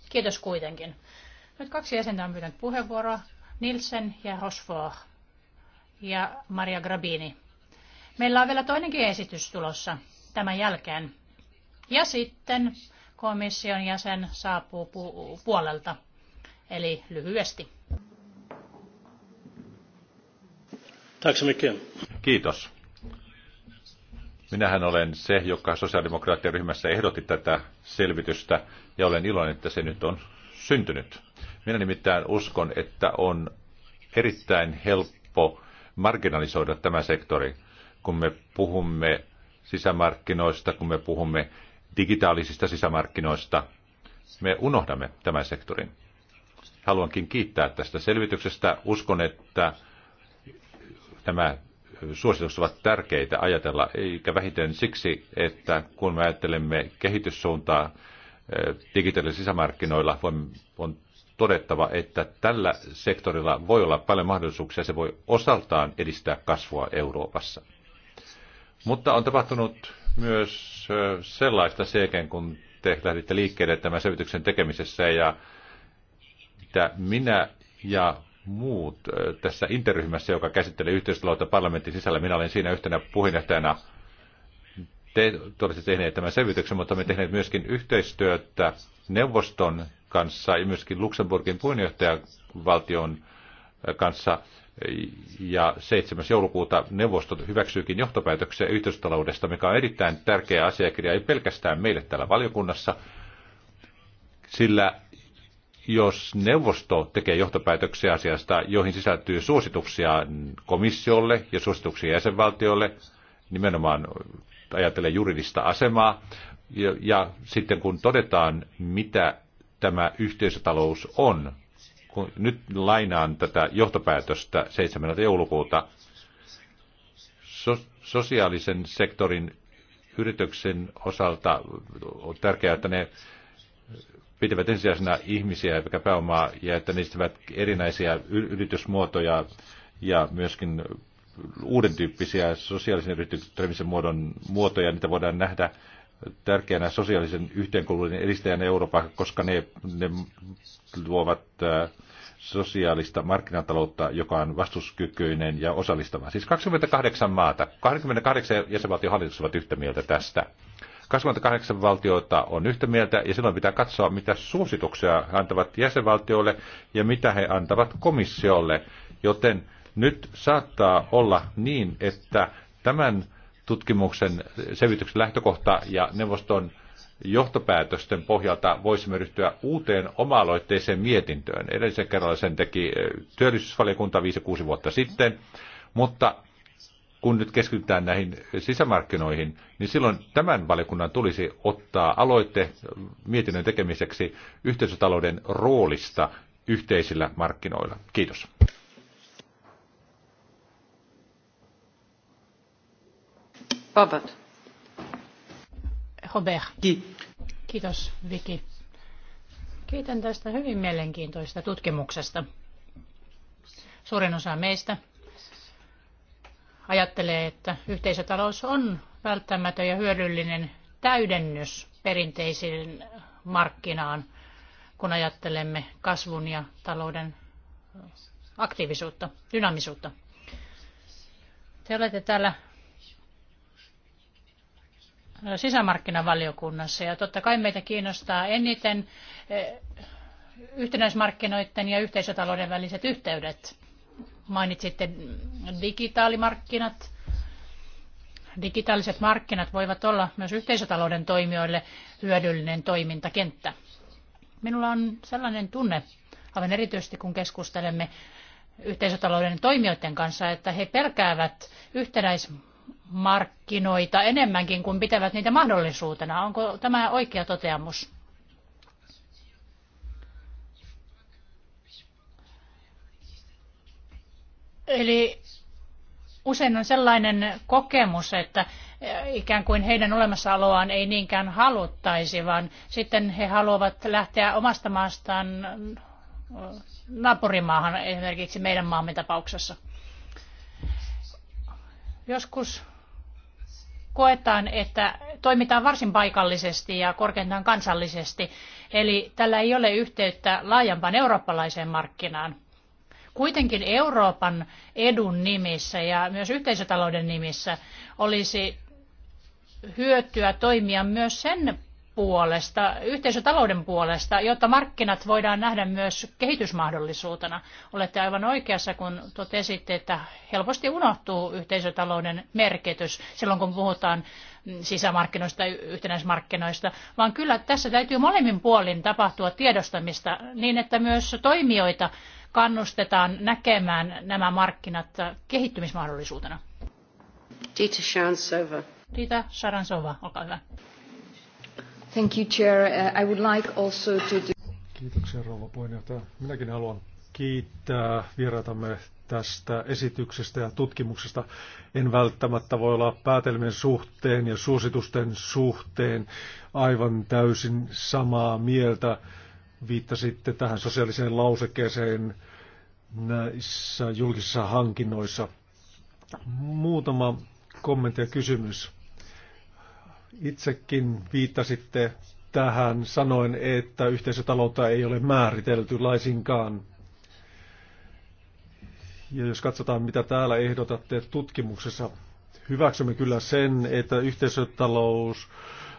Kiitos kuitenkin. Nyt kaksi jäsentä on pyytänyt puheenvuoroa. Nilsen ja Rosfor ja Maria Grabini. Meillä on vielä toinenkin esitys tulossa tämän jälkeen. Ja sitten komission jäsen saapuu pu- puolelta, eli lyhyesti. Tack så mycket. Kiitos. Minähän olen se, joka sosiaalidemokraattien ryhmässä ehdotti tätä selvitystä ja olen iloinen, että se nyt on syntynyt. Minä nimittäin uskon, että on erittäin helppo marginalisoida tämä sektori, kun me puhumme sisämarkkinoista, kun me puhumme digitaalisista sisämarkkinoista. Me unohdamme tämän sektorin. Haluankin kiittää tästä selvityksestä. Uskon, että tämä suositukset ovat tärkeitä ajatella, eikä vähiten siksi, että kun me ajattelemme kehityssuuntaa eh, digitaalisilla sisämarkkinoilla, on todettava, että tällä sektorilla voi olla paljon mahdollisuuksia, se voi osaltaan edistää kasvua Euroopassa. Mutta on tapahtunut myös eh, sellaista sekin, kun te lähditte liikkeelle tämän selvityksen tekemisessä ja mitä minä ja muut tässä interryhmässä, joka käsittelee yhteistyötä parlamentin sisällä. Minä olen siinä yhtenä puheenjohtajana. Te, te olette tehneet tämän selvityksen, mutta me tehneet myöskin yhteistyötä neuvoston kanssa ja myöskin Luxemburgin puheenjohtajavaltion kanssa. Ja 7. joulukuuta neuvosto hyväksyykin johtopäätöksiä yhteistaloudesta, mikä on erittäin tärkeä asiakirja, ei pelkästään meille täällä valiokunnassa, sillä jos neuvosto tekee johtopäätöksiä asiasta, joihin sisältyy suosituksia komissiolle ja suosituksia jäsenvaltiolle, nimenomaan ajatellen juridista asemaa, ja, ja sitten kun todetaan, mitä tämä yhteisötalous on, kun nyt lainaan tätä johtopäätöstä 7. joulukuuta, so, sosiaalisen sektorin yrityksen osalta on tärkeää, että ne pitävät ensisijaisena ihmisiä eikä pääomaa ja että ne edistävät erinäisiä yritysmuotoja ja myöskin uuden tyyppisiä sosiaalisen yrittämisen muodon muotoja. Niitä voidaan nähdä tärkeänä sosiaalisen yhteenkuuluvuuden edistäjänä Euroopan, koska ne, ne luovat äh, sosiaalista markkinataloutta, joka on vastuskykyinen ja osallistava. Siis 28 maata, 28 jäsenvaltion hallitus ovat yhtä mieltä tästä. 28 valtiota on yhtä mieltä ja silloin pitää katsoa, mitä suosituksia he antavat jäsenvaltioille ja mitä he antavat komissiolle. Joten nyt saattaa olla niin, että tämän tutkimuksen selvityksen lähtökohta ja neuvoston johtopäätösten pohjalta voisimme ryhtyä uuteen oma aloitteeseen mietintöön. Edellisen kerralla sen teki työllisyysvaliokunta 5-6 vuotta sitten, mutta kun nyt keskitytään näihin sisämarkkinoihin, niin silloin tämän valiokunnan tulisi ottaa aloitte mietinnön tekemiseksi yhteisötalouden roolista yhteisillä markkinoilla. Kiitos. Robert. Robert. Kiitos Viki. Kiitän tästä hyvin mielenkiintoisesta tutkimuksesta. Suurin osa meistä ajattelee, että yhteisötalous on välttämätön ja hyödyllinen täydennys perinteisiin markkinaan, kun ajattelemme kasvun ja talouden aktiivisuutta, dynamisuutta. Te olette täällä sisämarkkinavaliokunnassa ja totta kai meitä kiinnostaa eniten eh, yhtenäismarkkinoiden ja yhteisötalouden väliset yhteydet. Mainitsitte digitaalimarkkinat. Digitaaliset markkinat voivat olla myös yhteisötalouden toimijoille hyödyllinen toimintakenttä. Minulla on sellainen tunne, aivan erityisesti kun keskustelemme yhteisötalouden toimijoiden kanssa, että he pelkäävät yhtenäismarkkinoita enemmänkin kuin pitävät niitä mahdollisuutena. Onko tämä oikea toteamus? Eli usein on sellainen kokemus, että ikään kuin heidän olemassaoloaan ei niinkään haluttaisi, vaan sitten he haluavat lähteä omasta maastaan naapurimaahan, esimerkiksi meidän maamme tapauksessa. Joskus koetaan, että toimitaan varsin paikallisesti ja korkeintaan kansallisesti, eli tällä ei ole yhteyttä laajempaan eurooppalaiseen markkinaan. Kuitenkin Euroopan edun nimissä ja myös yhteisötalouden nimissä olisi hyötyä toimia myös sen puolesta, yhteisötalouden puolesta, jotta markkinat voidaan nähdä myös kehitysmahdollisuutena. Olette aivan oikeassa, kun totesitte, että helposti unohtuu yhteisötalouden merkitys silloin, kun puhutaan sisämarkkinoista, yhtenäismarkkinoista, vaan kyllä tässä täytyy molemmin puolin tapahtua tiedostamista niin, että myös toimijoita kannustetaan näkemään nämä markkinat kehittymismahdollisuutena? Dita Sharansova. Dita Sharansova, olkaa hyvä. Thank you, Chair. Uh, I would like also to do... Kiitoksia, rouva puheenjohtaja. Minäkin haluan kiittää vieraitamme tästä esityksestä ja tutkimuksesta. En välttämättä voi olla päätelmien suhteen ja suositusten suhteen aivan täysin samaa mieltä Viittasitte tähän sosiaaliseen lausekkeeseen näissä julkisissa hankinnoissa. Muutama kommentti ja kysymys. Itsekin viittasitte tähän sanoen, että yhteisötaloutta ei ole määritelty laisinkaan. Ja jos katsotaan, mitä täällä ehdotatte tutkimuksessa, hyväksymme kyllä sen, että yhteisötalous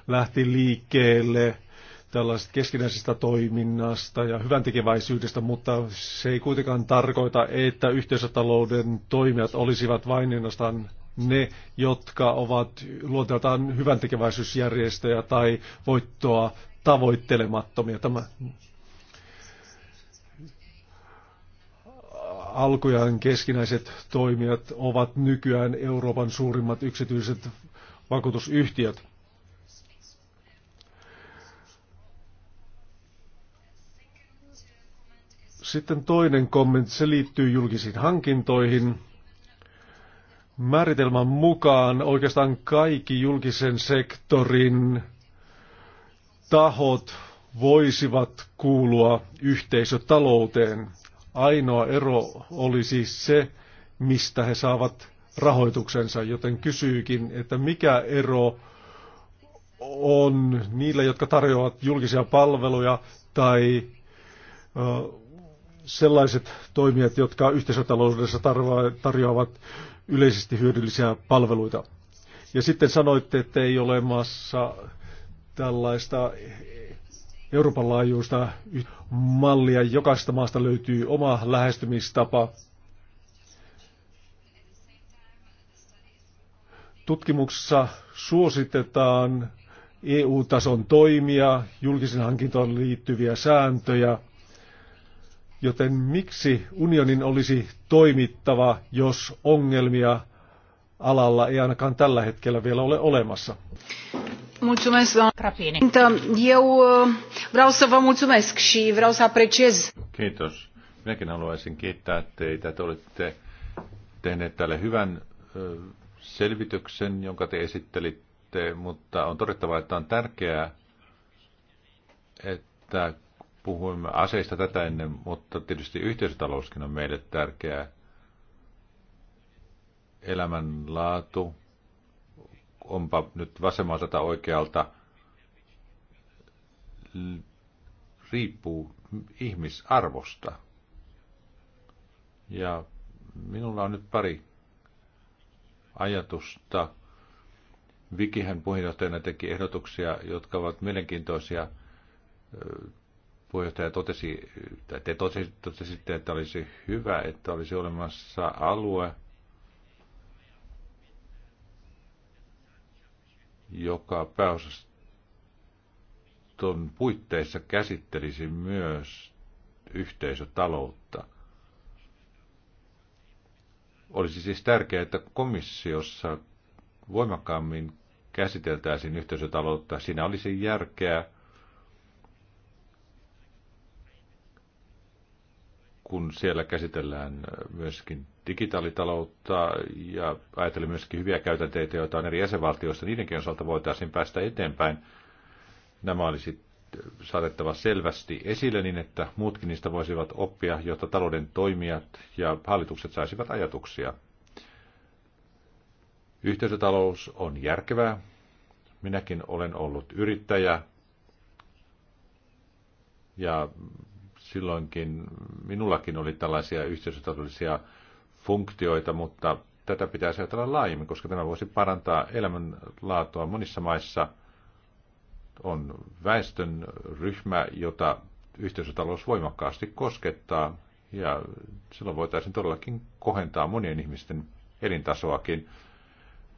lähti liikkeelle – tällaisesta keskinäisestä toiminnasta ja hyvän tekeväisyydestä, mutta se ei kuitenkaan tarkoita, että yhteisötalouden toimijat olisivat vain ennastaan ne, jotka ovat luonteeltaan hyvän tekeväisyysjärjestöjä tai voittoa tavoittelemattomia. Tämä alkujaan keskinäiset toimijat ovat nykyään Euroopan suurimmat yksityiset vakuutusyhtiöt. Sitten toinen kommentti, se liittyy julkisiin hankintoihin. Määritelmän mukaan oikeastaan kaikki julkisen sektorin tahot voisivat kuulua yhteisötalouteen. Ainoa ero oli siis se, mistä he saavat rahoituksensa, joten kysyykin, että mikä ero on niillä, jotka tarjoavat julkisia palveluja tai sellaiset toimijat, jotka yhteisötaloudessa tarjoavat yleisesti hyödyllisiä palveluita. Ja sitten sanoitte, että ei ole maassa tällaista Euroopan laajuista mallia. Jokaista maasta löytyy oma lähestymistapa. Tutkimuksessa suositetaan EU-tason toimia, julkisen hankintaan liittyviä sääntöjä – Joten miksi unionin olisi toimittava, jos ongelmia alalla ei ainakaan tällä hetkellä vielä ole olemassa? Mulțumesc, doamna Eu uh, vreau să vă mulțumesc și vreau să apreciez. Kiitos. Minäkin haluaisin kiittää teitä. Te olette tehneet tälle hyvän selvityksen, jonka te esittelitte, mutta on todettava, että on tärkeää, että puhuimme aseista tätä ennen, mutta tietysti yhteisötalouskin on meille tärkeää. Elämänlaatu, onpa nyt vasemmalta tai oikealta, riippuu ihmisarvosta. Ja minulla on nyt pari ajatusta. Vikihän puheenjohtajana teki ehdotuksia, jotka ovat mielenkiintoisia puheenjohtaja totesi, tai te totesitte, että olisi hyvä, että olisi olemassa alue, joka pääosaston puitteissa käsittelisi myös yhteisötaloutta. Olisi siis tärkeää, että komissiossa voimakkaammin käsiteltäisiin yhteisötaloutta. Siinä olisi järkeä kun siellä käsitellään myöskin digitaalitaloutta ja ajatellen myöskin hyviä käytänteitä, joita on eri jäsenvaltioissa, niidenkin osalta voitaisiin päästä eteenpäin. Nämä olisi saatettava selvästi esille niin, että muutkin niistä voisivat oppia, jotta talouden toimijat ja hallitukset saisivat ajatuksia. Yhteisötalous on järkevää. Minäkin olen ollut yrittäjä ja silloinkin minullakin oli tällaisia yhteisötaloudellisia funktioita, mutta tätä pitäisi ajatella laajemmin, koska tämä voisi parantaa elämänlaatua. Monissa maissa on väestön ryhmä, jota yhteisötalous voimakkaasti koskettaa, ja silloin voitaisiin todellakin kohentaa monien ihmisten elintasoakin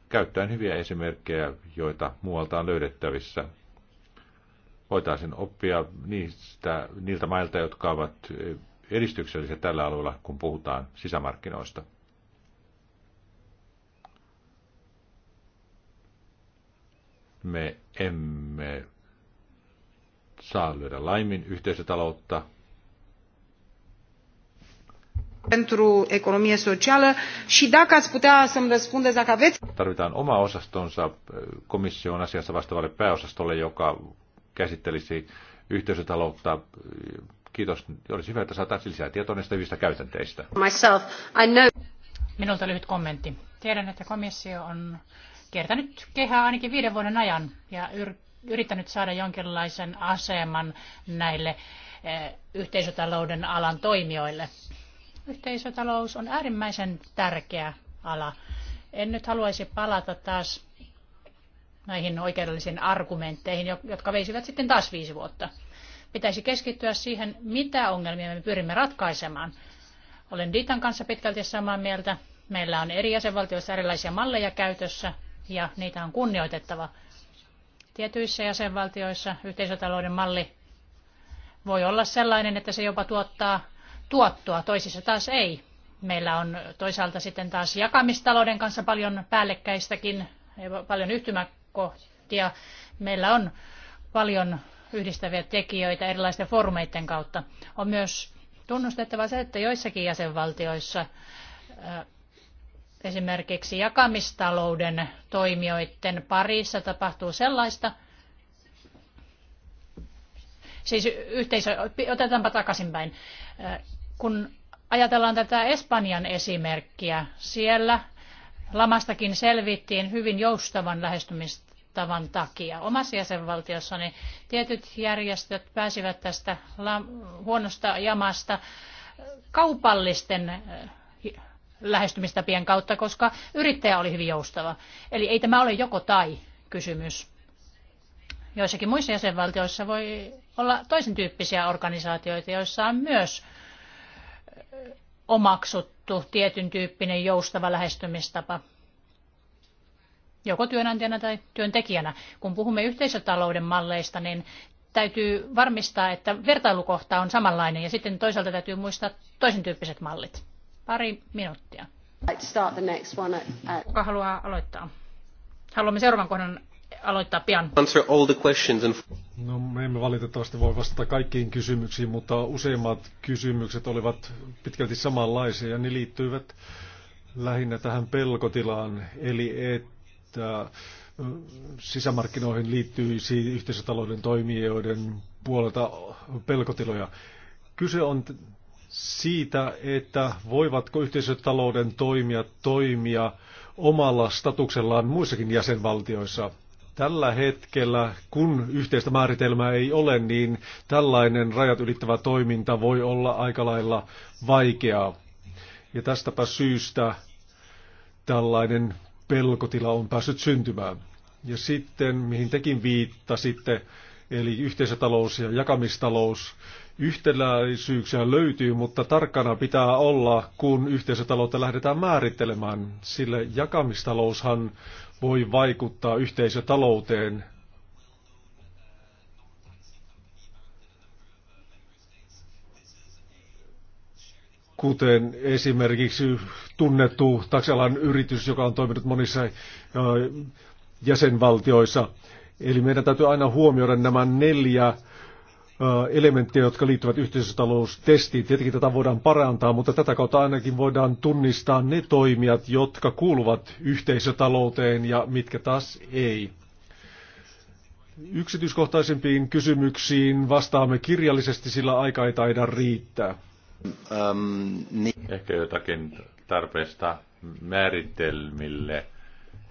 käyttäen hyviä esimerkkejä, joita muualta on löydettävissä voitaisiin oppia niistä, niiltä mailta, jotka ovat edistyksellisiä tällä alueella, kun puhutaan sisämarkkinoista. Me emme saa lyödä laimin yhteisötaloutta. Pentru economie socială și dacă ați putea să-mi răspundeți dacă aveți... Tarvitaan oma osastonsa komission asiassa vastaavalle pääosastolle, joka käsittelisi yhteisötaloutta. Kiitos. Olisi hyvä, että saataisiin lisää tietoa näistä hyvistä käytänteistä. Myself, I know... Minulta lyhyt kommentti. Tiedän, että komissio on kiertänyt kehää ainakin viiden vuoden ajan ja yrittänyt saada jonkinlaisen aseman näille eh, yhteisötalouden alan toimijoille. Yhteisötalous on äärimmäisen tärkeä ala. En nyt haluaisi palata taas näihin oikeudellisiin argumentteihin, jotka veisivät sitten taas viisi vuotta. Pitäisi keskittyä siihen, mitä ongelmia me pyrimme ratkaisemaan. Olen Ditan kanssa pitkälti samaa mieltä. Meillä on eri jäsenvaltioissa erilaisia malleja käytössä ja niitä on kunnioitettava. Tietyissä jäsenvaltioissa yhteisötalouden malli voi olla sellainen, että se jopa tuottaa tuottoa, toisissa taas ei. Meillä on toisaalta sitten taas jakamistalouden kanssa paljon päällekkäistäkin, paljon yhtymä, kohtia. Meillä on paljon yhdistäviä tekijöitä erilaisten foorumeiden kautta. On myös tunnustettava se, että joissakin jäsenvaltioissa äh, esimerkiksi jakamistalouden toimijoiden parissa tapahtuu sellaista, siis yhteisö, otetaanpa takaisinpäin, äh, kun ajatellaan tätä Espanjan esimerkkiä, siellä lamastakin selvittiin hyvin joustavan lähestymistavan takia. Omassa jäsenvaltiossani tietyt järjestöt pääsivät tästä huonosta jamasta kaupallisten äh, lähestymistapien kautta, koska yrittäjä oli hyvin joustava. Eli ei tämä ole joko tai kysymys. Joissakin muissa jäsenvaltioissa voi olla toisen tyyppisiä organisaatioita, joissa on myös omaksut valittu tietyn tyyppinen joustava lähestymistapa joko työnantajana tai työntekijänä. Kun puhumme yhteisötalouden malleista, niin täytyy varmistaa, että vertailukohta on samanlainen ja sitten toisaalta täytyy muistaa toisen tyyppiset mallit. Pari minuuttia. Kuka haluaa aloittaa? Haluamme seuraavan kohdan aloittaa pian. No, me emme valitettavasti voi vastata kaikkiin kysymyksiin, mutta useimmat kysymykset olivat pitkälti samanlaisia ja ne liittyivät lähinnä tähän pelkotilaan, eli että sisämarkkinoihin liittyisi yhteisötalouden toimijoiden puolelta pelkotiloja. Kyse on siitä, että voivatko yhteisötalouden toimijat toimia omalla statuksellaan muissakin jäsenvaltioissa. Tällä hetkellä, kun yhteistä määritelmää ei ole, niin tällainen rajat ylittävä toiminta voi olla aika lailla vaikeaa. Ja tästäpä syystä tällainen pelkotila on päässyt syntymään. Ja sitten, mihin tekin viittasitte, eli yhteisötalous ja jakamistalous, yhtäläisyyksiä löytyy, mutta tarkkana pitää olla, kun yhteisötaloutta lähdetään määrittelemään, sillä jakamistaloushan voi vaikuttaa yhteisötalouteen. Kuten esimerkiksi tunnettu taksialan yritys, joka on toiminut monissa äh, jäsenvaltioissa. Eli meidän täytyy aina huomioida nämä neljä Äh, elementtejä, jotka liittyvät yhteisötaloustestiin. Tietenkin tätä voidaan parantaa, mutta tätä kautta ainakin voidaan tunnistaa ne toimijat, jotka kuuluvat yhteisötalouteen ja mitkä taas ei. Yksityiskohtaisempiin kysymyksiin vastaamme kirjallisesti, sillä aika ei taida riittää. Um, niin. Ehkä jotakin tarpeesta määritelmille,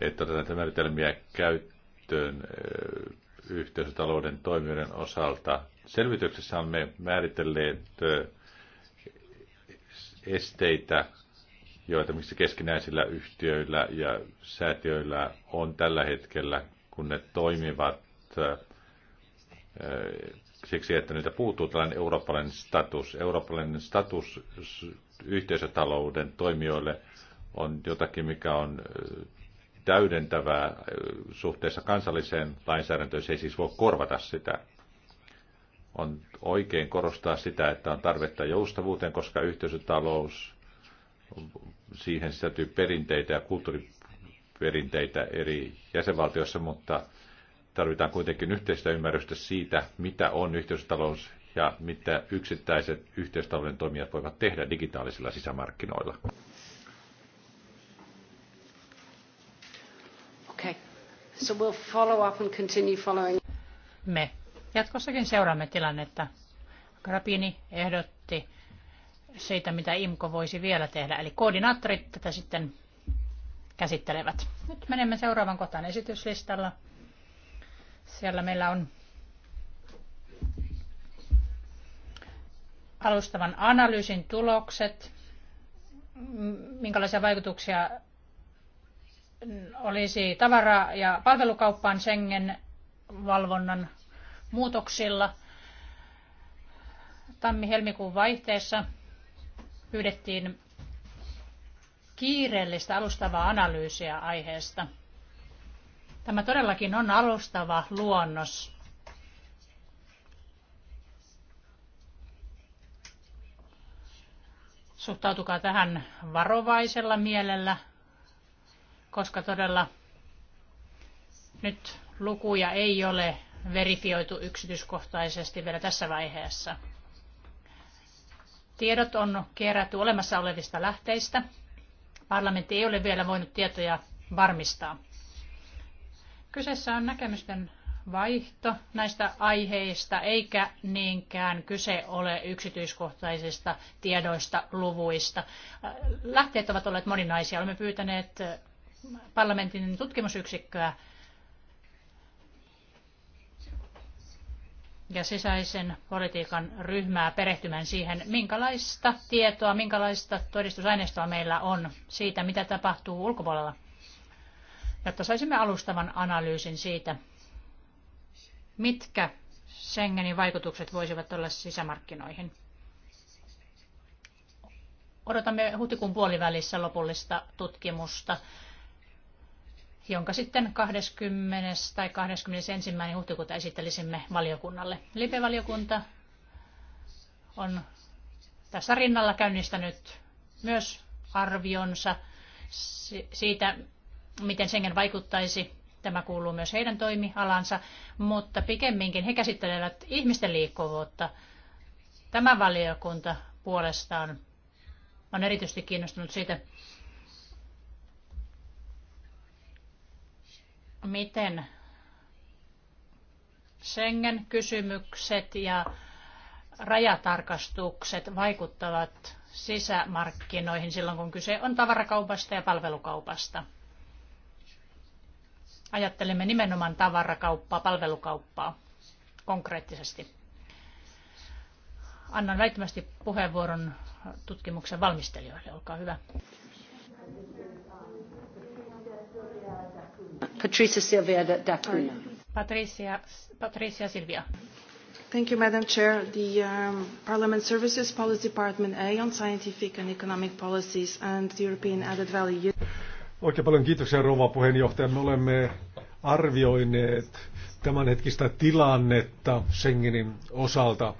että näitä määritelmiä käyttöön äh, yhteisötalouden toimijoiden osalta selvityksessä me määritelleet esteitä, joita missä keskinäisillä yhtiöillä ja säätiöillä on tällä hetkellä, kun ne toimivat siksi, että niitä puuttuu tällainen eurooppalainen status. Eurooppalainen status yhteisötalouden toimijoille on jotakin, mikä on täydentävää suhteessa kansalliseen lainsäädäntöön. Se ei siis voi korvata sitä on oikein korostaa sitä, että on tarvetta joustavuuteen, koska yhteisötalous, siihen sisältyy perinteitä ja kulttuuriperinteitä eri jäsenvaltioissa, mutta tarvitaan kuitenkin yhteistä ymmärrystä siitä, mitä on yhteisötalous ja mitä yksittäiset yhteistalouden toimijat voivat tehdä digitaalisilla sisämarkkinoilla. Okay. So we'll follow up and continue following. Me Jatkossakin seuraamme tilannetta. Grapini ehdotti siitä, mitä IMKO voisi vielä tehdä, eli koordinaattorit tätä sitten käsittelevät. Nyt menemme seuraavan kohtaan esityslistalla. Siellä meillä on alustavan analyysin tulokset, minkälaisia vaikutuksia olisi tavara- ja palvelukauppaan Schengen valvonnan muutoksilla. Tammi-helmikuun vaihteessa pyydettiin kiireellistä alustavaa analyysiä aiheesta. Tämä todellakin on alustava luonnos. Suhtautukaa tähän varovaisella mielellä, koska todella nyt lukuja ei ole verifioitu yksityiskohtaisesti vielä tässä vaiheessa. Tiedot on kerätty olemassa olevista lähteistä. Parlamentti ei ole vielä voinut tietoja varmistaa. Kyseessä on näkemysten vaihto näistä aiheista, eikä niinkään kyse ole yksityiskohtaisista tiedoista, luvuista. Lähteet ovat olleet moninaisia. Olemme pyytäneet parlamentin tutkimusyksikköä ja sisäisen politiikan ryhmää perehtymään siihen, minkälaista tietoa, minkälaista todistusaineistoa meillä on siitä, mitä tapahtuu ulkopuolella, jotta saisimme alustavan analyysin siitä, mitkä Schengenin vaikutukset voisivat olla sisämarkkinoihin. Odotamme huhtikuun puolivälissä lopullista tutkimusta jonka sitten 20. tai 21. huhtikuuta esittelisimme valiokunnalle. Lipevaliokunta on tässä rinnalla käynnistänyt myös arvionsa siitä, miten Schengen vaikuttaisi. Tämä kuuluu myös heidän toimialansa, mutta pikemminkin he käsittelevät ihmisten liikkuvuutta. Tämä valiokunta puolestaan on erityisesti kiinnostunut siitä, miten Schengen-kysymykset ja rajatarkastukset vaikuttavat sisämarkkinoihin silloin, kun kyse on tavarakaupasta ja palvelukaupasta. Ajattelemme nimenomaan tavarakauppaa, palvelukauppaa konkreettisesti. Annan välittömästi puheenvuoron tutkimuksen valmistelijoille. Olkaa hyvä. Patricia Silvia Thank you, Madam Chair. The um, Parliament Services Policy Department A on Scientific and Economic Policies and the European Added Value. Oikein paljon kiitoksia rouva puheenjohtaja. Me olemme arvioineet tämänhetkistä tilannetta Schengenin osalta.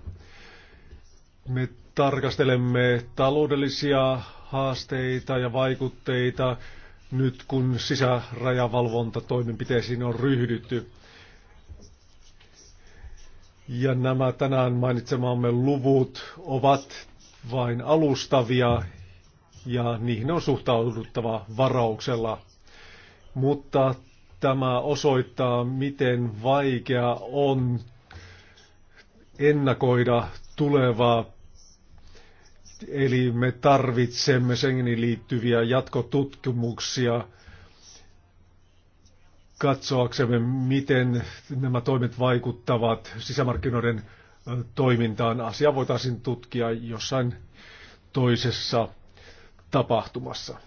Me tarkastelemme taloudellisia haasteita ja vaikutteita nyt kun toimenpiteisiin on ryhdytty. Ja nämä tänään mainitsemamme luvut ovat vain alustavia ja niihin on suhtauduttava varauksella. Mutta tämä osoittaa, miten vaikea on ennakoida tulevaa Eli me tarvitsemme Schengenin liittyviä jatkotutkimuksia katsoaksemme, miten nämä toimet vaikuttavat sisämarkkinoiden toimintaan. Asia voitaisiin tutkia jossain toisessa tapahtumassa.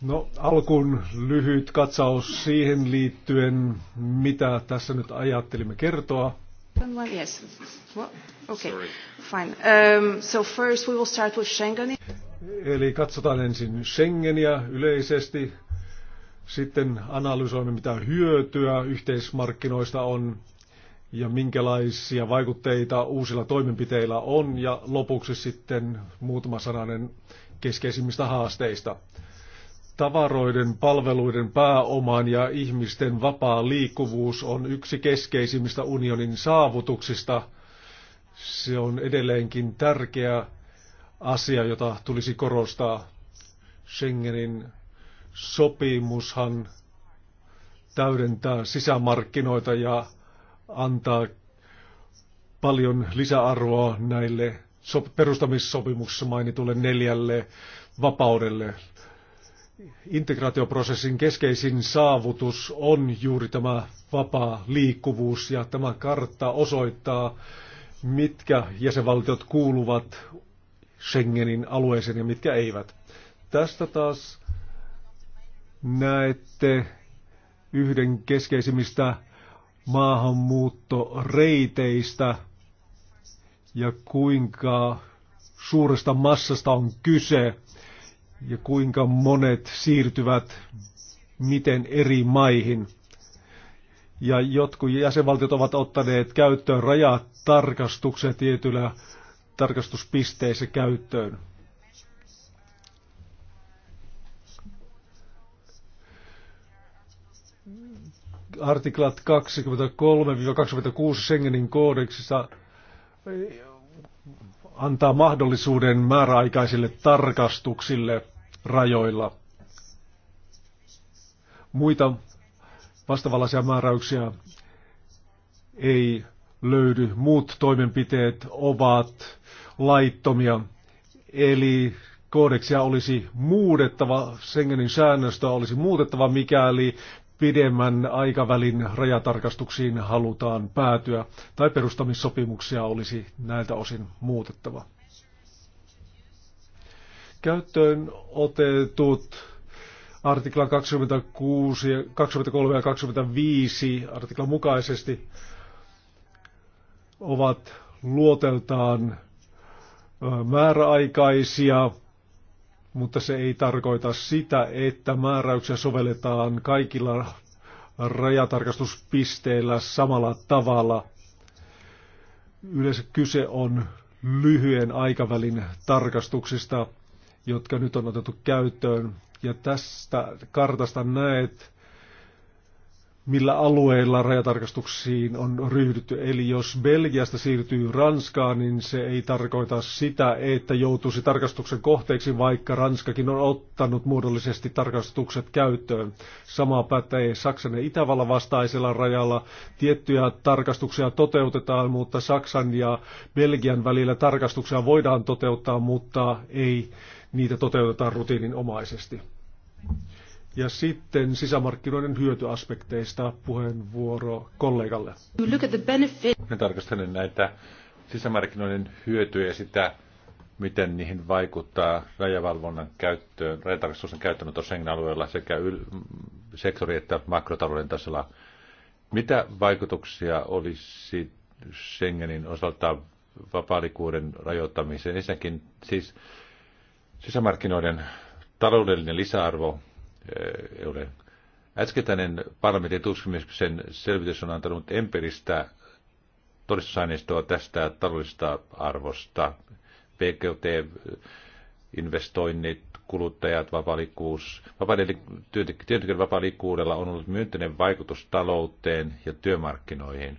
No alkuun lyhyt katsaus siihen liittyen, mitä tässä nyt ajattelimme kertoa. Um, Eli katsotaan ensin Schengenia yleisesti, sitten analysoimme mitä hyötyä yhteismarkkinoista on ja minkälaisia vaikutteita uusilla toimenpiteillä on ja lopuksi sitten muutama sananen keskeisimmistä haasteista tavaroiden, palveluiden, pääoman ja ihmisten vapaa liikkuvuus on yksi keskeisimmistä unionin saavutuksista. Se on edelleenkin tärkeä asia, jota tulisi korostaa. Schengenin sopimushan täydentää sisämarkkinoita ja antaa paljon lisäarvoa näille perustamissopimuksessa mainitulle neljälle vapaudelle, integraatioprosessin keskeisin saavutus on juuri tämä vapaa liikkuvuus ja tämä kartta osoittaa, mitkä jäsenvaltiot kuuluvat Schengenin alueeseen ja mitkä eivät. Tästä taas näette yhden keskeisimmistä maahanmuuttoreiteistä ja kuinka suuresta massasta on kyse ja kuinka monet siirtyvät miten eri maihin. Ja jotkut jäsenvaltiot ovat ottaneet käyttöön rajatarkastuksia tietyillä tarkastuspisteissä käyttöön. Artiklat 23-26 Schengenin koodeksissa antaa mahdollisuuden määräaikaisille tarkastuksille rajoilla. Muita vastavallaisia määräyksiä ei löydy. Muut toimenpiteet ovat laittomia. Eli koodeksia olisi muutettava, Schengenin säännöstä olisi muutettava, mikäli pidemmän aikavälin rajatarkastuksiin halutaan päätyä tai perustamissopimuksia olisi näiltä osin muutettava. Käyttöön otetut artikla 26, 23 ja 25 artiklan mukaisesti ovat luoteltaan määräaikaisia mutta se ei tarkoita sitä, että määräyksiä sovelletaan kaikilla rajatarkastuspisteillä samalla tavalla. Yleensä kyse on lyhyen aikavälin tarkastuksista, jotka nyt on otettu käyttöön. Ja tästä kartasta näet, millä alueilla rajatarkastuksiin on ryhdytty. Eli jos Belgiasta siirtyy Ranskaan, niin se ei tarkoita sitä, että joutuisi tarkastuksen kohteeksi, vaikka Ranskakin on ottanut muodollisesti tarkastukset käyttöön. Sama pätee Saksan ja Itävallan vastaisella rajalla. Tiettyjä tarkastuksia toteutetaan, mutta Saksan ja Belgian välillä tarkastuksia voidaan toteuttaa, mutta ei niitä toteutetaan rutiininomaisesti. Ja sitten sisämarkkinoiden hyötyaspekteista puheenvuoro kollegalle. Me tarkastelen näitä sisämarkkinoiden hyötyjä ja sitä, miten niihin vaikuttaa rajavalvonnan käyttöön, rajatarkastuksen käyttöönotto Schengen-alueella sekä yl- sektori- että makrotalouden tasolla. Mitä vaikutuksia olisi Schengenin osalta vapaalikuuden rajoittamiseen? Ensinnäkin siis sisämarkkinoiden taloudellinen lisäarvo ole. Äskettäinen parlamentin tutkimuksen selvitys on antanut empiiristä todistusaineistoa tästä taloudellisesta arvosta. PKT-investoinnit, kuluttajat, vapaalikuus. Työntekijöiden vapaalikuudella on ollut myönteinen vaikutus talouteen ja työmarkkinoihin.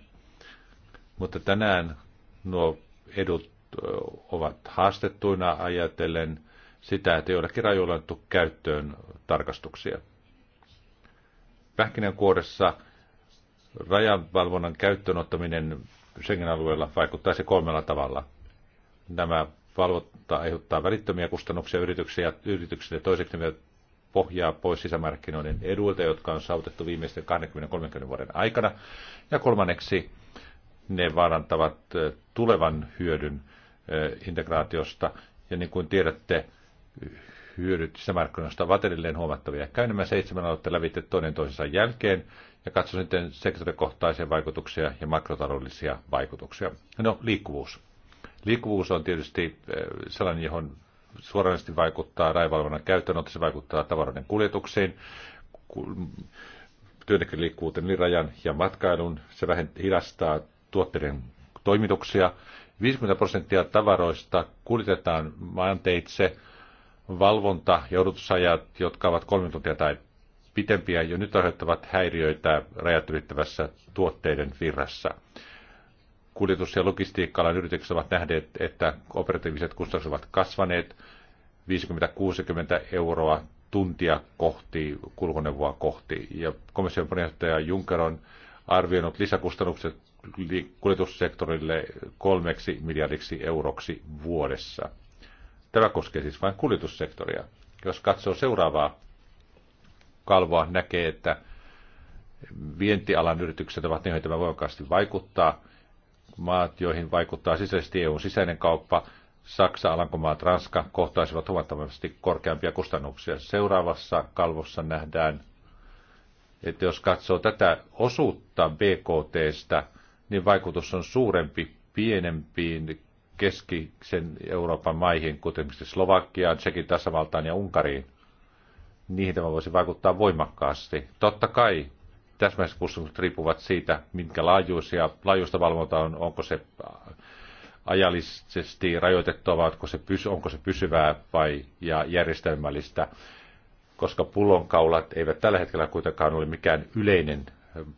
Mutta tänään nuo edut ovat haastettuina ajatellen sitä, että joillakin rajoilla on käyttöön tarkastuksia. Pähkinänkuoressa rajanvalvonnan käyttöönottaminen Schengen-alueella vaikuttaisi kolmella tavalla. Nämä valvotta aiheuttaa välittömiä kustannuksia yrityksille. Toiseksi ne pohjaa pois sisämarkkinoiden eduilta, jotka on saavutettu viimeisten 20-30 vuoden aikana. Ja kolmanneksi ne vaarantavat eh, tulevan hyödyn eh, integraatiosta. Ja niin kuin tiedätte, hyödyt sisämarkkinoista ovat edelleen huomattavia. Käyn nämä seitsemän aloitteen lävitse toinen toisensa jälkeen ja katso sitten sektorikohtaisia vaikutuksia ja makrotaloudellisia vaikutuksia. No, liikkuvuus. Liikkuvuus on tietysti eh, sellainen, johon suoranaisesti vaikuttaa raivalvonnan käyttöönotto, se vaikuttaa tavaroiden kuljetuksiin, työntekijän liikkuvuuteen, niin rajan ja matkailun, se vähentää, hidastaa tuotteiden toimituksia. 50 prosenttia tavaroista kuljetetaan maanteitse, valvonta- ja odotusajat, jotka ovat kolme tuntia tai pitempiä, jo nyt aiheuttavat häiriöitä rajat ylittävässä tuotteiden virrassa. Kuljetus- ja logistiikka-alan yritykset ovat nähneet, että operatiiviset kustannukset ovat kasvaneet 50-60 euroa tuntia kohti, kulkuneuvoa kohti. Ja komission puheenjohtaja Juncker on arvioinut lisäkustannukset kuljetussektorille kolmeksi miljardiksi euroksi vuodessa. Tämä koskee siis vain kuljetussektoria. Jos katsoo seuraavaa kalvoa, näkee, että vientialan yritykset ovat ne, joihin tämä voimakkaasti vaikuttaa. Maat, joihin vaikuttaa sisäisesti EUn sisäinen kauppa, Saksa, Alankomaat, Ranska kohtaisivat huomattavasti korkeampia kustannuksia. Seuraavassa kalvossa nähdään, että jos katsoo tätä osuutta BKTstä, niin vaikutus on suurempi pienempiin keskisen Euroopan maihin, kuten esimerkiksi Slovakiaan, Tsekin tasavaltaan ja Unkariin, niihin tämä voisi vaikuttaa voimakkaasti. Totta kai täsmäiset kustannukset riippuvat siitä, minkä laajuisia, laajuista valvonta on, onko se ajallisesti rajoitettua, vai onko se, pysy, onko se pysyvää vai ja järjestelmällistä, koska pullonkaulat eivät tällä hetkellä kuitenkaan ole mikään yleinen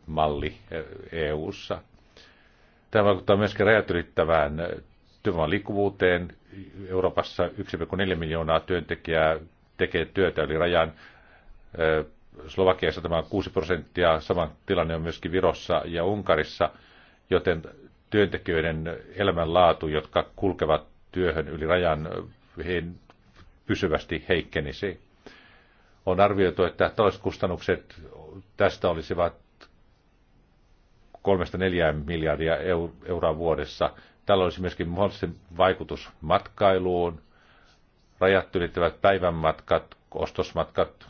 malli EU-ssa. Eh, e tämä vaikuttaa myöskin rajat ylittävään eh, työvoiman liikkuvuuteen. Euroopassa 1,4 miljoonaa työntekijää tekee työtä yli rajan. Slovakiassa tämä on 6 prosenttia, sama tilanne on myöskin Virossa ja Unkarissa, joten työntekijöiden elämänlaatu, jotka kulkevat työhön yli rajan, he pysyvästi heikkenisi. On arvioitu, että talouskustannukset tästä olisivat 3-4 miljardia euroa vuodessa, Tällä olisi myöskin mahdollisesti vaikutus matkailuun, rajat ylittävät päivänmatkat, ostosmatkat,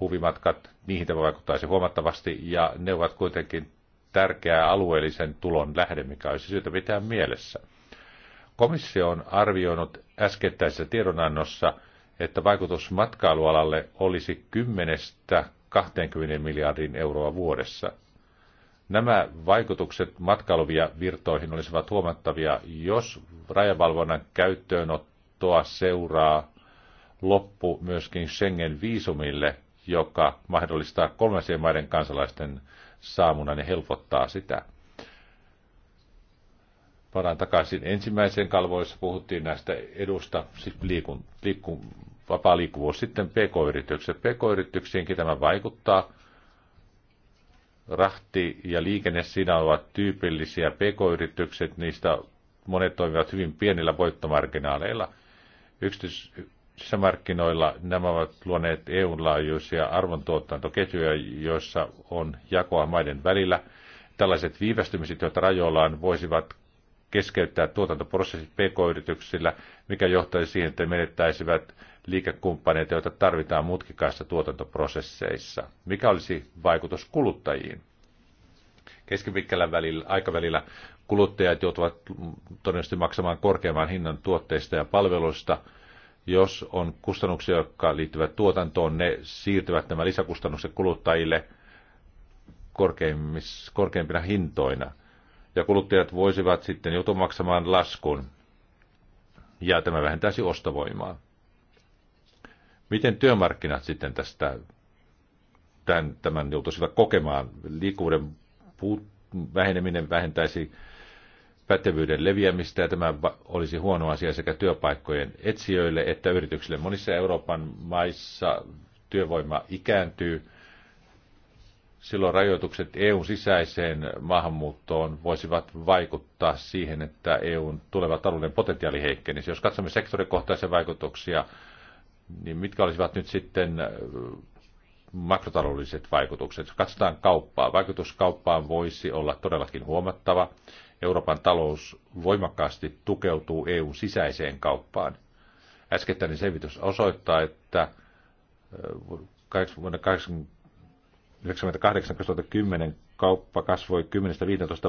huvimatkat, niihin tämä vaikuttaisi huomattavasti, ja ne ovat kuitenkin tärkeää alueellisen tulon lähde, mikä olisi syytä pitää mielessä. Komissio on arvioinut äskettäisessä tiedonannossa, että vaikutus matkailualalle olisi 10-20 miljardin euroa vuodessa – Nämä vaikutukset matkailuvia virtoihin olisivat huomattavia, jos rajavalvonnan käyttöönottoa seuraa loppu myöskin Schengen-viisumille, joka mahdollistaa kolmansien maiden kansalaisten saamunan niin ja helpottaa sitä. Palaan takaisin ensimmäiseen kalvoissa, puhuttiin näistä edusta, siis liikun, liikun, vapaa liikkuvuus, sitten pk-yritykset. Pk-yrityksiinkin tämä vaikuttaa, Rahti ja liikenne siinä ovat tyypillisiä pk-yritykset, niistä monet toimivat hyvin pienillä voittomarginaaleilla. Yksityisissä markkinoilla nämä ovat luoneet eu laajuisia arvontuottantoketjuja, joissa on jakoa maiden välillä. Tällaiset viivästymiset, joita rajoillaan, voisivat keskeyttää tuotantoprosessit pk-yrityksillä, mikä johtaisi siihen, että menettäisivät liikekumppaneita, joita tarvitaan mutkikaissa tuotantoprosesseissa. Mikä olisi vaikutus kuluttajiin? Keskipitkällä välillä, aikavälillä kuluttajat joutuvat todennäköisesti maksamaan korkeamman hinnan tuotteista ja palveluista. Jos on kustannuksia, jotka liittyvät tuotantoon, ne siirtyvät nämä lisäkustannukset kuluttajille korkeimpina hintoina. Ja kuluttajat voisivat sitten joutua maksamaan laskun, ja tämä vähentäisi ostovoimaa. Miten työmarkkinat sitten tästä tämän, tämän joutuisivat kokemaan? Liikkuvuuden puut, väheneminen vähentäisi pätevyyden leviämistä ja tämä olisi huono asia sekä työpaikkojen etsijöille että yrityksille. Monissa Euroopan maissa työvoima ikääntyy. Silloin rajoitukset EUn sisäiseen maahanmuuttoon voisivat vaikuttaa siihen, että EUn tuleva talouden potentiaali heikkenisi. Jos katsomme sektorikohtaisia vaikutuksia, niin mitkä olisivat nyt sitten äh, makrotaloudelliset vaikutukset? katsotaan kauppaa, vaikutus kauppaan voisi olla todellakin huomattava. Euroopan talous voimakkaasti tukeutuu EUn sisäiseen kauppaan. Äskettäinen selvitys osoittaa, että äh, vuonna 1998-2010 kauppa kasvoi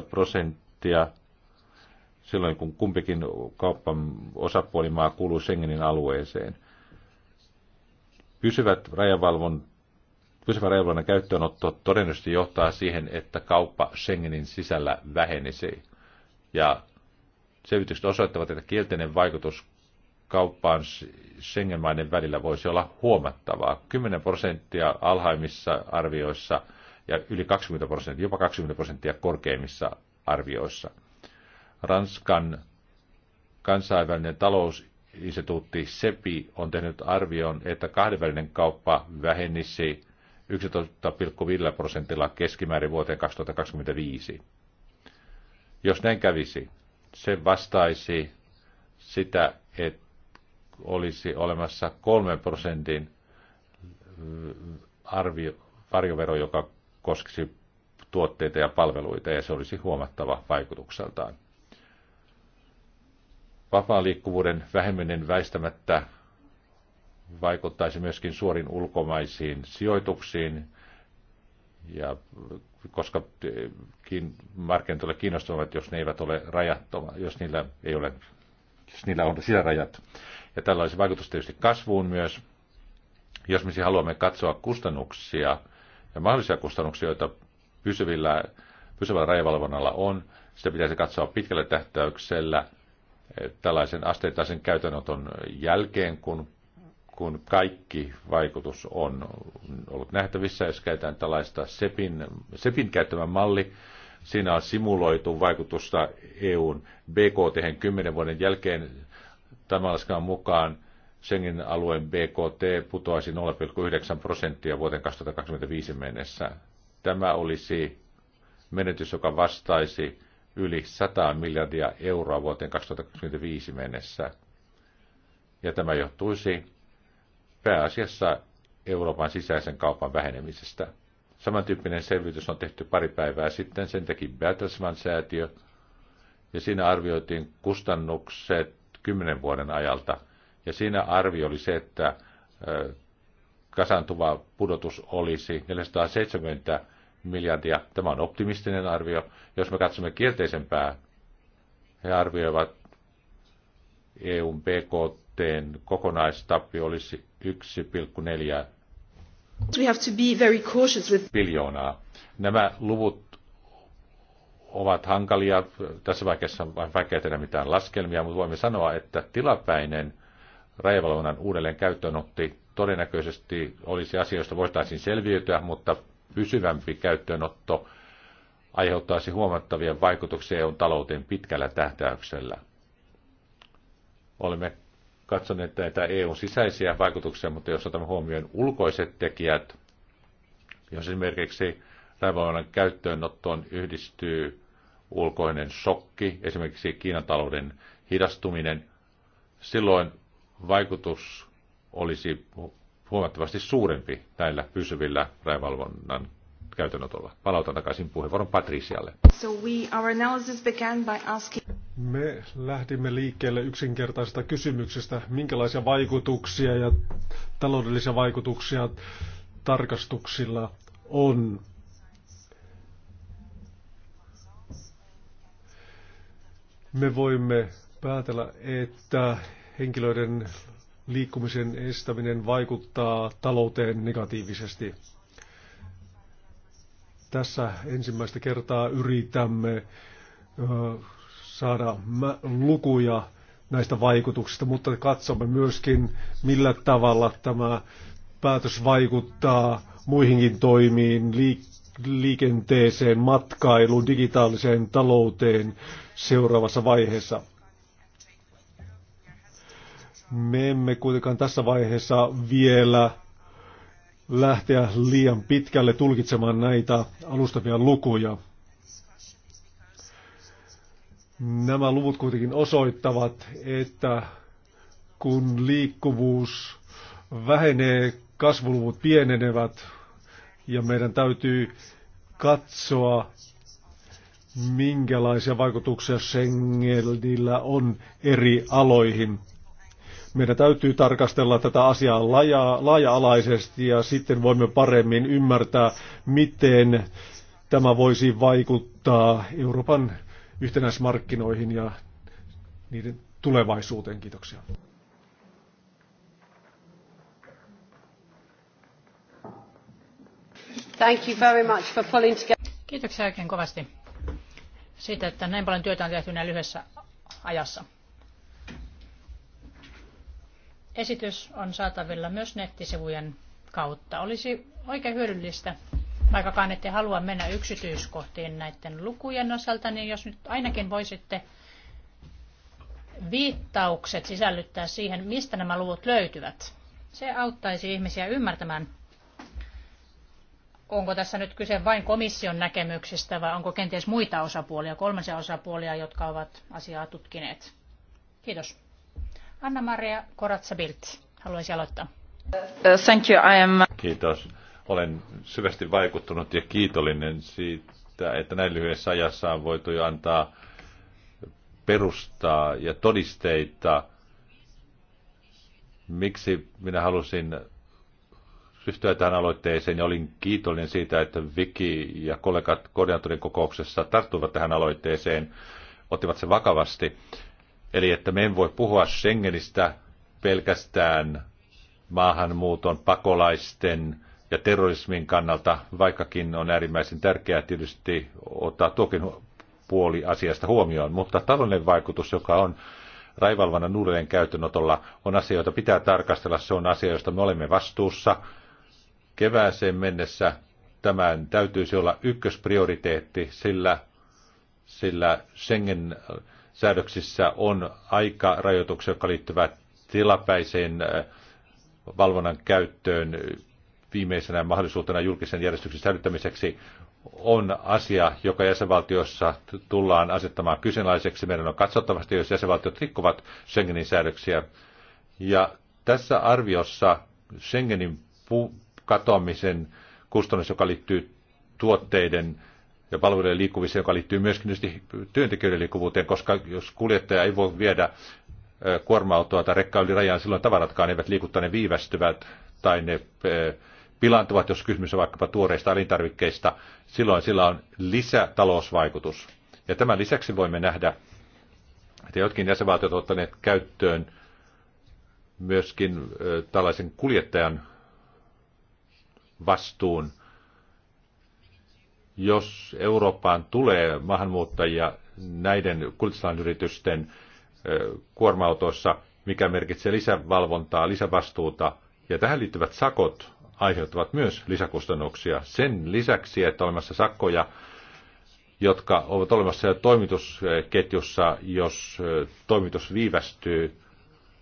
10-15 prosenttia silloin, kun kumpikin kauppan osapuolimaa kuului Schengenin alueeseen – Pysyvät rajavalvon, pysyvä rajavalvonnan käyttöönotto todennäköisesti johtaa siihen, että kauppa Schengenin sisällä vähenisi. Ja selvitykset osoittavat, että kielteinen vaikutus kauppaan Schengen-maiden välillä voisi olla huomattavaa. 10 prosenttia alhaimmissa arvioissa ja yli 20 prosenttia, jopa 20 prosenttia korkeimmissa arvioissa. Ranskan kansainvälinen talous instituutti SEPI on tehnyt arvion, että kahdenvälinen kauppa vähennisi 11,5 prosentilla keskimäärin vuoteen 2025. Jos näin kävisi, se vastaisi sitä, että olisi olemassa 3 prosentin äh, arvio, varjovero, joka koskisi tuotteita ja palveluita, ja se olisi huomattava vaikutukseltaan. Vapaan liikkuvuuden vähemminen väistämättä vaikuttaisi myöskin suorin ulkomaisiin sijoituksiin, ja koska ole kiinnostavat jos ne eivät ole rajattomat, jos niillä ei ole, jos niillä on sisärajat. Ja tällä olisi vaikutus tietysti kasvuun myös. Jos me siis haluamme katsoa kustannuksia ja mahdollisia kustannuksia, joita pysyvillä, pysyvällä rajavalvonnalla on, sitä pitäisi katsoa pitkällä tähtäyksellä – tällaisen asteittaisen käytännöton jälkeen, kun, kun kaikki vaikutus on ollut nähtävissä, jos käytetään tällaista SEPin, SEPin käyttämä malli, siinä on simuloitu vaikutusta EUn BKT 10 vuoden jälkeen. Tämän mukaan Schengen alueen BKT putoaisi 0,9 prosenttia vuoteen 2025 mennessä. Tämä olisi menetys, joka vastaisi yli 100 miljardia euroa vuoteen 2025 mennessä. Ja tämä johtuisi pääasiassa Euroopan sisäisen kaupan vähenemisestä. Samantyyppinen selvitys on tehty pari päivää sitten, sen teki Bertelsmann-säätiö, ja siinä arvioitiin kustannukset kymmenen vuoden ajalta. Ja siinä arvio oli se, että kasantuva pudotus olisi 470 miljardia. Tämä on optimistinen arvio. Jos me katsomme kielteisempää, he arvioivat EUn BKTn kokonaistappi olisi 1,4 We have to be very cautious with... biljoonaa. Nämä luvut ovat hankalia. Tässä vaikeassa on vaikea tehdä mitään laskelmia, mutta voimme sanoa, että tilapäinen rajavalvonnan uudelleen käyttöönotti todennäköisesti olisi asia, josta voitaisiin selviytyä, mutta pysyvämpi käyttöönotto aiheuttaisi huomattavia vaikutuksia EUn talouteen pitkällä tähtäyksellä. Olemme katsoneet näitä EUn sisäisiä vaikutuksia, mutta jos otamme huomioon ulkoiset tekijät, jos esimerkiksi laivavalvonnan käyttöönottoon yhdistyy ulkoinen shokki, esimerkiksi Kiinan talouden hidastuminen, silloin vaikutus olisi huomattavasti suurempi näillä pysyvillä rajavalvonnan käytönotolla. Palautan takaisin puheenvuoron Patricialle. So we, our analysis began by asking... Me lähdimme liikkeelle yksinkertaisesta kysymyksestä, minkälaisia vaikutuksia ja taloudellisia vaikutuksia tarkastuksilla on. Me voimme päätellä, että henkilöiden liikkumisen estäminen vaikuttaa talouteen negatiivisesti. Tässä ensimmäistä kertaa yritämme saada lukuja näistä vaikutuksista, mutta katsomme myöskin, millä tavalla tämä päätös vaikuttaa muihinkin toimiin, liikenteeseen, matkailuun, digitaaliseen talouteen seuraavassa vaiheessa. Me emme kuitenkaan tässä vaiheessa vielä lähteä liian pitkälle tulkitsemaan näitä alustavia lukuja. Nämä luvut kuitenkin osoittavat, että kun liikkuvuus vähenee, kasvuluvut pienenevät ja meidän täytyy katsoa, minkälaisia vaikutuksia Schengenillä on eri aloihin. Meidän täytyy tarkastella tätä asiaa laaja-alaisesti ja sitten voimme paremmin ymmärtää, miten tämä voisi vaikuttaa Euroopan yhtenäismarkkinoihin ja niiden tulevaisuuteen. Kiitoksia. Thank you very much for pulling together. Kiitoksia oikein kovasti siitä, että näin paljon työtä on tehty näin lyhyessä ajassa. Esitys on saatavilla myös nettisivujen kautta. Olisi oikein hyödyllistä, vaikkakaan ette halua mennä yksityiskohtiin näiden lukujen osalta, niin jos nyt ainakin voisitte viittaukset sisällyttää siihen, mistä nämä luvut löytyvät. Se auttaisi ihmisiä ymmärtämään, onko tässä nyt kyse vain komission näkemyksistä vai onko kenties muita osapuolia, kolmansia osapuolia, jotka ovat asiaa tutkineet. Kiitos. Anna-Maria Koratsa-Bilt haluaisi aloittaa. Uh, thank you, I am... Kiitos. Olen syvästi vaikuttunut ja kiitollinen siitä, että näin lyhyessä ajassa on voitu jo antaa perustaa ja todisteita, miksi minä halusin ryhtyä tähän aloitteeseen ja olin kiitollinen siitä, että Viki ja kollegat koordinaattorin kokouksessa tarttuivat tähän aloitteeseen, ottivat se vakavasti. Eli että me emme voi puhua Schengenistä pelkästään maahanmuuton, pakolaisten ja terrorismin kannalta, vaikkakin on äärimmäisen tärkeää tietysti ottaa tuokin puoli asiasta huomioon. Mutta taloudellinen vaikutus, joka on raivalvanan uudelleen käytönotolla, on asia, jota pitää tarkastella. Se on asia, josta me olemme vastuussa. Kevääseen mennessä tämän täytyisi olla ykkösprioriteetti, sillä, sillä Schengen säädöksissä on aikarajoituksia, jotka liittyvät tilapäiseen äh, valvonnan käyttöön viimeisenä mahdollisuutena julkisen järjestyksen säilyttämiseksi on asia, joka jäsenvaltiossa tullaan asettamaan kyseenalaiseksi. Meidän on katsottavasti, jos jäsenvaltiot rikkovat Schengenin säädöksiä. Ja tässä arviossa Schengenin katoamisen kustannus, joka liittyy tuotteiden ja palveluiden liikkumiseen, joka liittyy myöskin työntekijöiden liikkuvuuteen, koska jos kuljettaja ei voi viedä kuorma-autoa tai rekkaa yli rajan, silloin tavaratkaan eivät liikuta, ne viivästyvät tai ne pilantuvat jos kysymys on vaikkapa tuoreista elintarvikkeista, silloin sillä on lisätalousvaikutus. Ja tämän lisäksi voimme nähdä, että jotkin jäsenvaltiot ovat ottaneet käyttöön myöskin tällaisen kuljettajan vastuun jos Eurooppaan tulee maahanmuuttajia näiden kuljetusalan yritysten kuorma-autoissa, mikä merkitsee lisävalvontaa, lisävastuuta, ja tähän liittyvät sakot aiheuttavat myös lisäkustannuksia. Sen lisäksi, että olemassa sakkoja, jotka ovat olemassa jo toimitusketjussa, jos toimitus viivästyy,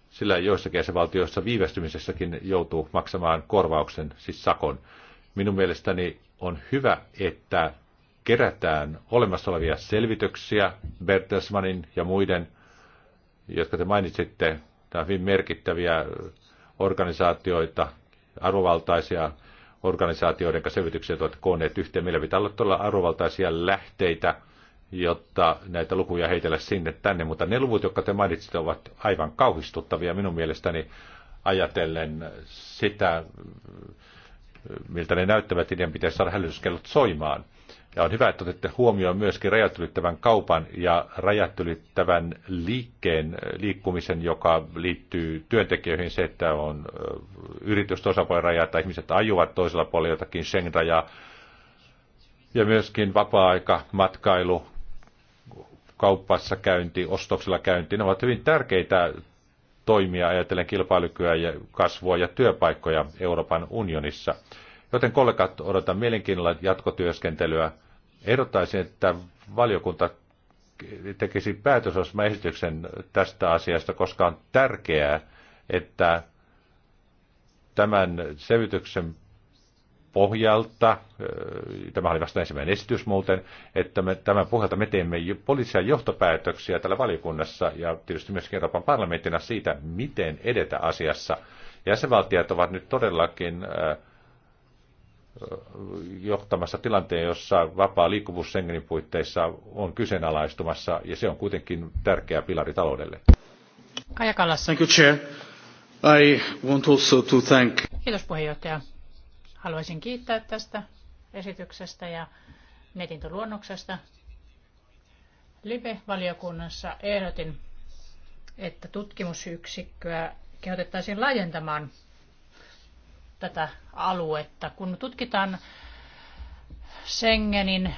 sillä joissakin jäsenvaltioissa viivästymisessäkin joutuu maksamaan korvauksen, siis sakon. Minun mielestäni on hyvä, että kerätään olemassa olevia selvityksiä Bertelsmanin ja muiden, jotka te mainitsitte, tämä hyvin merkittäviä organisaatioita, arvovaltaisia organisaatioiden kanssa selvityksiä ovat koonneet yhteen. Meillä pitää olla todella arvovaltaisia lähteitä, jotta näitä lukuja heitellä sinne tänne, mutta ne luvut, jotka te mainitsitte, ovat aivan kauhistuttavia minun mielestäni ajatellen sitä, miltä ne näyttävät, niiden pitäisi saada hälytyskellot soimaan. Ja on hyvä, että otette huomioon myöskin rajat ylittävän kaupan ja rajat ylittävän liikkeen liikkumisen, joka liittyy työntekijöihin, se, että on yritys toisella puolella rajaa tai ihmiset ajuvat toisella puolella jotakin Schengen-rajaa. Ja myöskin vapaa-aika, matkailu, kaupassa käynti, ostoksilla käynti, ne ovat hyvin tärkeitä toimia ajatellen kilpailukykyä ja kasvua ja työpaikkoja Euroopan unionissa. Joten kollegat, odotan mielenkiinnolla jatkotyöskentelyä. Ehdottaisin, että valiokunta tekisi päätösosmaesityksen tästä asiasta, koska on tärkeää, että tämän selvityksen pohjalta, äh, tämä oli vasta ensimmäinen esitys muuten, että me, tämän pohjalta me teemme poliittisia johtopäätöksiä täällä valiokunnassa ja tietysti myös Euroopan parlamenttina siitä, miten edetä asiassa. Jäsenvaltiot ovat nyt todellakin äh, johtamassa tilanteen, jossa vapaa liikkuvuus Schengenin puitteissa on kyseenalaistumassa, ja se on kuitenkin tärkeä pilari taloudelle. Kaja Kallas. Thank you, Chair. I want also to thank... Kiitos puheenjohtaja. Haluaisin kiittää tästä esityksestä ja mietintöluonnoksesta. Live-valiokunnassa ehdotin, että tutkimusyksikköä kehotettaisiin laajentamaan tätä aluetta. Kun tutkitaan Schengenin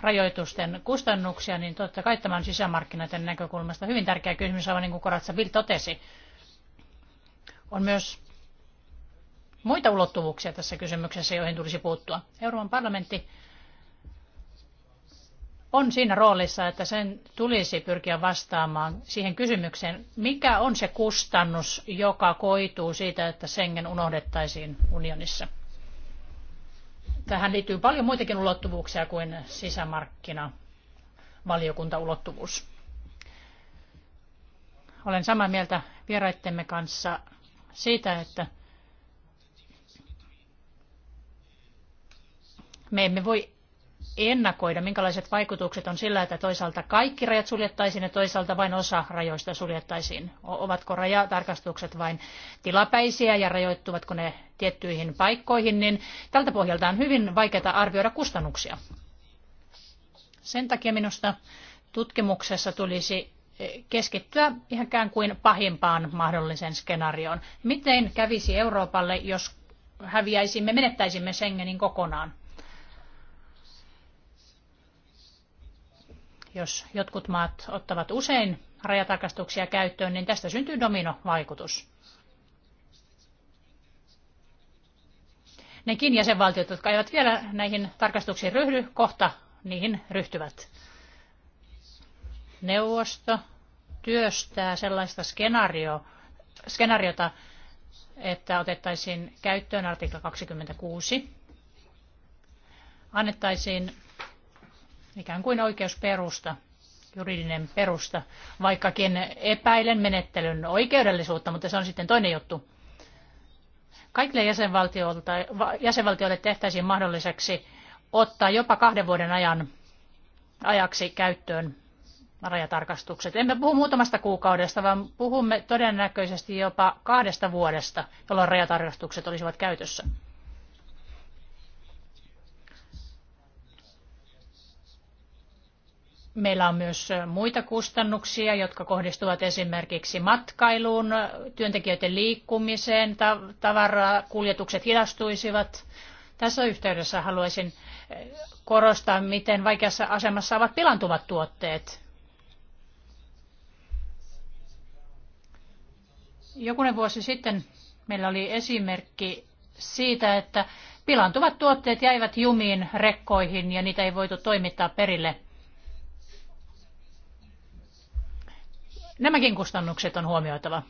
rajoitusten kustannuksia, niin totta kai tämä on sisämarkkinoiden näkökulmasta hyvin tärkeä kysymys, aivan niin kuin Koratsa Bill totesi. On myös muita ulottuvuuksia tässä kysymyksessä, joihin tulisi puuttua. Euroopan parlamentti on siinä roolissa, että sen tulisi pyrkiä vastaamaan siihen kysymykseen, mikä on se kustannus, joka koituu siitä, että Schengen unohdettaisiin unionissa. Tähän liittyy paljon muitakin ulottuvuuksia kuin sisämarkkina valiokuntaulottuvuus. Olen samaa mieltä vieraittemme kanssa siitä, että Me emme voi ennakoida, minkälaiset vaikutukset on sillä, että toisaalta kaikki rajat suljettaisiin ja toisaalta vain osa rajoista suljettaisiin. Ovatko rajatarkastukset vain tilapäisiä ja rajoittuvatko ne tiettyihin paikkoihin, niin tältä pohjalta on hyvin vaikeaa arvioida kustannuksia. Sen takia minusta tutkimuksessa tulisi e, keskittyä ihan kuin pahimpaan mahdollisen skenaarioon. Miten kävisi Euroopalle, jos häviäisimme, menettäisimme Schengenin kokonaan? Jos jotkut maat ottavat usein rajatarkastuksia käyttöön, niin tästä syntyy dominovaikutus. Nekin jäsenvaltiot, jotka eivät vielä näihin tarkastuksiin ryhdy, kohta niihin ryhtyvät. Neuvosto työstää sellaista skenaario, skenaariota, että otettaisiin käyttöön artikla 26, annettaisiin ikään kuin oikeusperusta, juridinen perusta, vaikkakin epäilen menettelyn oikeudellisuutta, mutta se on sitten toinen juttu. Kaikille jäsenvaltioille tehtäisiin mahdolliseksi ottaa jopa kahden vuoden ajan ajaksi käyttöön rajatarkastukset. Emme puhu muutamasta kuukaudesta, vaan puhumme todennäköisesti jopa kahdesta vuodesta, jolloin rajatarkastukset olisivat käytössä. Meillä on myös muita kustannuksia, jotka kohdistuvat esimerkiksi matkailuun, työntekijöiden liikkumiseen, tavarakuljetukset hidastuisivat. Tässä yhteydessä haluaisin korostaa, miten vaikeassa asemassa ovat pilantuvat tuotteet. Jokunen vuosi sitten meillä oli esimerkki siitä, että pilantuvat tuotteet jäivät jumiin rekkoihin ja niitä ei voitu toimittaa perille – Nämäkin kustannukset on huomioitava.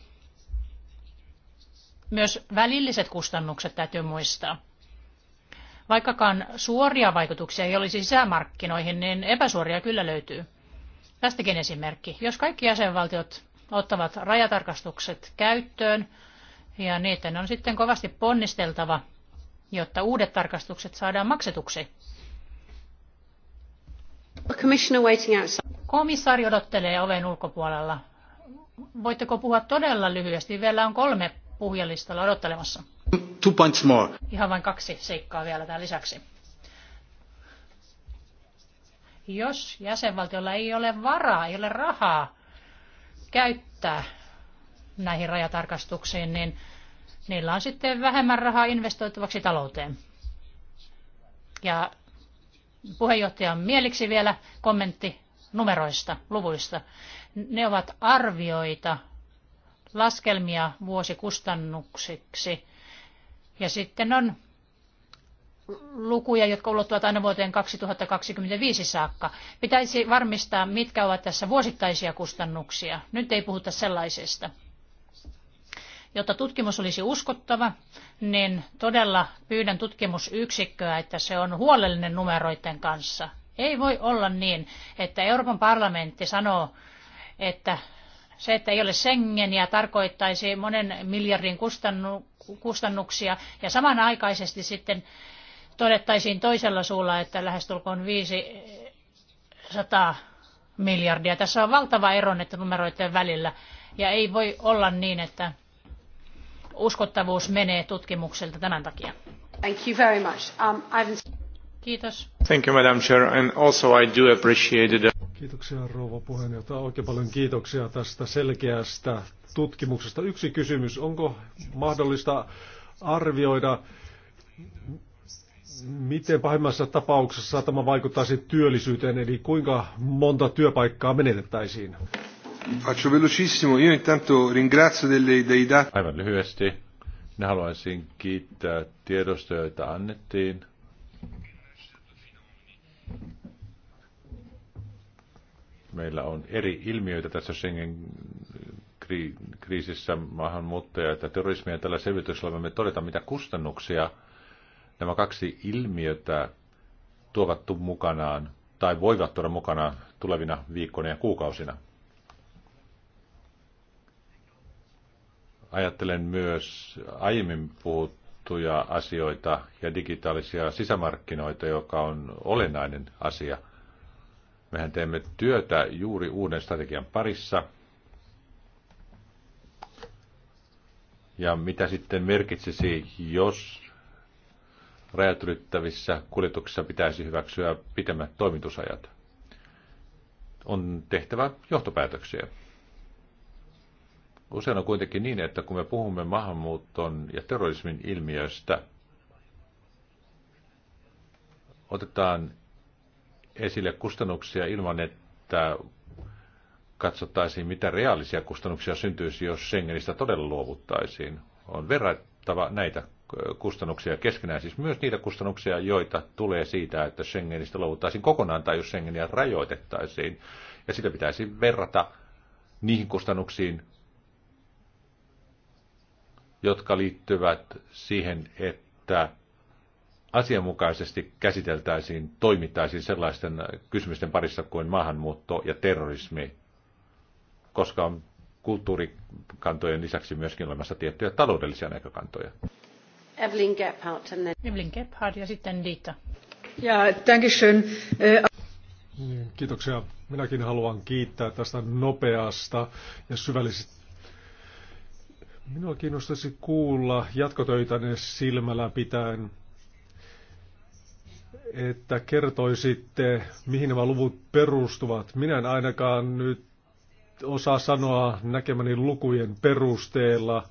Myös välilliset kustannukset täytyy muistaa. Vaikkakaan suoria vaikutuksia ei olisi sisämarkkinoihin, niin epäsuoria kyllä löytyy. Tästäkin esimerkki. Jos kaikki jäsenvaltiot ottavat rajatarkastukset käyttöön, ja niiden on sitten kovasti ponnisteltava, jotta uudet tarkastukset saadaan maksetuksi. Komissaari odottelee oven ulkopuolella voitteko puhua todella lyhyesti? Vielä on kolme puhujalistalla odottelemassa. Two points more. Ihan vain kaksi seikkaa vielä tämän lisäksi. Jos jäsenvaltiolla ei ole varaa, ei ole rahaa käyttää näihin rajatarkastuksiin, niin niillä on sitten vähemmän rahaa investoitavaksi talouteen. Ja puheenjohtajan mieliksi vielä kommentti numeroista, luvuista. Ne ovat arvioita, laskelmia vuosikustannuksiksi. Ja sitten on lukuja, jotka ulottuvat aina vuoteen 2025 saakka. Pitäisi varmistaa, mitkä ovat tässä vuosittaisia kustannuksia. Nyt ei puhuta sellaisesta. Jotta tutkimus olisi uskottava, niin todella pyydän tutkimusyksikköä, että se on huolellinen numeroiden kanssa. Ei voi olla niin, että Euroopan parlamentti sanoo että se, että ei ole Schengeniä, tarkoittaisi monen miljardin kustannuksia ja samanaikaisesti sitten todettaisiin toisella suulla, että lähestulkoon 500 miljardia. Tässä on valtava ero näiden numeroiden välillä ja ei voi olla niin, että uskottavuus menee tutkimukselta tämän takia. Thank you very much. Um, Kiitos. Thank you, Madam Chair, and also I do appreciate the Kiitoksia rouva puheenjohtaja. Oikein paljon kiitoksia tästä selkeästä tutkimuksesta. Yksi kysymys, onko mahdollista arvioida, miten pahimmassa tapauksessa tämä vaikuttaisi työllisyyteen, eli kuinka monta työpaikkaa menetettäisiin? Faccio velocissimo. Io intanto ringrazio delle, dei Aivan lyhyesti. Minä haluaisin kiittää tiedosta, joita annettiin. Meillä on eri ilmiöitä tässä Schengen-kriisissä, maahanmuuttaja ja terrorismia. Tällä selvityksellä me todeta, mitä kustannuksia nämä kaksi ilmiötä tuovat mukanaan tai voivat tuoda mukanaan tulevina viikkoina ja kuukausina. Ajattelen myös aiemmin puhuttuja asioita ja digitaalisia sisämarkkinoita, joka on olennainen asia – Mehän teemme työtä juuri uuden strategian parissa. Ja mitä sitten merkitsisi, jos rajat ylittävissä kuljetuksissa pitäisi hyväksyä pitemmät toimitusajat? On tehtävä johtopäätöksiä. Usein on kuitenkin niin, että kun me puhumme maahanmuuton ja terrorismin ilmiöstä, otetaan esille kustannuksia ilman, että katsottaisiin, mitä reaalisia kustannuksia syntyisi, jos Schengenistä todella luovuttaisiin. On verrattava näitä äh, kustannuksia keskenään, siis myös niitä kustannuksia, joita tulee siitä, että Schengenistä luovuttaisiin kokonaan tai jos Schengeniä rajoitettaisiin. Ja sitä pitäisi verrata niihin kustannuksiin, jotka liittyvät siihen, että asianmukaisesti käsiteltäisiin, toimittaisiin sellaisten kysymysten parissa kuin maahanmuutto ja terrorismi, koska on kulttuurikantojen lisäksi myöskin olemassa tiettyjä taloudellisia näkökantoja. Evelyn and then... Evelyn Gephardt ja sitten Dita. Ja, danke eh, niin, Kiitoksia. Minäkin haluan kiittää tästä nopeasta ja syvällisestä Minua kiinnostaisi kuulla jatkotöitäne silmällä pitäen että kertoisitte, mihin nämä luvut perustuvat. Minä en ainakaan nyt osaa sanoa näkemäni lukujen perusteella,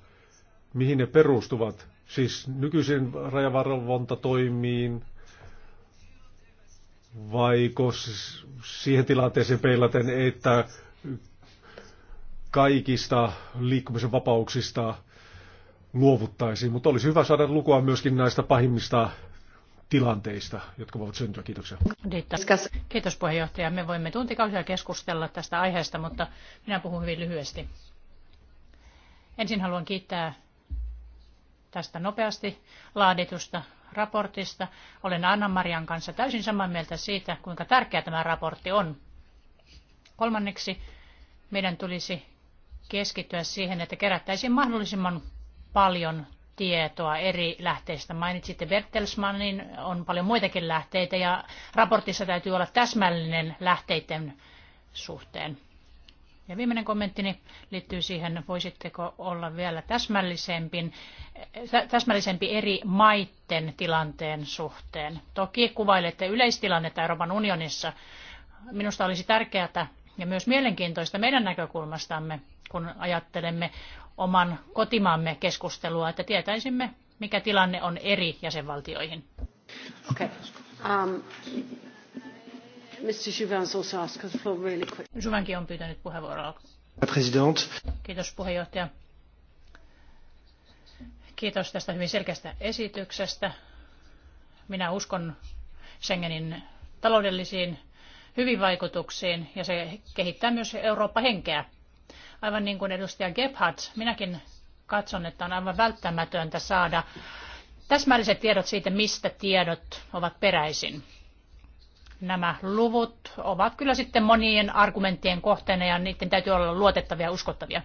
mihin ne perustuvat. Siis nykyisin rajavalvontatoimiin, vaiko siihen tilanteeseen peilaten, että kaikista liikkumisen vapauksista luovuttaisiin. Mutta olisi hyvä saada lukua myöskin näistä pahimmista tilanteista, jotka voivat syntyä. Kiitoksia. Kiitos puheenjohtaja. Me voimme tuntikausia keskustella tästä aiheesta, mutta minä puhun hyvin lyhyesti. Ensin haluan kiittää tästä nopeasti laaditusta raportista. Olen Anna-Marian kanssa täysin samaa mieltä siitä, kuinka tärkeä tämä raportti on. Kolmanneksi meidän tulisi keskittyä siihen, että kerättäisiin mahdollisimman paljon tietoa eri lähteistä. Mainitsitte Bertelsmannin, on paljon muitakin lähteitä ja raportissa täytyy olla täsmällinen lähteiden suhteen. Ja viimeinen kommenttini liittyy siihen, voisitteko olla vielä täsmällisempi, täsmällisempi eri maiden tilanteen suhteen. Toki kuvailette yleistilannetta Euroopan unionissa. Minusta olisi tärkeää ja myös mielenkiintoista meidän näkökulmastamme, kun ajattelemme oman kotimaamme keskustelua, että tietäisimme, mikä tilanne on eri jäsenvaltioihin. Okay. Um, Mr. Juvin's also asked really quick. Juvinkin on pyytänyt puheenvuoroa. President. Kiitos puheenjohtaja. Kiitos tästä hyvin selkeästä esityksestä. Minä uskon Schengenin taloudellisiin hyvinvaikutuksiin ja se kehittää myös Eurooppa henkeä. Aivan niin kuin edustaja Gebhardt, minäkin katson, että on aivan välttämätöntä saada täsmälliset tiedot siitä, mistä tiedot ovat peräisin. Nämä luvut ovat kyllä sitten monien argumenttien kohteena ja niiden täytyy olla luotettavia ja uskottavia.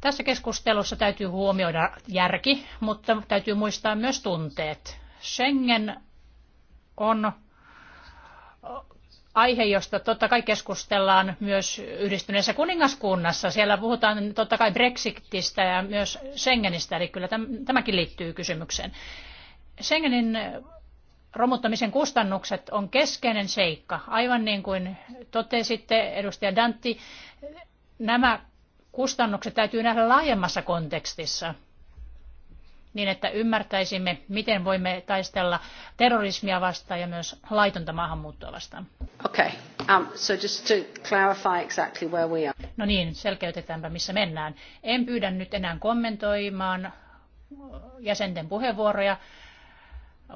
Tässä keskustelussa täytyy huomioida järki, mutta täytyy muistaa myös tunteet. Schengen on aihe, josta totta kai keskustellaan myös yhdistyneessä kuningaskunnassa. Siellä puhutaan totta kai Brexitistä ja myös Schengenistä, eli kyllä tämäkin liittyy kysymykseen. Schengenin romuttamisen kustannukset on keskeinen seikka. Aivan niin kuin totesitte, edustaja Dantti, nämä kustannukset täytyy nähdä laajemmassa kontekstissa niin että ymmärtäisimme, miten voimme taistella terrorismia vastaan ja myös laitonta maahanmuuttoa vastaan. Okay. Um, so just to clarify exactly where we are. No niin, selkeytetäänpä missä mennään. En pyydä nyt enää kommentoimaan jäsenten puheenvuoroja.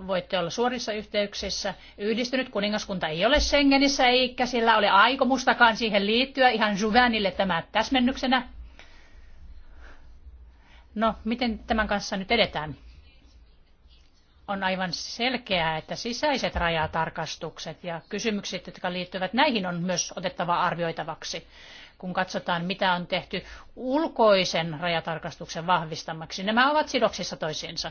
Voitte olla suorissa yhteyksissä. Yhdistynyt kuningaskunta ei ole Schengenissä, eikä sillä ole aikomustakaan siihen liittyä. Ihan Juvenille tämä täsmennyksenä. No, miten tämän kanssa nyt edetään? On aivan selkeää, että sisäiset rajatarkastukset ja kysymykset, jotka liittyvät näihin, on myös otettava arvioitavaksi, kun katsotaan, mitä on tehty ulkoisen rajatarkastuksen vahvistamaksi. Nämä ovat sidoksissa toisiinsa.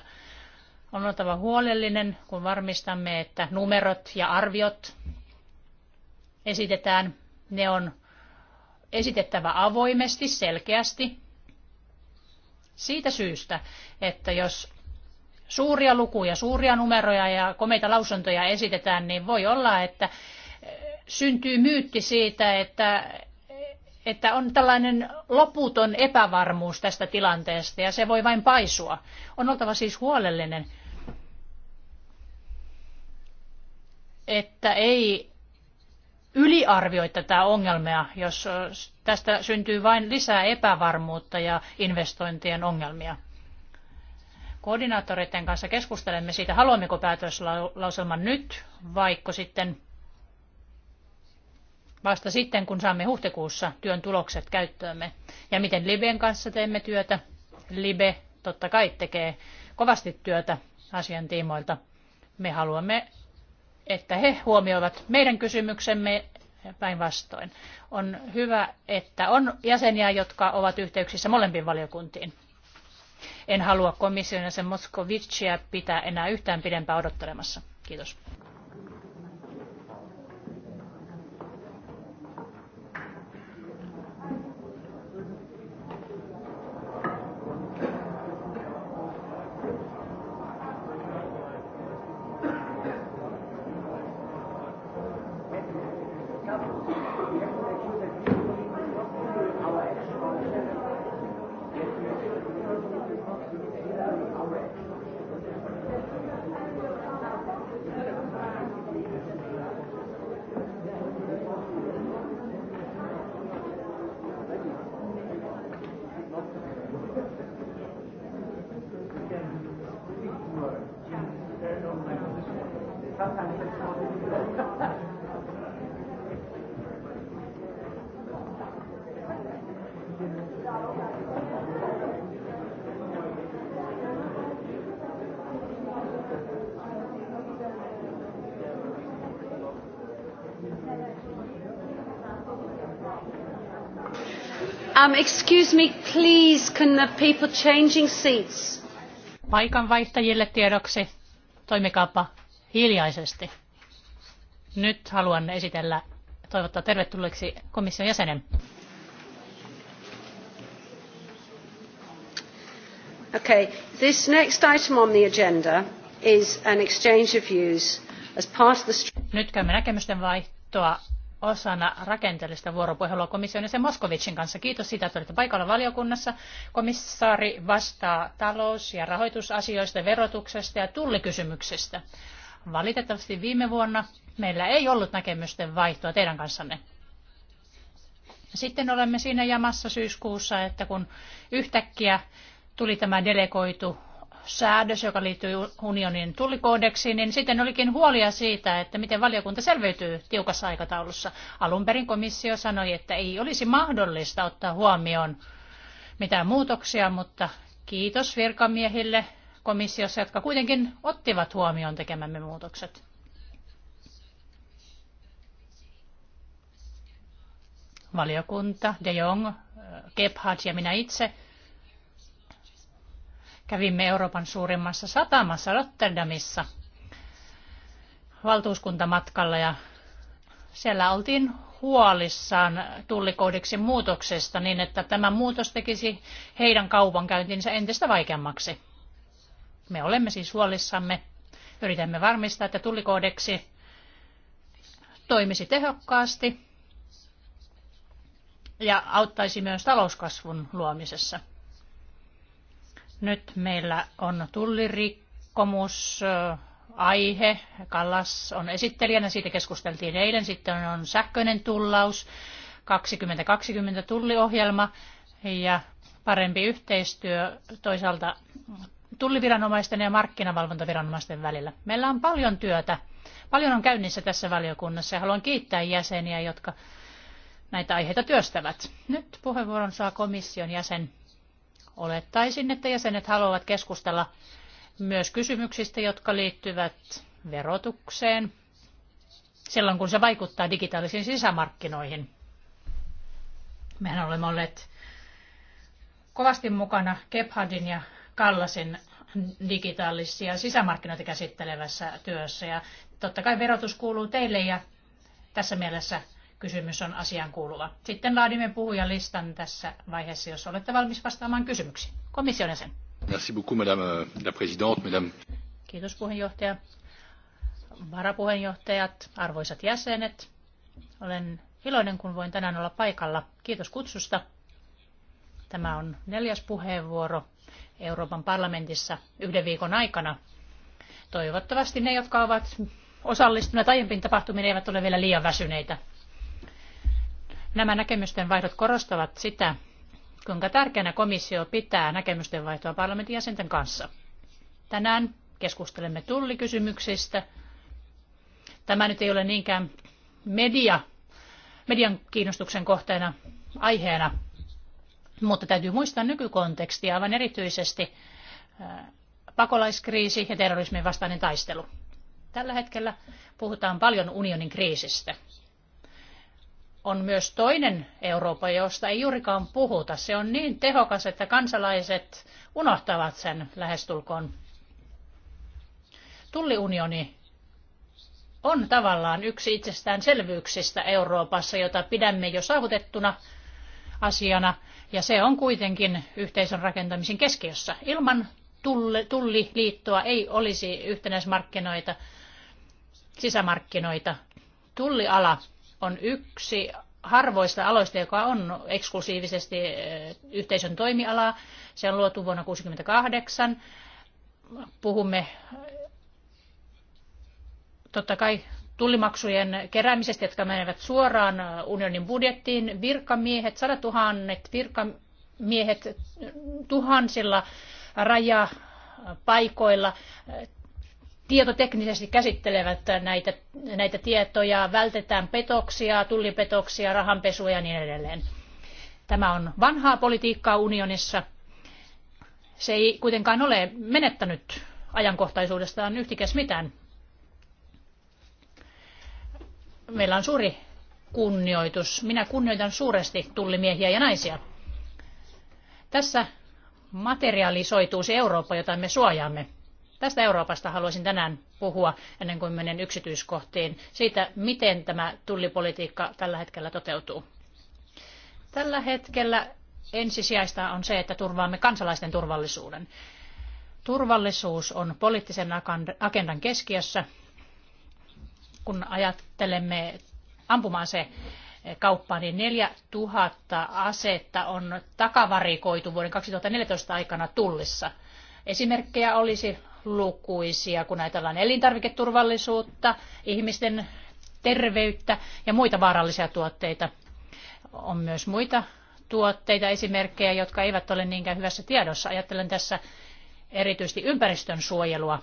On oltava huolellinen, kun varmistamme, että numerot ja arviot esitetään. Ne on esitettävä avoimesti, selkeästi siitä syystä, että jos suuria lukuja, suuria numeroja ja komeita lausuntoja esitetään, niin voi olla, että eh, syntyy myytti siitä, että, että on tällainen loputon epävarmuus tästä tilanteesta ja se voi vain paisua. On oltava siis huolellinen, että ei yliarvioi tätä ongelmia, jos tästä syntyy vain lisää epävarmuutta ja investointien ongelmia. Koordinaattoreiden kanssa keskustelemme siitä, haluammeko päätöslauselman nyt, vaikka sitten vasta sitten, kun saamme huhtikuussa työn tulokset käyttöömme. Ja miten Liben kanssa teemme työtä. Libe totta kai tekee kovasti työtä asian tiimoilta. Me haluamme että he huomioivat meidän kysymyksemme päinvastoin. On hyvä, että on jäseniä, jotka ovat yhteyksissä molempiin valiokuntiin. En halua komission jäsen Moskovitsia pitää enää yhtään pidempään odottelemassa. Kiitos. Um, excuse me, please, can the people changing seats? vaihtajille tiedoksi, toimikaapa hiljaisesti. Nyt haluan esitellä, toivottaa tervetulleeksi komission jäsenen. Okay, this next item on the agenda is an exchange of views as part of the... Nyt käymme näkemysten vaihtoa osana rakenteellista vuoropuhelua komission jäsen Moskovicin kanssa. Kiitos siitä, että olette paikalla valiokunnassa. Komissaari vastaa talous- ja rahoitusasioista, verotuksesta ja tullikysymyksistä. Valitettavasti viime vuonna meillä ei ollut näkemysten vaihtoa teidän kanssanne. Sitten olemme siinä jamassa syyskuussa, että kun yhtäkkiä tuli tämä delegoitu säädös, joka liittyy unionin tullikoodeksiin, niin sitten olikin huolia siitä, että miten valiokunta selviytyy tiukassa aikataulussa. Alun perin komissio sanoi, että ei olisi mahdollista ottaa huomioon mitään muutoksia, mutta kiitos virkamiehille komissiossa, jotka kuitenkin ottivat huomioon tekemämme muutokset. Valiokunta, De Jong, Gebhard ja minä itse – Kävimme Euroopan suurimmassa satamassa Rotterdamissa valtuuskuntamatkalla ja siellä oltiin huolissaan tullikoodiksen muutoksesta niin, että tämä muutos tekisi heidän kaupankäyntinsä entistä vaikeammaksi. Me olemme siis huolissamme. Yritämme varmistaa, että tullikoodeksi toimisi tehokkaasti ja auttaisi myös talouskasvun luomisessa. Nyt meillä on tullirikkomus, aihe. Kallas on esittelijänä, siitä keskusteltiin eilen. Sitten on sähköinen tullaus, 2020 tulliohjelma ja parempi yhteistyö toisaalta tulliviranomaisten ja markkinavalvontaviranomaisten välillä. Meillä on paljon työtä, paljon on käynnissä tässä valiokunnassa ja haluan kiittää jäseniä, jotka näitä aiheita työstävät. Nyt puheenvuoron saa komission jäsen Olettaisin, että jäsenet haluavat keskustella myös kysymyksistä, jotka liittyvät verotukseen, silloin kun se vaikuttaa digitaalisiin sisämarkkinoihin. Mehän olemme olleet kovasti mukana Kephardin ja Kallasin digitaalisia sisämarkkinoita käsittelevässä työssä. Ja totta kai verotus kuuluu teille ja tässä mielessä kysymys on asiaan kuuluva. Sitten laadimme puhujalistan tässä vaiheessa, jos olette valmis vastaamaan kysymyksiin. Komission jäsen. Merci beaucoup, madame la présidente, madame. Kiitos puheenjohtaja. Varapuheenjohtajat, arvoisat jäsenet, olen iloinen, kun voin tänään olla paikalla. Kiitos kutsusta. Tämä on neljäs puheenvuoro Euroopan parlamentissa yhden viikon aikana. Toivottavasti ne, jotka ovat osallistuneet aiempiin tapahtumiin, eivät ole vielä liian väsyneitä. Nämä näkemysten vaihdot korostavat sitä, kuinka tärkeänä komissio pitää näkemysten vaihtoa parlamentin jäsenten kanssa. Tänään keskustelemme tullikysymyksistä. Tämä nyt ei ole niinkään media, median kiinnostuksen kohteena aiheena, mutta täytyy muistaa nykykonteksti aivan erityisesti äh, pakolaiskriisi ja terrorismin vastainen taistelu. Tällä hetkellä puhutaan paljon unionin kriisistä on myös toinen Eurooppa, josta ei juurikaan puhuta. Se on niin tehokas, että kansalaiset unohtavat sen lähestulkoon. Tulliunioni on tavallaan yksi itsestäänselvyyksistä Euroopassa, jota pidämme jo saavutettuna asiana, ja se on kuitenkin yhteisön rakentamisen keskiössä. Ilman tulliliittoa ei olisi yhtenäismarkkinoita, sisämarkkinoita. Tulliala on yksi harvoista aloista, joka on eksklusiivisesti eh, yhteisön toimialaa. Se on luotu vuonna 1968. Puhumme eh, totta kai tullimaksujen keräämisestä, jotka menevät suoraan eh, unionin budjettiin. Virkamiehet, sadatuhannet virkamiehet tuhansilla rajapaikoilla tietoteknisesti käsittelevät näitä, näitä tietoja, vältetään petoksia, tullipetoksia, rahanpesua ja niin edelleen. Tämä on vanhaa politiikkaa unionissa. Se ei kuitenkaan ole menettänyt ajankohtaisuudestaan yhtikäs mitään. Meillä on suuri kunnioitus. Minä kunnioitan suuresti tullimiehiä ja naisia. Tässä materialisoituu se Eurooppa, jota me suojaamme. Tästä Euroopasta haluaisin tänään puhua ennen kuin menen yksityiskohtiin siitä, miten tämä tullipolitiikka tällä hetkellä toteutuu. Tällä hetkellä ensisijaista on se, että turvaamme kansalaisten turvallisuuden. Turvallisuus on poliittisen agendan keskiössä, kun ajattelemme ampumaan se kauppaa, niin 4000 asetta on takavarikoitu vuoden 2014 aikana tullissa. Esimerkkejä olisi lukuisia, kun ajatellaan elintarviketurvallisuutta, ihmisten terveyttä ja muita vaarallisia tuotteita. On myös muita tuotteita, esimerkkejä, jotka eivät ole niinkään hyvässä tiedossa. Ajattelen tässä erityisesti ympäristön suojelua.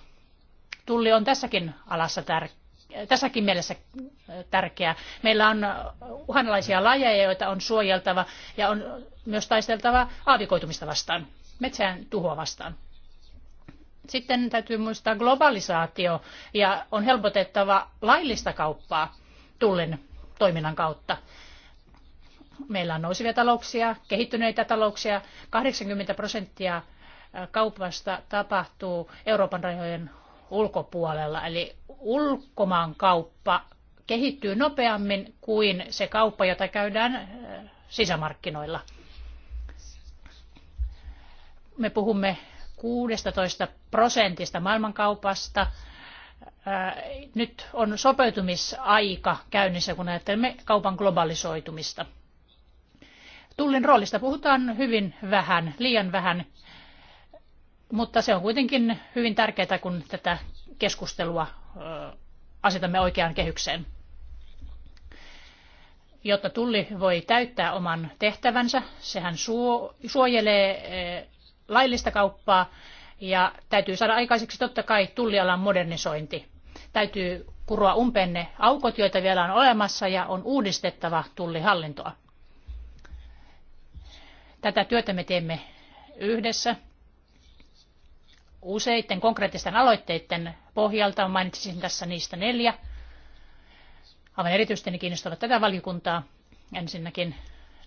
Tulli on tässäkin alassa tärkeä tässäkin mielessä tärkeää. Meillä on uhanalaisia lajeja, joita on suojeltava ja on myös taisteltava aavikoitumista vastaan, metsään tuhoa vastaan. Sitten täytyy muistaa globalisaatio ja on helpotettava laillista kauppaa tullin toiminnan kautta. Meillä on nousevia talouksia, kehittyneitä talouksia. 80 prosenttia kaupasta tapahtuu Euroopan rajojen ulkopuolella. Eli ulkomaan kauppa kehittyy nopeammin kuin se kauppa, jota käydään sisämarkkinoilla. Me puhumme 16 prosentista maailmankaupasta. Äh, nyt on sopeutumisaika käynnissä, kun ajattelemme kaupan globalisoitumista. Tullin roolista puhutaan hyvin vähän, liian vähän, mutta se on kuitenkin hyvin tärkeää, kun tätä keskustelua äh, asetamme oikeaan kehykseen. Jotta tulli voi täyttää oman tehtävänsä, sehän suojelee äh, laillista kauppaa ja täytyy saada aikaiseksi totta kai tullialan modernisointi. Täytyy kuroa umpeen ne aukot, joita vielä on olemassa ja on uudistettava tullihallintoa. Tätä työtä me teemme yhdessä useiden konkreettisten aloitteiden pohjalta. Mainitsisin tässä niistä neljä. Aivan erityisesti ne kiinnostavat tätä valiokuntaa. Ensinnäkin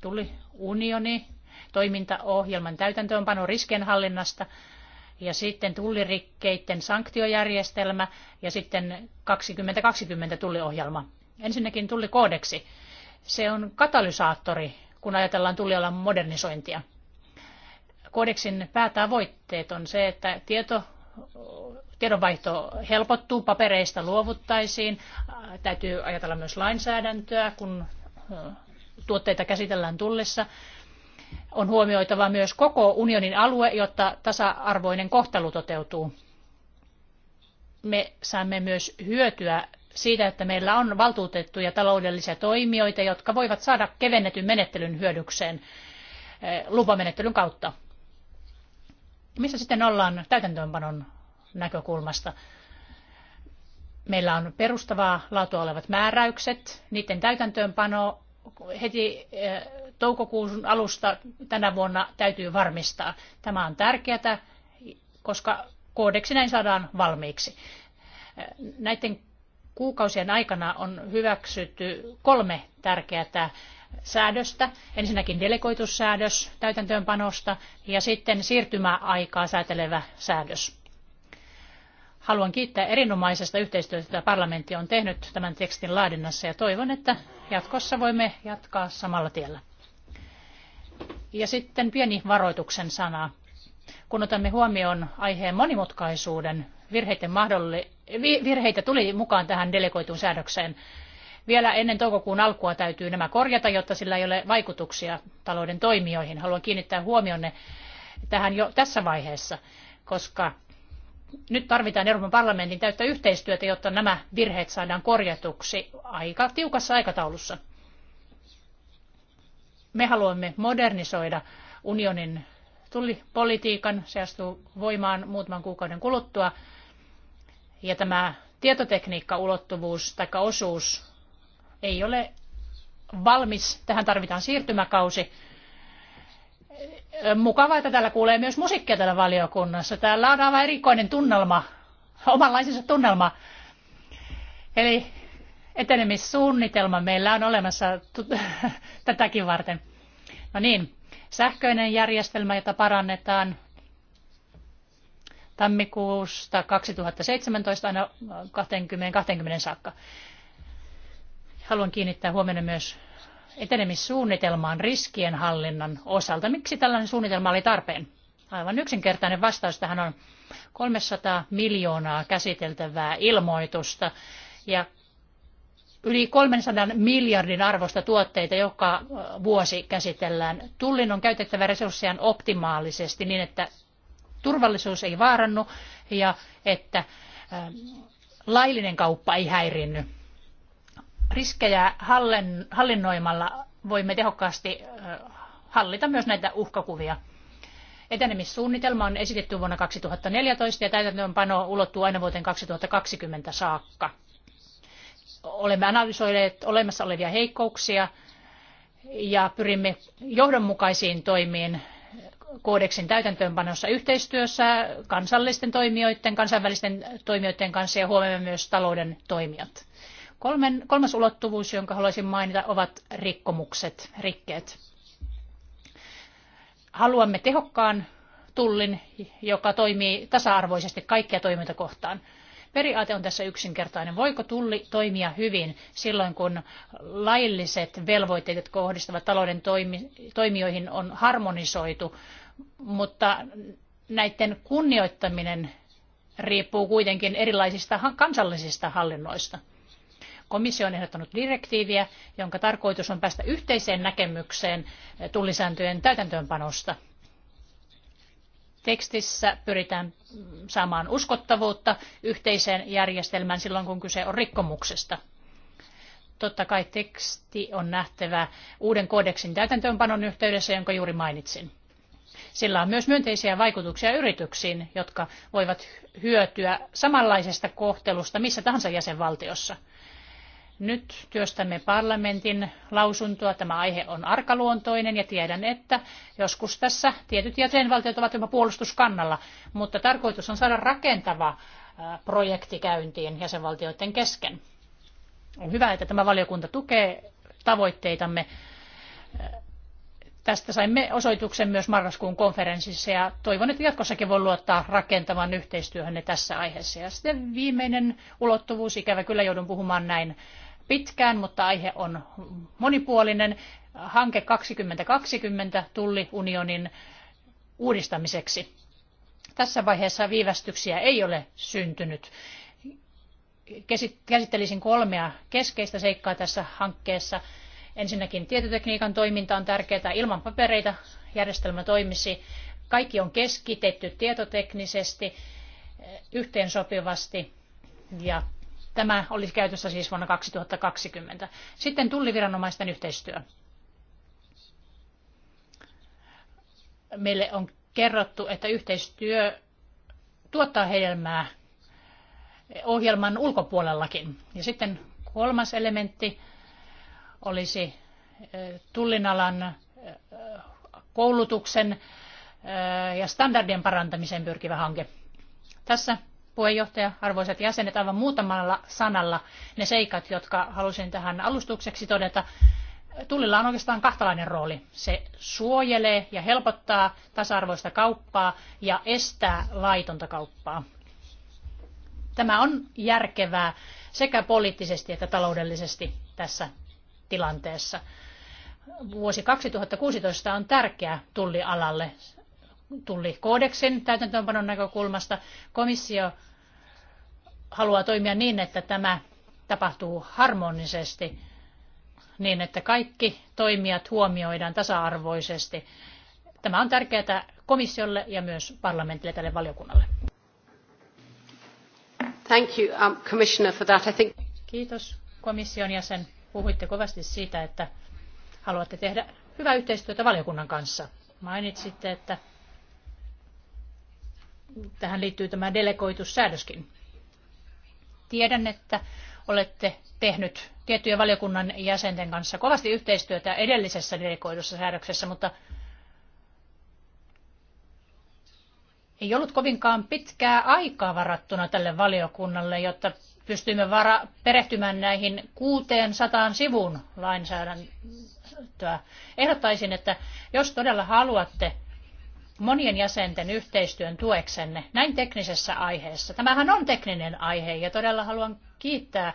tuli unioni, toimintaohjelman täytäntöönpano riskienhallinnasta ja sitten tullirikkeiden sanktiojärjestelmä ja sitten 2020 tulliohjelma. Ensinnäkin tullikoodeksi. Se on katalysaattori, kun ajatellaan tullialan modernisointia. Koodeksin päätavoitteet on se, että tieto tiedonvaihto helpottuu, papereista luovuttaisiin. Täytyy ajatella myös lainsäädäntöä, kun tuotteita käsitellään tullissa on huomioitava myös koko unionin alue, jotta tasa-arvoinen kohtelu toteutuu. Me saamme myös hyötyä siitä, että meillä on valtuutettuja taloudellisia toimijoita, jotka voivat saada kevennetyn menettelyn hyödykseen eh, lupamenettelyn kautta. Missä sitten ollaan täytäntöönpanon näkökulmasta? Meillä on perustavaa laatua olevat määräykset, niiden täytäntöönpano heti eh, toukokuun alusta tänä vuonna täytyy varmistaa. Tämä on tärkeää, koska koodeksi näin saadaan valmiiksi. Näiden kuukausien aikana on hyväksytty kolme tärkeää säädöstä. Ensinnäkin delegoitussäädös täytäntöönpanosta ja sitten siirtymäaikaa säätelevä säädös. Haluan kiittää erinomaisesta yhteistyöstä, jota parlamentti on tehnyt tämän tekstin laadinnassa ja toivon, että jatkossa voimme jatkaa samalla tiellä. Ja sitten pieni varoituksen sana. Kun otamme huomioon aiheen monimutkaisuuden, virheiden mahdolli... virheitä tuli mukaan tähän delegoituun säädökseen. Vielä ennen toukokuun alkua täytyy nämä korjata, jotta sillä ei ole vaikutuksia talouden toimijoihin. Haluan kiinnittää huomionne tähän jo tässä vaiheessa, koska nyt tarvitaan Euroopan parlamentin täyttä yhteistyötä, jotta nämä virheet saadaan korjatuksi aika tiukassa aikataulussa. Me haluamme modernisoida unionin tullipolitiikan. Se astuu voimaan muutaman kuukauden kuluttua. Ja tämä tietotekniikkaulottuvuus tai osuus ei ole valmis. Tähän tarvitaan siirtymäkausi. Mukavaa, että täällä kuulee myös musiikkia täällä valiokunnassa. Täällä on aivan erikoinen tunnelma, omanlaisensa tunnelma. Eli etenemissuunnitelma meillä on olemassa tätäkin varten. No niin, sähköinen järjestelmä, jota parannetaan tammikuusta 2017 aina 2020 saakka. Haluan kiinnittää huomiota myös etenemissuunnitelmaan riskienhallinnan osalta. Miksi tällainen suunnitelma oli tarpeen? Aivan yksinkertainen vastaus tähän on 300 miljoonaa käsiteltävää ilmoitusta ja yli 300 miljardin arvosta tuotteita joka vuosi käsitellään. Tullin on käytettävä resurssejaan optimaalisesti niin, että turvallisuus ei vaarannu ja että laillinen kauppa ei häirinny. Riskejä hallinnoimalla voimme tehokkaasti hallita myös näitä uhkakuvia. Etenemissuunnitelma on esitetty vuonna 2014 ja täytäntöönpano ulottuu aina vuoteen 2020 saakka. Olemme analysoineet olemassa olevia heikkouksia ja pyrimme johdonmukaisiin toimiin koodeksin täytäntöönpanossa yhteistyössä kansallisten toimijoiden, kansainvälisten toimijoiden kanssa ja huomioimme myös talouden toimijat. Kolmen, kolmas ulottuvuus, jonka haluaisin mainita, ovat rikkomukset, rikkeet. Haluamme tehokkaan tullin, joka toimii tasa-arvoisesti kaikkia toimintakohtaan. kohtaan Periaate on tässä yksinkertainen. Voiko tulli toimia hyvin silloin, kun lailliset velvoitteet, jotka kohdistuvat talouden toimi, toimijoihin, on harmonisoitu, mutta näiden kunnioittaminen riippuu kuitenkin erilaisista kansallisista hallinnoista. Komissio on ehdottanut direktiiviä, jonka tarkoitus on päästä yhteiseen näkemykseen tullisääntöjen täytäntöönpanosta. Tekstissä pyritään saamaan uskottavuutta yhteiseen järjestelmään silloin, kun kyse on rikkomuksesta. Totta kai teksti on nähtävä uuden kodeksin täytäntöönpanon yhteydessä, jonka juuri mainitsin. Sillä on myös myönteisiä vaikutuksia yrityksiin, jotka voivat hyötyä samanlaisesta kohtelusta missä tahansa jäsenvaltiossa. Nyt työstämme parlamentin lausuntoa. Tämä aihe on arkaluontoinen ja tiedän, että joskus tässä tietyt jäsenvaltiot ovat jopa puolustuskannalla, mutta tarkoitus on saada rakentava projekti käyntiin jäsenvaltioiden kesken. On hyvä, että tämä valiokunta tukee tavoitteitamme. Tästä saimme osoituksen myös marraskuun konferenssissa ja toivon, että jatkossakin voi luottaa rakentavan yhteistyöhönne tässä aiheessa. Ja sitten viimeinen ulottuvuus, ikävä kyllä joudun puhumaan näin pitkään, mutta aihe on monipuolinen. Hanke 2020 tulliunionin uudistamiseksi. Tässä vaiheessa viivästyksiä ei ole syntynyt. Käsittelisin kolmea keskeistä seikkaa tässä hankkeessa. Ensinnäkin tietotekniikan toiminta on tärkeää. Ilman papereita järjestelmä toimisi. Kaikki on keskitetty tietoteknisesti, yhteensopivasti ja Tämä oli käytössä siis vuonna 2020. Sitten tulliviranomaisten yhteistyö. Meille on kerrottu, että yhteistyö tuottaa hedelmää ohjelman ulkopuolellakin. Ja sitten kolmas elementti olisi tullinalan koulutuksen ja standardien parantamiseen pyrkivä hanke. Tässä puheenjohtaja, arvoisat jäsenet, aivan muutamalla sanalla ne seikat, jotka halusin tähän alustukseksi todeta. Tullilla on oikeastaan kahtalainen rooli. Se suojelee ja helpottaa tasa-arvoista kauppaa ja estää laitonta kauppaa. Tämä on järkevää sekä poliittisesti että taloudellisesti tässä tilanteessa. Vuosi 2016 on tärkeä tullialalle koodeksen täytäntöönpanon näkökulmasta. Komissio haluaa toimia niin, että tämä tapahtuu harmonisesti, niin että kaikki toimijat huomioidaan tasa-arvoisesti. Tämä on tärkeää komissiolle ja myös parlamentille tälle valiokunnalle. Thank you, um, Commissioner, for that. I think... Kiitos komission jäsen. Puhuitte kovasti siitä, että haluatte tehdä hyvää yhteistyötä valiokunnan kanssa. Mainitsitte, että tähän liittyy tämä delegoitussäädöskin. Tiedän, että olette tehnyt tiettyjen valiokunnan jäsenten kanssa kovasti yhteistyötä edellisessä delegoidussa säädöksessä, mutta ei ollut kovinkaan pitkää aikaa varattuna tälle valiokunnalle, jotta pystyimme vara- perehtymään näihin 600 sivun lainsäädäntöä. Ehdottaisin, että jos todella haluatte monien jäsenten yhteistyön tueksenne näin teknisessä aiheessa. Tämähän on tekninen aihe ja todella haluan kiittää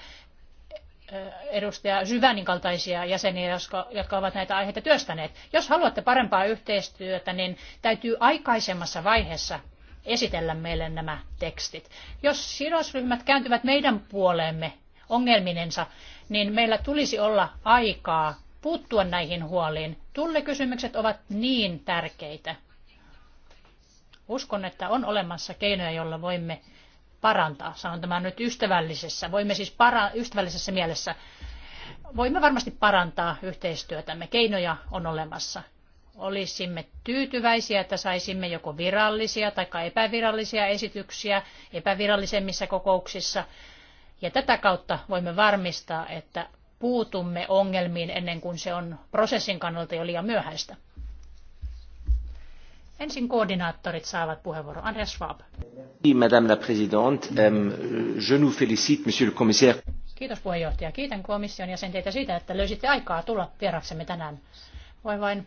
eh, edustaja Syvänin kaltaisia jäseniä, jotka ovat näitä aiheita työstäneet. Jos haluatte parempaa yhteistyötä, niin täytyy aikaisemmassa vaiheessa esitellä meille nämä tekstit. Jos sidosryhmät kääntyvät meidän puoleemme ongelminensa, niin meillä tulisi olla aikaa puuttua näihin huoliin. Tulle kysymykset ovat niin tärkeitä. Uskon, että on olemassa keinoja, joilla voimme parantaa. Sanon tämän nyt ystävällisessä, voimme siis para, ystävällisessä mielessä. Voimme varmasti parantaa yhteistyötämme. Keinoja on olemassa. Olisimme tyytyväisiä, että saisimme joko virallisia tai epävirallisia esityksiä epävirallisemmissa kokouksissa. Ja tätä kautta voimme varmistaa, että puutumme ongelmiin ennen kuin se on prosessin kannalta jo liian myöhäistä. Ensin koordinaattorit saavat puheenvuoron. Andreas Schwab. Madame la Présidente, euh, je nous félicite, Monsieur le Commissaire. Kiitos puheenjohtaja. Kiitän komission jäsenteitä siitä, että löysitte aikaa tulla vieraksemme tänään. Voi vain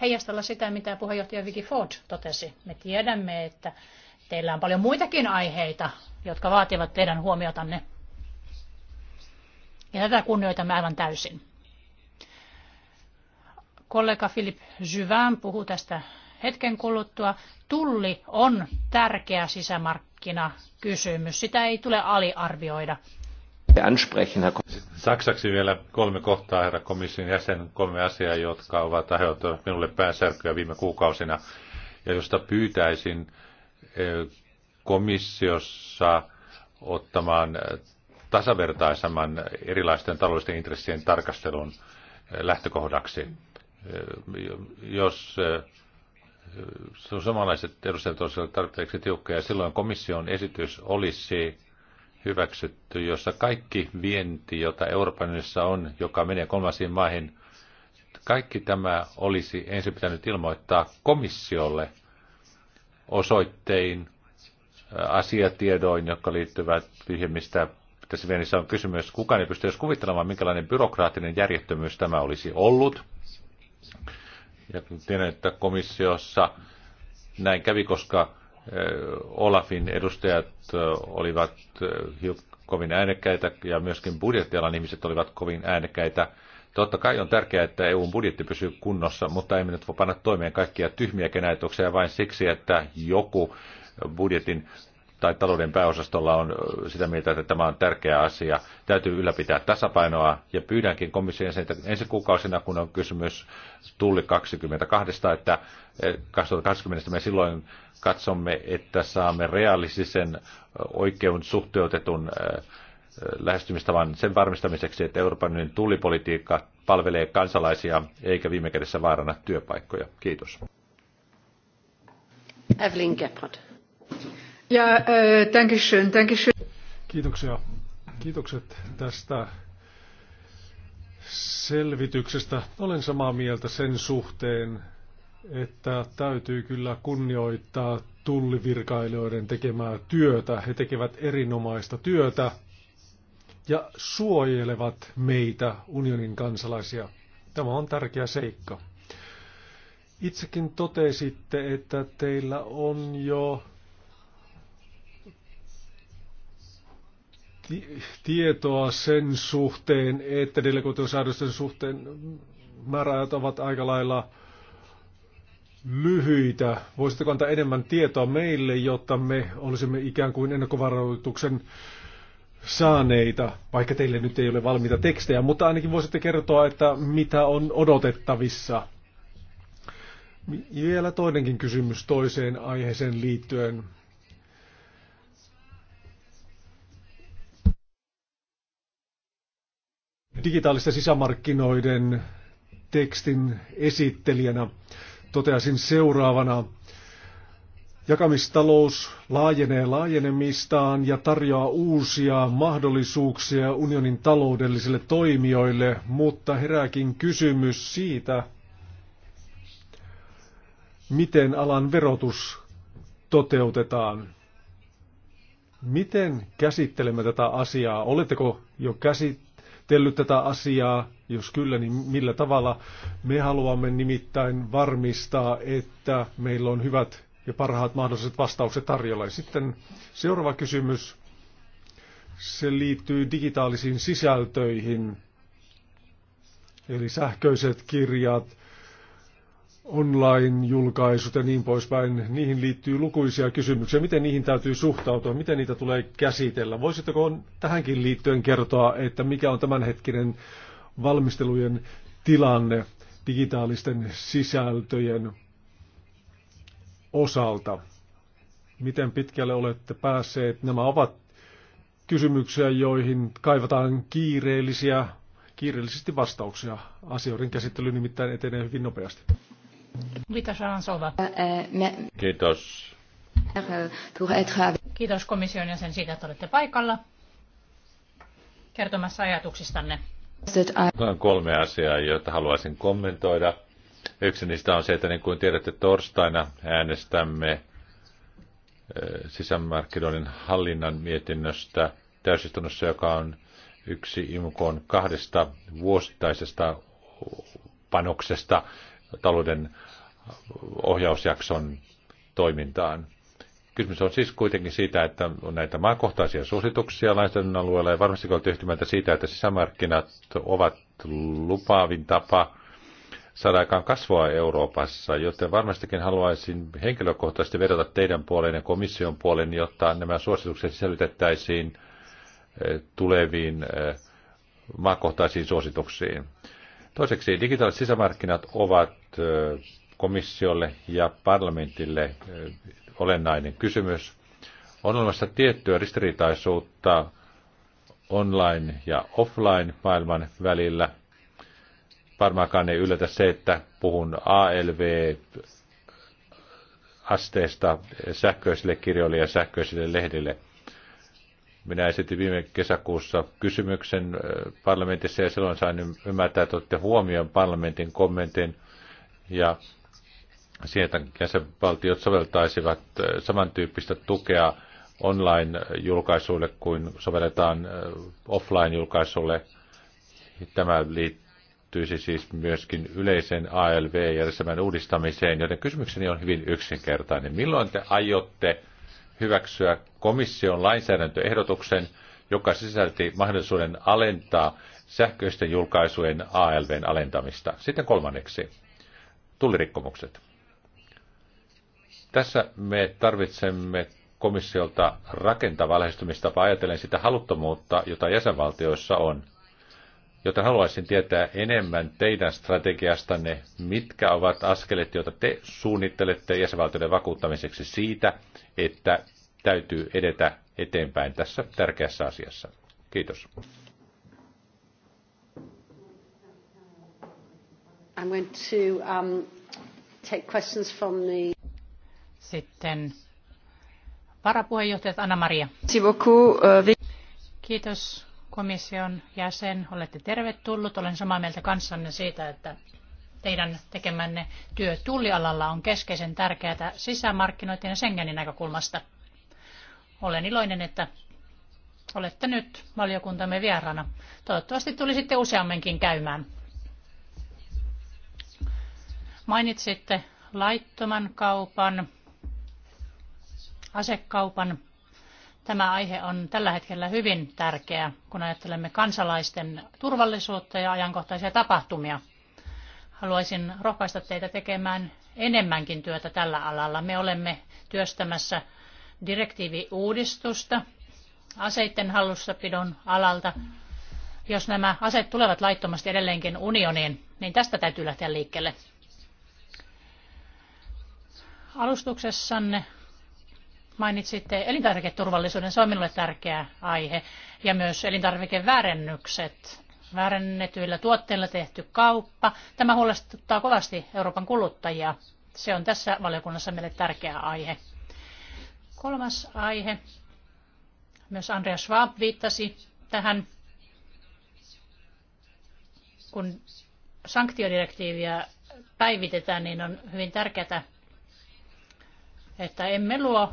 heijastella sitä, mitä puheenjohtaja Vicky Ford totesi. Me tiedämme, että teillä on paljon muitakin aiheita, jotka vaativat teidän huomiotanne. Ja tätä kunnioitamme aivan täysin. Kollega Philip Juvin puhuu tästä hetken kuluttua. Tulli on tärkeä sisämarkkinakysymys. Sitä ei tule aliarvioida. Saksaksi vielä kolme kohtaa, herra komission jäsen, kolme asiaa, jotka ovat aiheuttaneet minulle päänsärkyä viime kuukausina, ja josta pyytäisin eh, komissiossa ottamaan eh, tasavertaisemman erilaisten taloudellisten intressien tarkastelun eh, lähtökohdaksi jos eh, samanlaiset edustajat olisivat tarpeeksi tiukkoja, silloin komission esitys olisi hyväksytty, jossa kaikki vienti, jota Euroopan unionissa on, joka menee kolmansiin maihin, kaikki tämä olisi ensin pitänyt ilmoittaa komissiolle osoittein, eh, asiatiedoin, jotka liittyvät siihen, mistä tässä viennissä on kysymys. Kukaan ei pysty edes kuvittelemaan, minkälainen byrokraattinen järjettömyys tämä olisi ollut. Ja tiedän, että komissiossa näin kävi, koska Olafin edustajat olivat kovin äänekkäitä ja myöskin budjettialan ihmiset olivat kovin äänekkäitä. Totta kai on tärkeää, että EUn budjetti pysyy kunnossa, mutta emme nyt voi panna toimeen kaikkia tyhmiä ajatuksia vain siksi, että joku budjetin tai talouden pääosastolla on sitä mieltä, että tämä on tärkeä asia. Täytyy ylläpitää tasapainoa ja pyydänkin komission jäseniltä ensi kuukausina, kun on kysymys tulli 22, että 2020 me silloin katsomme, että saamme realistisen oikeun suhteutetun lähestymistavan sen varmistamiseksi, että Euroopan unionin tullipolitiikka palvelee kansalaisia eikä viime kädessä vaarana työpaikkoja. Kiitos. Evelyn Gephardt. Ja, äh, Kiitoksia. Kiitokset tästä selvityksestä. Olen samaa mieltä sen suhteen, että täytyy kyllä kunnioittaa tullivirkailijoiden tekemää työtä. He tekevät erinomaista työtä ja suojelevat meitä, unionin kansalaisia. Tämä on tärkeä seikka. Itsekin totesitte, että teillä on jo tietoa sen suhteen, että delegoitusäädösten suhteen määräajat ovat aika lailla lyhyitä. Voisitteko antaa enemmän tietoa meille, jotta me olisimme ikään kuin ennakkovaroituksen saaneita, vaikka teille nyt ei ole valmiita tekstejä, mutta ainakin voisitte kertoa, että mitä on odotettavissa. Vielä toinenkin kysymys toiseen aiheeseen liittyen. digitaalisten sisämarkkinoiden tekstin esittelijänä toteaisin seuraavana. Jakamistalous laajenee laajenemistaan ja tarjoaa uusia mahdollisuuksia unionin taloudellisille toimijoille, mutta herääkin kysymys siitä, miten alan verotus toteutetaan. Miten käsittelemme tätä asiaa? Oletteko jo käsittelemme? käsitellyt tätä asiaa? Jos kyllä, niin millä tavalla? Me haluamme nimittäin varmistaa, että meillä on hyvät ja parhaat mahdolliset vastaukset tarjolla. Ja sitten seuraava kysymys. Se liittyy digitaalisiin sisältöihin, eli sähköiset kirjat, online-julkaisut ja niin poispäin, niihin liittyy lukuisia kysymyksiä. Miten niihin täytyy suhtautua? Miten niitä tulee käsitellä? Voisitteko tähänkin liittyen kertoa, että mikä on tämänhetkinen valmistelujen tilanne digitaalisten sisältöjen osalta? Miten pitkälle olette päässeet? Nämä ovat kysymyksiä, joihin kaivataan kiireellisiä kiireellisesti vastauksia. Asioiden käsittely nimittäin etenee hyvin nopeasti. Mitä euh, euh, Kiitos. Kiitos komission jäsen siitä, että olette paikalla kertomassa ajatuksistanne. On kolme asiaa, joita haluaisin kommentoida. Yksi niistä on se, että niin kuin tiedätte, torstaina äänestämme äh, sisämarkkinoiden hallinnan mietinnöstä täysistunnossa, joka on yksi IMKon kahdesta vuosittaisesta panoksesta talouden ohjausjakson toimintaan. Kysymys on siis kuitenkin siitä, että on näitä maakohtaisia suosituksia lainsäädännön alueella ja varmasti olette yhtymätä siitä, että sisämarkkinat ovat lupaavin tapa saada aikaan kasvua Euroopassa, joten varmastikin haluaisin henkilökohtaisesti vedota teidän puoleen ja komission puoleen, jotta nämä suositukset sisällytettäisiin eh, tuleviin eh, maakohtaisiin suosituksiin. Toiseksi digitaaliset sisämarkkinat ovat komissiolle ja parlamentille olennainen kysymys. On olemassa tiettyä ristiriitaisuutta online ja offline maailman välillä. Varmaankaan ei yllätä se, että puhun ALV asteesta sähköisille kirjoille ja sähköisille lehdille – minä esitin viime kesäkuussa kysymyksen äh, parlamentissa ja silloin sain ymmärtää, että otte huomioon parlamentin kommentin ja sieltä jäsenvaltiot soveltaisivat äh, samantyyppistä tukea online-julkaisuille kuin sovelletaan äh, offline-julkaisulle. Tämä liittyisi siis myöskin yleisen ALV-järjestelmän uudistamiseen, joten kysymykseni on hyvin yksinkertainen. Milloin te aiotte hyväksyä komission lainsäädäntöehdotuksen, joka sisälti mahdollisuuden alentaa sähköisten julkaisujen ALVn alentamista. Sitten kolmanneksi, tullirikkomukset. Tässä me tarvitsemme komissiolta rakentava lähestymistapa ajatellen sitä haluttomuutta, jota jäsenvaltioissa on. Joten haluaisin tietää enemmän teidän strategiastanne, mitkä ovat askelet, joita te suunnittelette jäsenvaltioiden vakuuttamiseksi siitä, että täytyy edetä eteenpäin tässä tärkeässä asiassa. Kiitos. I'm going to um, take questions from the... Sitten varapuheenjohtaja Anna-Maria. Euh, Kiitos komission jäsen. Olette tervetullut. Olen samaa mieltä kanssanne siitä, että teidän tekemänne työ tullialalla on keskeisen tärkeää sisämarkkinoiden ja Schengenin näkökulmasta. Olen iloinen, että olette nyt valiokuntamme vieraana. Toivottavasti tulisitte useamminkin käymään. Mainitsitte laittoman kaupan, asekaupan. Tämä aihe on tällä hetkellä hyvin tärkeä, kun ajattelemme kansalaisten turvallisuutta ja ajankohtaisia tapahtumia. Haluaisin rohkaista teitä tekemään enemmänkin työtä tällä alalla. Me olemme työstämässä direktiiviuudistusta aseiden hallussapidon alalta. Jos nämä aseet tulevat laittomasti edelleenkin unioniin, niin tästä täytyy lähteä liikkeelle. Alustuksessanne mainitsitte elintarviketurvallisuuden, se on minulle tärkeä aihe, ja myös elintarvikeväärennykset, väärennetyillä tuotteilla tehty kauppa. Tämä huolestuttaa kovasti Euroopan kuluttajia. Se on tässä valiokunnassa meille tärkeä aihe. Kolmas aihe. Myös Andreas Schwab viittasi tähän, kun sanktiodirektiiviä päivitetään, niin on hyvin tärkeää, että emme luo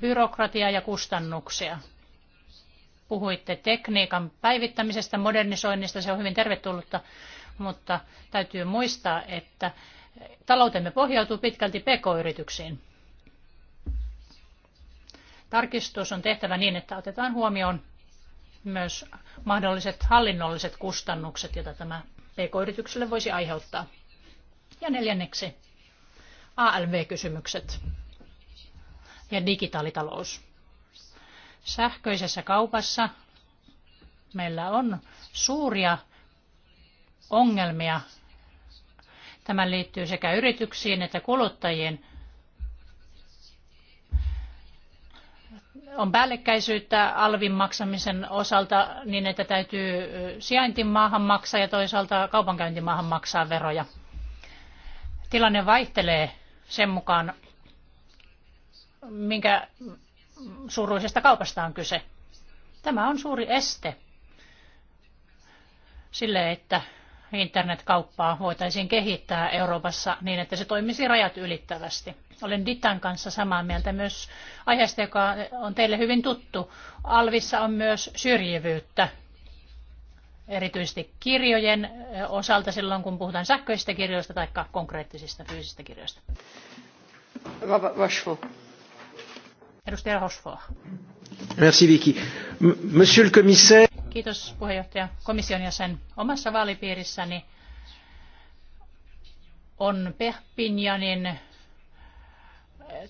byrokratiaa ja kustannuksia. Puhuitte tekniikan päivittämisestä, modernisoinnista, se on hyvin tervetullutta, mutta täytyy muistaa, että taloutemme pohjautuu pitkälti pk-yrityksiin. Tarkistus on tehtävä niin, että otetaan huomioon myös mahdolliset hallinnolliset kustannukset, joita tämä PK-yritykselle voisi aiheuttaa. Ja neljänneksi ALV-kysymykset ja digitaalitalous. Sähköisessä kaupassa meillä on suuria ongelmia. Tämä liittyy sekä yrityksiin että kuluttajien on päällekkäisyyttä alvin maksamisen osalta niin, että täytyy sijaintimaahan maksaa ja toisaalta kaupankäyntimaahan maksaa veroja. Tilanne vaihtelee sen mukaan, minkä suuruisesta kaupasta on kyse. Tämä on suuri este sille, että internetkauppaa voitaisiin kehittää Euroopassa niin, että se toimisi rajat ylittävästi. Olen Ditan kanssa samaa mieltä myös aiheesta, joka on teille hyvin tuttu. Alvissa on myös syrjivyyttä, erityisesti kirjojen osalta silloin, kun puhutaan sähköisistä kirjoista tai konkreettisista fyysisistä kirjoista. Edustaja Rochefort. Merci Vicky. Monsieur le commissaire. Kiitos puheenjohtaja komission jäsen. Omassa vaalipiirissäni on Perpignanin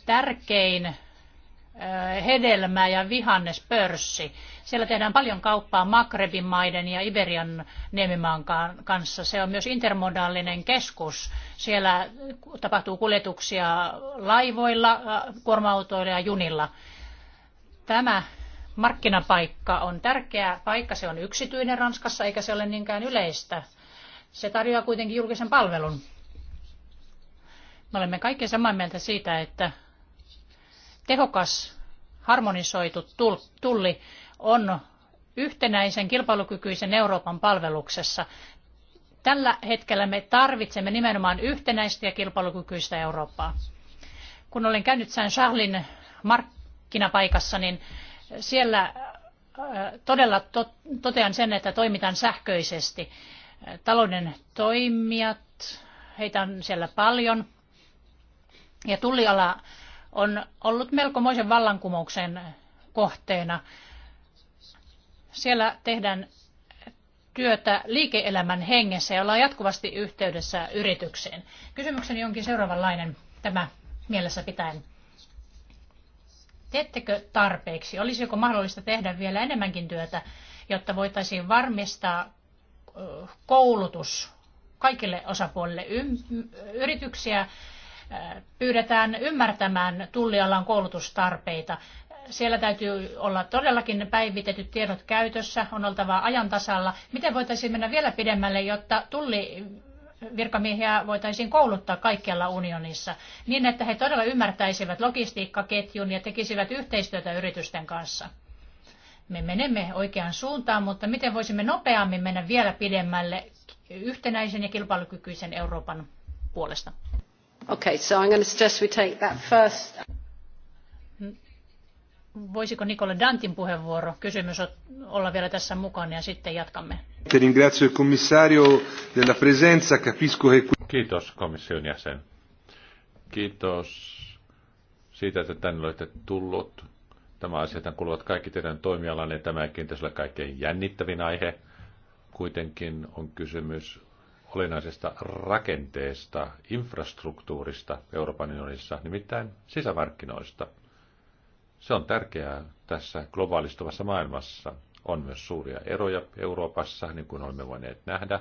tärkein eh, hedelmä- ja vihannespörssi. Siellä tehdään paljon kauppaa Magrebin maiden ja Iberian niemimaan kanssa. Se on myös intermodaalinen keskus. Siellä tapahtuu kuljetuksia laivoilla, eh, kuorma-autoilla ja junilla. Tämä markkinapaikka on tärkeä paikka. Se on yksityinen Ranskassa eikä se ole niinkään yleistä. Se tarjoaa kuitenkin julkisen palvelun. Me olemme kaikki samaa mieltä siitä, että tehokas harmonisoitu tulli on yhtenäisen kilpailukykyisen Euroopan palveluksessa. Tällä hetkellä me tarvitsemme nimenomaan yhtenäistä ja kilpailukykyistä Eurooppaa. Kun olen käynyt saint Charlesin markkinapaikassa, niin siellä äh, todella totean sen, että toimitaan sähköisesti. Talouden toimijat, heitä on siellä paljon, ja tulliala on ollut melkomoisen vallankumouksen kohteena. Siellä tehdään työtä liike-elämän hengessä ja ollaan jatkuvasti yhteydessä yritykseen. Kysymykseni onkin seuraavanlainen tämä mielessä pitäen. Teettekö tarpeeksi? Olisiko mahdollista tehdä vielä enemmänkin työtä, jotta voitaisiin varmistaa koulutus kaikille osapuolille yrityksiä pyydetään ymmärtämään tullialan koulutustarpeita. Siellä täytyy olla todellakin päivitetyt tiedot käytössä, on oltava ajan tasalla. Miten voitaisiin mennä vielä pidemmälle, jotta tulli virkamiehiä voitaisiin kouluttaa kaikkialla unionissa niin, että he todella ymmärtäisivät logistiikkaketjun ja tekisivät yhteistyötä yritysten kanssa. Me menemme oikeaan suuntaan, mutta miten voisimme nopeammin mennä vielä pidemmälle yhtenäisen ja kilpailukykyisen Euroopan puolesta? Voisiko nicola Dantin puheenvuoro kysymys olla vielä tässä mukana ja sitten jatkamme? Kiitos komission jäsen. Kiitos siitä, että tänne olette tullut. Tämä asia kuuluvat kaikki teidän toimialanne. Tämä ei kenties ole kaikkein jännittävin aihe. Kuitenkin on kysymys olennaisesta rakenteesta, infrastruktuurista Euroopan unionissa, nimittäin sisämarkkinoista. Se on tärkeää tässä globaalistuvassa maailmassa. On myös suuria eroja Euroopassa, niin kuin olemme voineet nähdä.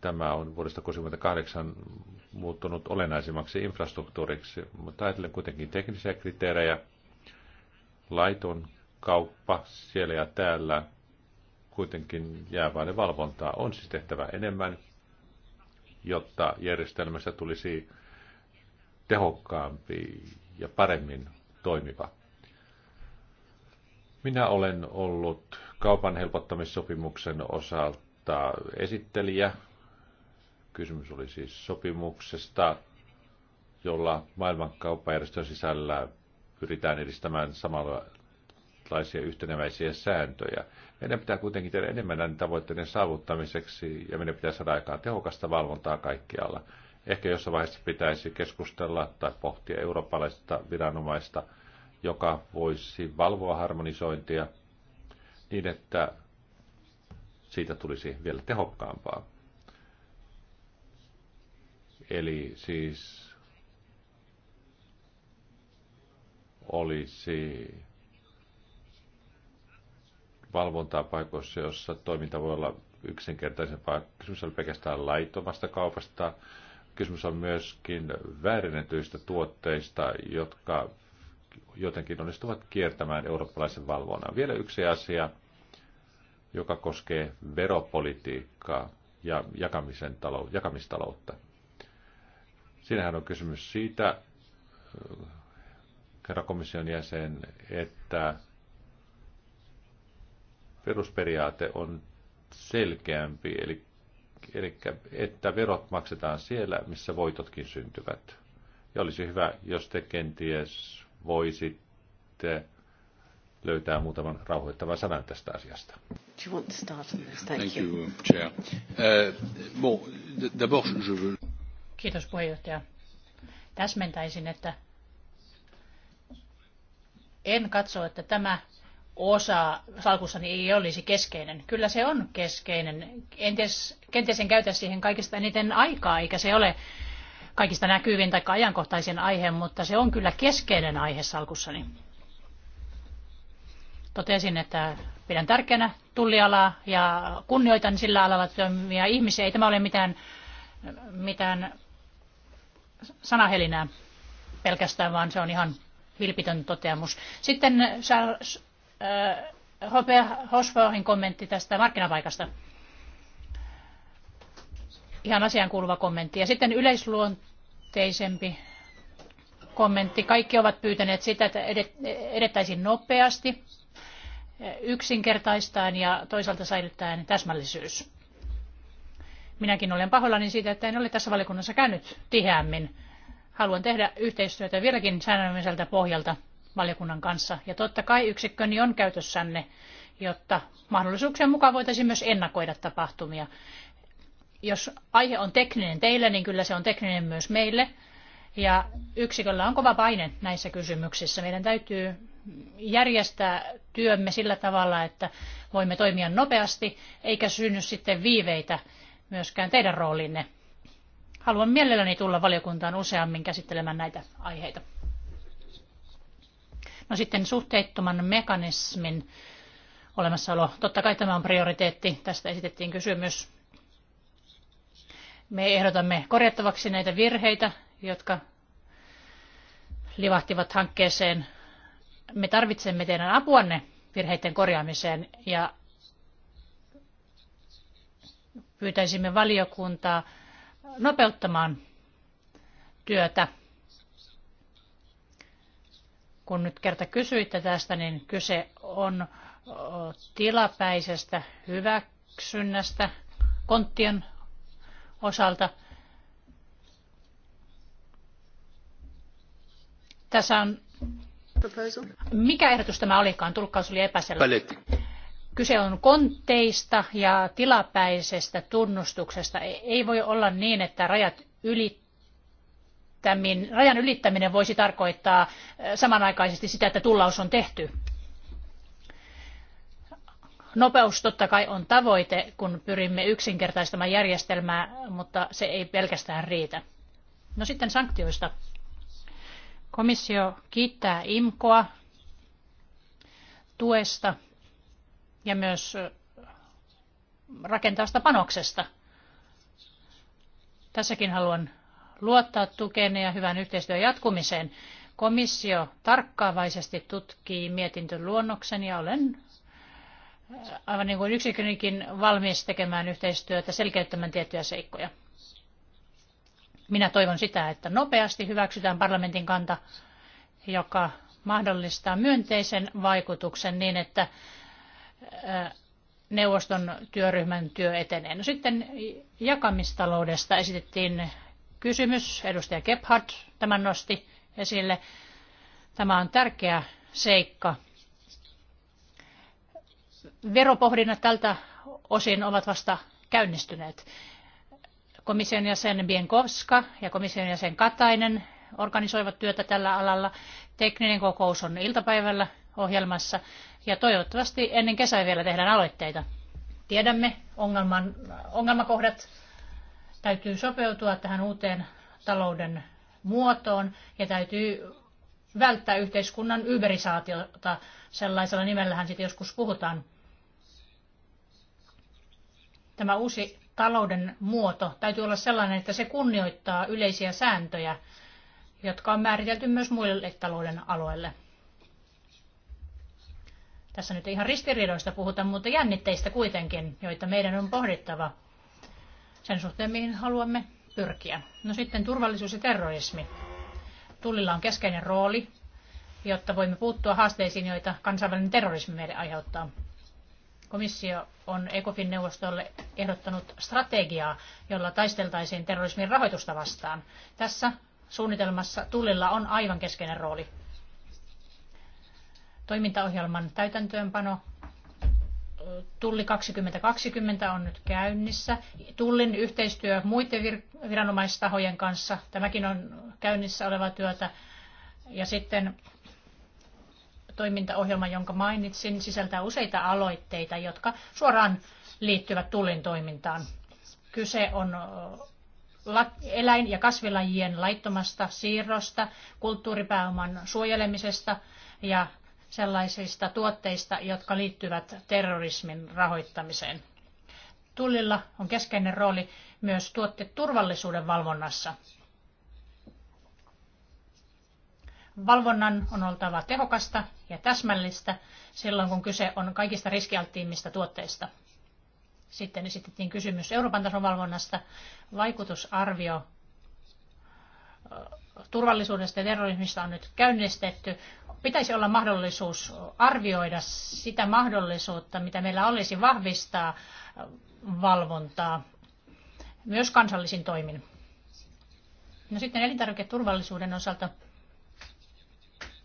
Tämä on vuodesta 1968 muuttunut olennaisimmaksi infrastruktuuriksi, mutta ajatellen kuitenkin teknisiä kriteerejä, laiton kauppa siellä ja täällä, kuitenkin jää valvontaa. On siis tehtävä enemmän, jotta järjestelmästä tulisi tehokkaampi ja paremmin toimiva. Minä olen ollut kaupan helpottamissopimuksen osalta esittelijä. Kysymys oli siis sopimuksesta, jolla maailman sisällä pyritään edistämään samalla tällaisia yhteneväisiä sääntöjä. Meidän pitää kuitenkin tehdä enemmän näiden tavoitteiden saavuttamiseksi ja meidän pitää saada aikaan tehokasta valvontaa kaikkialla. Ehkä jossain vaiheessa pitäisi keskustella tai pohtia eurooppalaista viranomaista, joka voisi valvoa harmonisointia niin, että siitä tulisi vielä tehokkaampaa. Eli siis olisi valvontaa paikoissa, jossa toiminta voi olla yksinkertaisempaa. Kysymys on pelkästään laittomasta kaupasta. Kysymys on myöskin väärennetyistä tuotteista, jotka jotenkin onnistuvat kiertämään eurooppalaisen valvonnan. Vielä yksi asia, joka koskee veropolitiikkaa ja jakamisen talou- jakamistaloutta. Siinähän on kysymys siitä, äh, herra komission jäsen, että perusperiaate on selkeämpi, eli, eli että verot maksetaan siellä, missä voitotkin syntyvät. Ja olisi hyvä, jos te kenties voisitte löytää muutaman rauhoittavan sanan tästä asiasta. Do you want to start on this? Thank, Thank you. you, um, Chair. Uh, bon, d'abord, je veux... Kiitos puheenjohtaja. Täsmentäisin, että en katso, että tämä osa salkussani niin ei olisi keskeinen. Kyllä se on keskeinen. Enties, kenties en käytä siihen kaikista eniten aikaa, eikä se ole kaikista näkyvin tai ajankohtaisin aihe, mutta se on kyllä keskeinen aihe salkussani. Totesin, että pidän tärkeänä tullialaa ja kunnioitan sillä alalla toimivia ihmisiä. Ei tämä ole mitään, mitään sanahelinää pelkästään, vaan se on ihan vilpitön toteamus. Sitten Äh, Robert Hosforin kommentti tästä markkinapaikasta. Ihan asiaan kuuluva kommentti. Ja sitten yleisluonteisempi kommentti. Kaikki ovat pyytäneet sitä, että edettäisiin nopeasti, yksinkertaistaen ja toisaalta säilyttäen täsmällisyys. Minäkin olen pahoillani siitä, että en ole tässä valiokunnassa käynyt tiheämmin. Haluan tehdä yhteistyötä vieläkin säännölliseltä pohjalta valiokunnan kanssa. Ja totta kai yksikköni on käytössänne, jotta mahdollisuuksien mukaan voitaisiin myös ennakoida tapahtumia. Jos aihe on tekninen teille, niin kyllä se on tekninen myös meille. Ja yksiköllä on kova paine näissä kysymyksissä. Meidän täytyy järjestää työmme sillä tavalla, että voimme toimia nopeasti, eikä synny sitten viiveitä myöskään teidän roolinne. Haluan mielelläni tulla valiokuntaan useammin käsittelemään näitä aiheita. No sitten suhteettoman mekanismin olemassaolo. Totta kai tämä on prioriteetti. Tästä esitettiin kysymys. Me ehdotamme korjattavaksi näitä virheitä, jotka livahtivat hankkeeseen. Me tarvitsemme teidän apuanne virheiden korjaamiseen ja pyytäisimme valiokuntaa nopeuttamaan työtä kun nyt kerta kysyitte tästä, niin kyse on tilapäisestä hyväksynnästä konttien osalta. Tässä on... Mikä ehdotus tämä olikaan? Tulkkaus oli epäselvä. Paletti. Kyse on kontteista ja tilapäisestä tunnustuksesta. Ei voi olla niin, että rajat ylittävät rajan ylittäminen voisi tarkoittaa samanaikaisesti sitä, että tullaus on tehty. Nopeus totta kai on tavoite, kun pyrimme yksinkertaistamaan järjestelmää, mutta se ei pelkästään riitä. No sitten sanktioista. Komissio kiittää IMKOa tuesta ja myös rakentavasta panoksesta. Tässäkin haluan luottaa tukeen ja hyvän yhteistyön jatkumiseen. Komissio tarkkaavaisesti tutkii mietintön luonnoksen ja olen äh, aivan niin kuin yksikönkin valmis tekemään yhteistyötä, selkeyttämään tiettyjä seikkoja. Minä toivon sitä, että nopeasti hyväksytään parlamentin kanta, joka mahdollistaa myönteisen vaikutuksen niin, että äh, neuvoston työryhmän työ etenee. No sitten jakamistaloudesta esitettiin kysymys. Edustaja Gebhardt tämän nosti esille. Tämä on tärkeä seikka. Veropohdinnat tältä osin ovat vasta käynnistyneet. Komission jäsen Bienkowska ja komission jäsen Katainen organisoivat työtä tällä alalla. Tekninen kokous on iltapäivällä ohjelmassa ja toivottavasti ennen kesää vielä tehdään aloitteita. Tiedämme ongelman, ongelmakohdat, Täytyy sopeutua tähän uuteen talouden muotoon ja täytyy välttää yhteiskunnan yberisaatiota, sellaisella nimellähän sitten joskus puhutaan. Tämä uusi talouden muoto täytyy olla sellainen, että se kunnioittaa yleisiä sääntöjä, jotka on määritelty myös muille talouden aloille. Tässä nyt ihan ristiriidoista puhutaan, mutta jännitteistä kuitenkin, joita meidän on pohdittava – sen suhteen, mihin haluamme pyrkiä. No sitten turvallisuus ja terrorismi. Tullilla on keskeinen rooli, jotta voimme puuttua haasteisiin, joita kansainvälinen terrorismi meille aiheuttaa. Komissio on ECOFIN-neuvostolle ehdottanut strategiaa, jolla taisteltaisiin terrorismin rahoitusta vastaan. Tässä suunnitelmassa Tullilla on aivan keskeinen rooli. Toimintaohjelman täytäntöönpano Tulli 2020 on nyt käynnissä. Tullin yhteistyö muiden viranomaistahojen kanssa, tämäkin on käynnissä olevaa työtä. Ja sitten toimintaohjelma, jonka mainitsin, sisältää useita aloitteita, jotka suoraan liittyvät Tullin toimintaan. Kyse on eläin- ja kasvilajien laittomasta siirrosta, kulttuuripääoman suojelemisesta ja sellaisista tuotteista, jotka liittyvät terrorismin rahoittamiseen. Tullilla on keskeinen rooli myös tuotteturvallisuuden valvonnassa. Valvonnan on oltava tehokasta ja täsmällistä silloin, kun kyse on kaikista riskialttiimmista tuotteista. Sitten esitettiin kysymys Euroopan tason valvonnasta. Vaikutusarvio turvallisuudesta ja terrorismista on nyt käynnistetty pitäisi olla mahdollisuus arvioida sitä mahdollisuutta, mitä meillä olisi vahvistaa valvontaa myös kansallisin toimin. No sitten elintarviketurvallisuuden osalta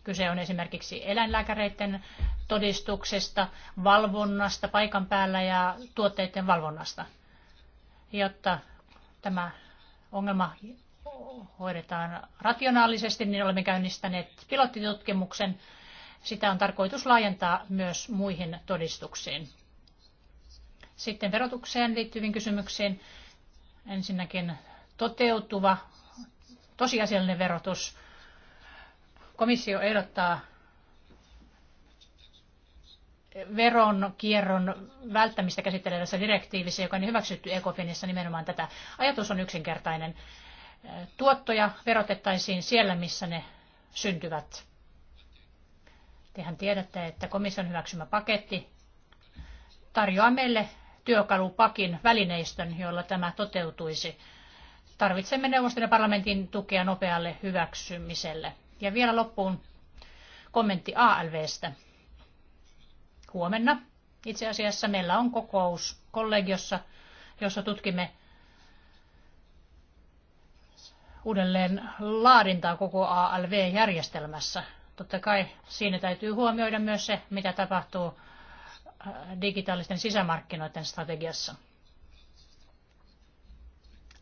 kyse on esimerkiksi eläinlääkäreiden todistuksesta, valvonnasta paikan päällä ja tuotteiden valvonnasta, jotta tämä ongelma hoidetaan rationaalisesti, niin olemme käynnistäneet pilottitutkimuksen. Sitä on tarkoitus laajentaa myös muihin todistuksiin. Sitten verotukseen liittyviin kysymyksiin. Ensinnäkin toteutuva tosiasiallinen verotus. Komissio ehdottaa kierron välttämistä käsittelevässä direktiivissä, joka on hyväksytty ECOFINissa nimenomaan tätä. Ajatus on yksinkertainen tuottoja verotettaisiin siellä, missä ne syntyvät. Tehän tiedätte, että komission hyväksymä paketti tarjoaa meille työkalupakin välineistön, jolla tämä toteutuisi. Tarvitsemme neuvoston ja parlamentin tukea nopealle hyväksymiselle. Ja vielä loppuun kommentti ALVstä. Huomenna itse asiassa meillä on kokous kollegiossa, jossa tutkimme uudelleen laadintaa koko ALV-järjestelmässä. Totta kai siinä täytyy huomioida myös se, mitä tapahtuu äh, digitaalisten sisämarkkinoiden strategiassa.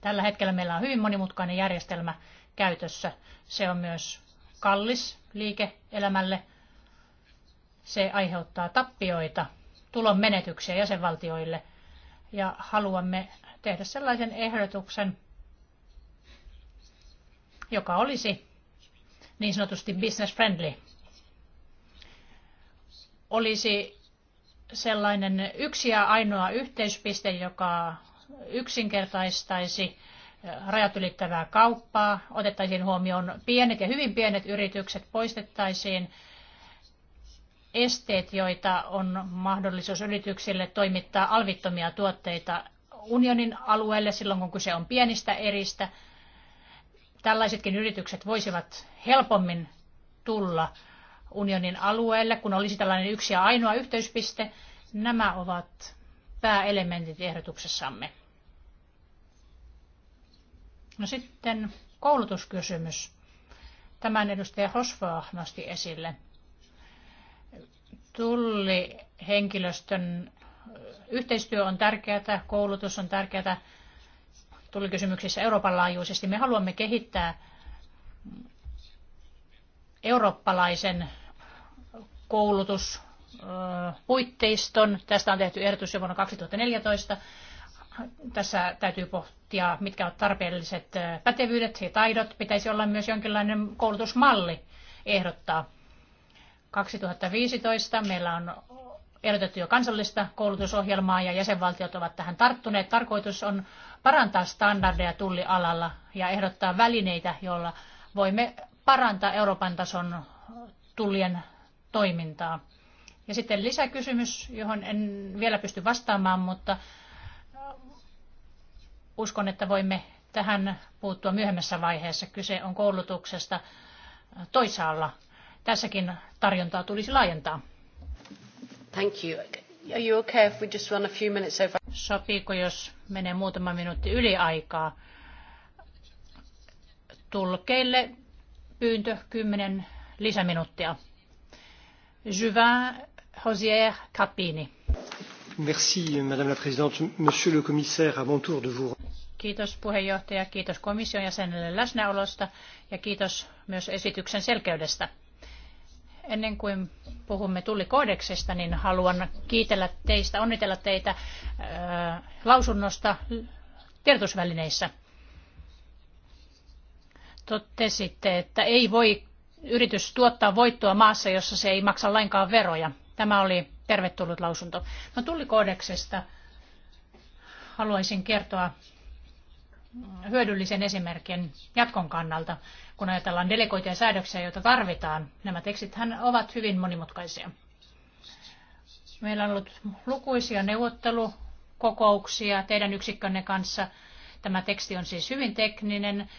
Tällä hetkellä meillä on hyvin monimutkainen järjestelmä käytössä. Se on myös kallis liike-elämälle. Se aiheuttaa tappioita, tulon menetyksiä jäsenvaltioille. Ja haluamme tehdä sellaisen ehdotuksen, joka olisi niin sanotusti business friendly, olisi sellainen yksi ja ainoa yhteyspiste, joka yksinkertaistaisi rajat ylittävää kauppaa, otettaisiin huomioon pienet ja hyvin pienet yritykset, poistettaisiin esteet, joita on mahdollisuus yrityksille toimittaa alvittomia tuotteita unionin alueelle silloin, kun kyse on pienistä eristä – tällaisetkin yritykset voisivat helpommin tulla unionin alueelle, kun olisi tällainen yksi ja ainoa yhteyspiste. Nämä ovat pääelementit ehdotuksessamme. No sitten koulutuskysymys. Tämän edustaja Hosva nosti esille. Tullihenkilöstön yhteistyö on tärkeää, koulutus on tärkeää tuli kysymyksissä Euroopan laajuisesti. Me haluamme kehittää eurooppalaisen koulutuspuitteiston. Tästä on tehty ehdotus jo vuonna 2014. Tässä täytyy pohtia, mitkä ovat tarpeelliset pätevyydet ja taidot. Pitäisi olla myös jonkinlainen koulutusmalli ehdottaa. 2015 meillä on ehdotettu jo kansallista koulutusohjelmaa ja jäsenvaltiot ovat tähän tarttuneet. Tarkoitus on parantaa standardeja tullialalla ja ehdottaa välineitä, joilla voimme parantaa Euroopan tason tullien toimintaa. Ja sitten lisäkysymys, johon en vielä pysty vastaamaan, mutta äh, uskon, että voimme tähän puuttua myöhemmässä vaiheessa. Kyse on koulutuksesta äh, toisaalla. Tässäkin tarjontaa tulisi laajentaa. Are you okay if we just run a few minutes over? Sopiiko, jos menee muutama minuutti yli aikaa? Tulkeille pyyntö kymmenen lisäminuuttia. Juvin, Rosier Capini. Merci, Madame la Présidente. Monsieur le Commissaire, à mon tour de vous. Kiitos puheenjohtaja, kiitos komission jäsenelle läsnäolosta ja kiitos myös esityksen selkeydestä. Ennen kuin puhumme tullikoodeksesta, niin haluan kiitellä teistä, onnitella teitä ää, lausunnosta tiedotusvälineissä. Totesitte, että ei voi yritys tuottaa voittoa maassa, jossa se ei maksa lainkaan veroja. Tämä oli tervetullut lausunto. No tullikoodeksesta haluaisin kertoa hyödyllisen esimerkin jatkon kannalta kun ajatellaan delegoituja säädöksiä, joita tarvitaan. Nämä tekstithän ovat hyvin monimutkaisia. Meillä on ollut lukuisia neuvottelukokouksia teidän yksikkönne kanssa. Tämä teksti on siis hyvin tekninen.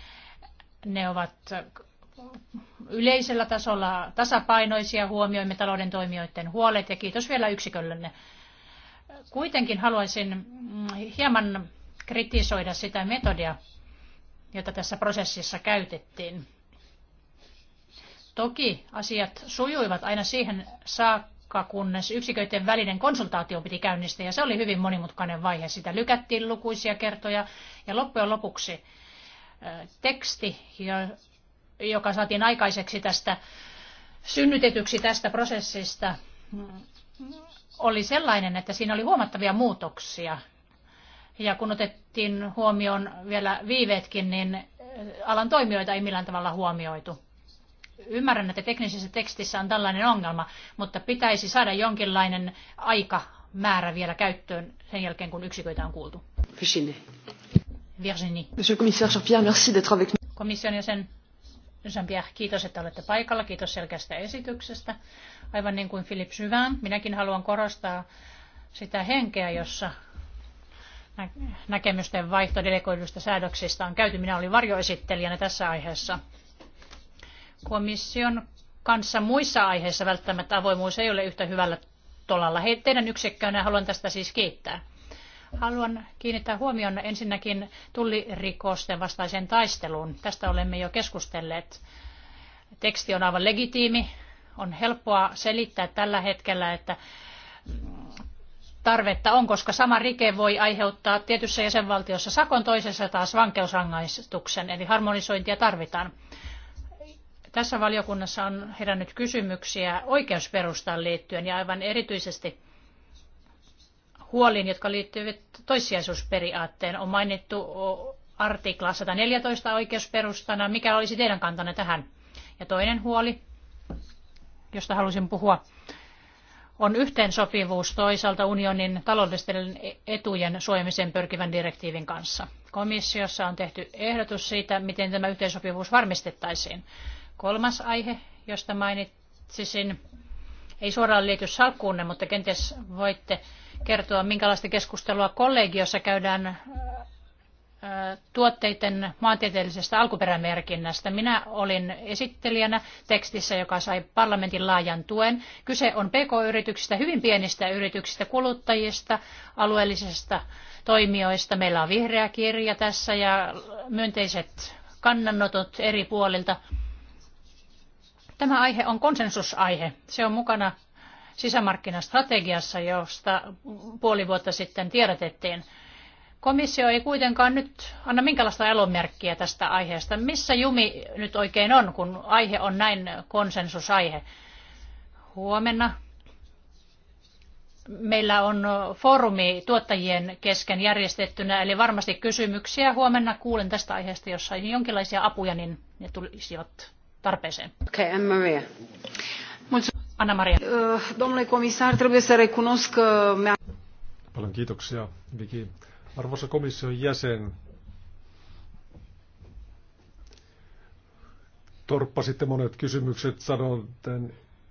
Ne ovat yleisellä tasolla tasapainoisia, huomioimme talouden toimijoiden huolet ja kiitos vielä yksiköllenne. Kuitenkin haluaisin hieman kritisoida sitä metodia, jota tässä prosessissa käytettiin. Toki asiat sujuivat aina siihen saakka, kunnes yksiköiden välinen konsultaatio piti käynnistää, ja se oli hyvin monimutkainen vaihe. Sitä lykättiin lukuisia kertoja, ja loppujen lopuksi teksti, joka saatiin aikaiseksi tästä synnytetyksi tästä prosessista, oli sellainen, että siinä oli huomattavia muutoksia ja kun otettiin huomioon vielä viiveetkin, niin alan toimijoita ei millään tavalla huomioitu. Ymmärrän, että teknisessä tekstissä on tällainen ongelma, mutta pitäisi saada jonkinlainen aika määrä vielä käyttöön sen jälkeen, kun yksiköitä on kuultu. Virginie. Virginie. Monsieur commissaire Jean-Pierre, merci d'être avec nous. Komission jäsen Jean-Pierre, kiitos, että olette paikalla. Kiitos selkeästä esityksestä. Aivan niin kuin Philip Syvään, minäkin haluan korostaa sitä henkeä, jossa näkemysten vaihto delegoiduista säädöksistä on käyty. Minä olin varjoesittelijänä tässä aiheessa. Komission kanssa muissa aiheissa välttämättä avoimuus ei ole yhtä hyvällä tolalla. Hei, teidän yksikköönä haluan tästä siis kiittää. Haluan kiinnittää huomioon ensinnäkin tullirikosten vastaiseen taisteluun. Tästä olemme jo keskustelleet. Teksti on aivan legitiimi. On helppoa selittää tällä hetkellä, että tarvetta on, koska sama rike voi aiheuttaa tietyssä jäsenvaltiossa sakon, toisessa taas vankeusrangaistuksen, eli harmonisointia tarvitaan. Tässä valiokunnassa on herännyt kysymyksiä oikeusperustaan liittyen ja aivan erityisesti huoliin, jotka liittyvät toissijaisuusperiaatteen. On mainittu artikla 114 oikeusperustana. Mikä olisi teidän kantanne tähän? Ja toinen huoli, josta halusin puhua, on yhteensopivuus toisaalta unionin taloudellisten etujen suojamisen pyrkivän direktiivin kanssa. Komissiossa on tehty ehdotus siitä, miten tämä yhteensopivuus varmistettaisiin. Kolmas aihe, josta mainitsisin, ei suoraan liity salkkuunne, mutta kenties voitte kertoa, minkälaista keskustelua kollegiossa käydään tuotteiden maantieteellisestä alkuperämerkinnästä. Minä olin esittelijänä tekstissä, joka sai parlamentin laajan tuen. Kyse on pk-yrityksistä, hyvin pienistä yrityksistä, kuluttajista, alueellisista toimijoista. Meillä on vihreä kirja tässä ja myönteiset kannanotot eri puolilta. Tämä aihe on konsensusaihe. Se on mukana sisämarkkinastrategiassa, josta puoli vuotta sitten tiedotettiin. Komissio ei kuitenkaan nyt anna minkälaista elomerkkiä tästä aiheesta. Missä jumi nyt oikein on, kun aihe on näin konsensusaihe? Huomenna meillä on foorumi tuottajien kesken järjestettynä, eli varmasti kysymyksiä. Huomenna kuulen tästä aiheesta, jos sain jonkinlaisia apuja, niin ne tulisivat tarpeeseen. Okei, okay, Maria. Anna Maria. Uh, domnule comisar, trebuie să recunosc că... Paljon kiitoksia, Viki. Arvoisa komission jäsen, torppasitte monet kysymykset,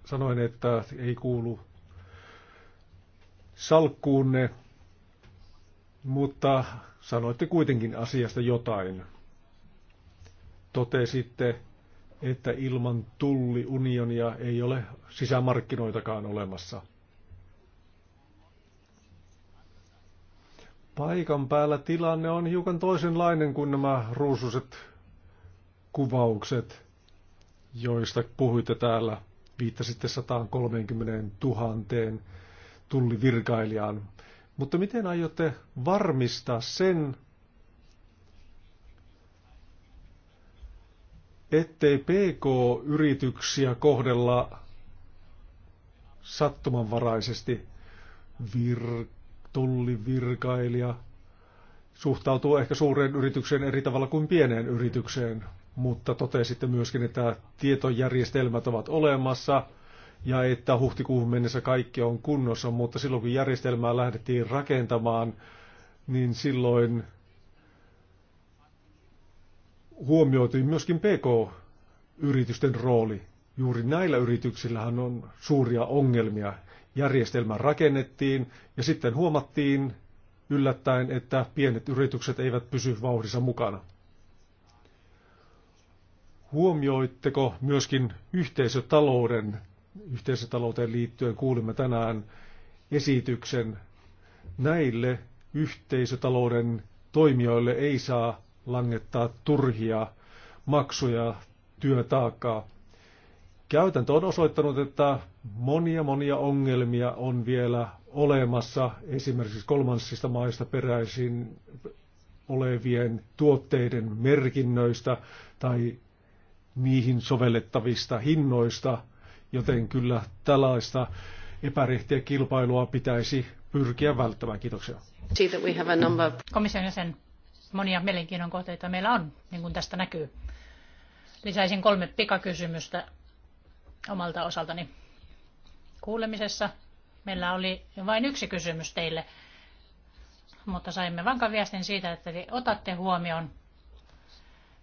sanoin, että ei kuulu salkkuunne, mutta sanoitte kuitenkin asiasta jotain. Totesitte, että ilman tulliunionia ei ole sisämarkkinoitakaan olemassa – Paikan päällä tilanne on hiukan toisenlainen kuin nämä ruususet kuvaukset, joista puhuitte täällä. Viittasitte 130 000 tullivirkailijaan. Mutta miten aiotte varmistaa sen, ettei PK-yrityksiä kohdella sattumanvaraisesti vir- tullivirkailija suhtautuu ehkä suureen yritykseen eri tavalla kuin pieneen yritykseen, mutta totesitte myöskin, että tietojärjestelmät ovat olemassa ja että huhtikuuhun mennessä kaikki on kunnossa, mutta silloin kun järjestelmää lähdettiin rakentamaan, niin silloin huomioitiin myöskin PK-yritysten rooli. Juuri näillä yrityksillähän on suuria ongelmia järjestelmä rakennettiin ja sitten huomattiin yllättäen, että pienet yritykset eivät pysy vauhdissa mukana. Huomioitteko myöskin yhteisötalouden, yhteisötalouteen liittyen kuulimme tänään esityksen näille yhteisötalouden toimijoille ei saa langettaa turhia maksuja, työtaakkaa. Käytäntö on osoittanut, että monia monia ongelmia on vielä olemassa esimerkiksi kolmansista maista peräisin olevien tuotteiden merkinnöistä tai niihin sovellettavista hinnoista, joten kyllä tällaista epärehtiä kilpailua pitäisi pyrkiä välttämään. Kiitoksia. Komission jäsen, monia mielenkiinnon kohteita meillä on, niin kuin tästä näkyy. Lisäisin kolme pikakysymystä omalta osaltani. Kuulemisessa meillä oli vain yksi kysymys teille, mutta saimme vankan viestin siitä, että te otatte huomioon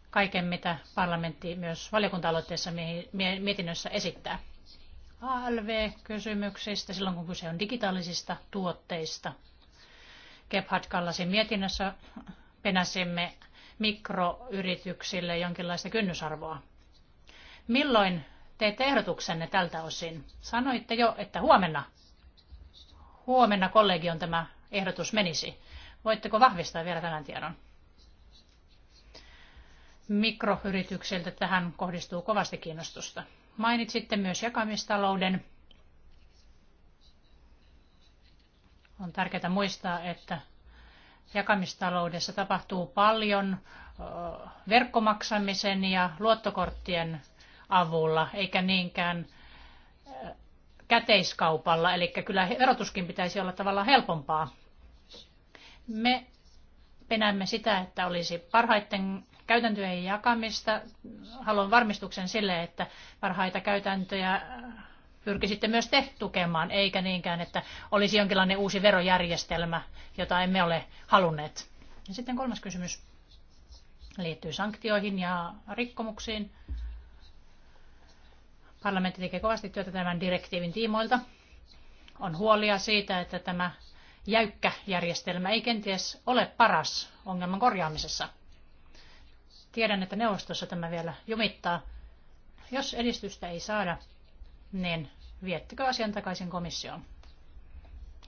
kaiken, mitä parlamentti myös valiokunta-aloitteessa mietinnössä esittää. ALV-kysymyksistä silloin, kun kyse on digitaalisista tuotteista. Gebhard Kallasin mietinnössä penäsimme mikroyrityksille jonkinlaista kynnysarvoa. Milloin teette ehdotuksenne tältä osin? Sanoitte jo, että huomenna, huomenna kollegion tämä ehdotus menisi. Voitteko vahvistaa vielä tämän tiedon? Mikroyrityksiltä tähän kohdistuu kovasti kiinnostusta. Mainitsitte myös jakamistalouden. On tärkeää muistaa, että jakamistaloudessa tapahtuu paljon verkkomaksamisen ja luottokorttien avulla, eikä niinkään äh, käteiskaupalla, eli kyllä verotuskin pitäisi olla tavallaan helpompaa. Me penäämme sitä, että olisi parhaiten käytäntöjen jakamista. Haluan varmistuksen sille, että parhaita käytäntöjä äh, pyrkisitte myös te tukemaan, eikä niinkään, että olisi jonkinlainen uusi verojärjestelmä, jota emme ole halunneet. Ja sitten kolmas kysymys liittyy sanktioihin ja rikkomuksiin. Parlamentti tekee kovasti työtä tämän direktiivin tiimoilta. On huolia siitä, että tämä jäykkä järjestelmä ei kenties ole paras ongelman korjaamisessa. Tiedän, että neuvostossa tämä vielä jumittaa. Jos edistystä ei saada, niin viettekö asian takaisin komissioon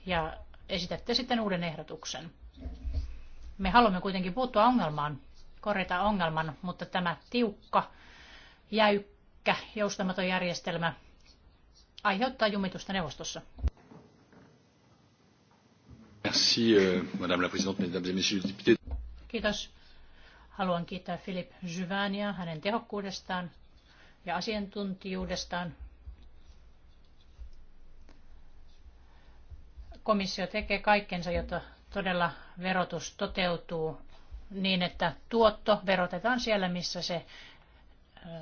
ja esitätte sitten uuden ehdotuksen. Me haluamme kuitenkin puuttua ongelmaan, korjata ongelman, mutta tämä tiukka, jäykkä, jäykkä, joustamaton järjestelmä aiheuttaa jumitusta neuvostossa. Merci, euh, Madame la Présidente, Mesdames et Messieurs députés. Kiitos. Haluan kiittää Philip Juvania hänen tehokkuudestaan ja asiantuntijuudestaan. Komissio tekee kaikkensa, jotta todella verotus toteutuu niin, että tuotto verotetaan siellä, missä se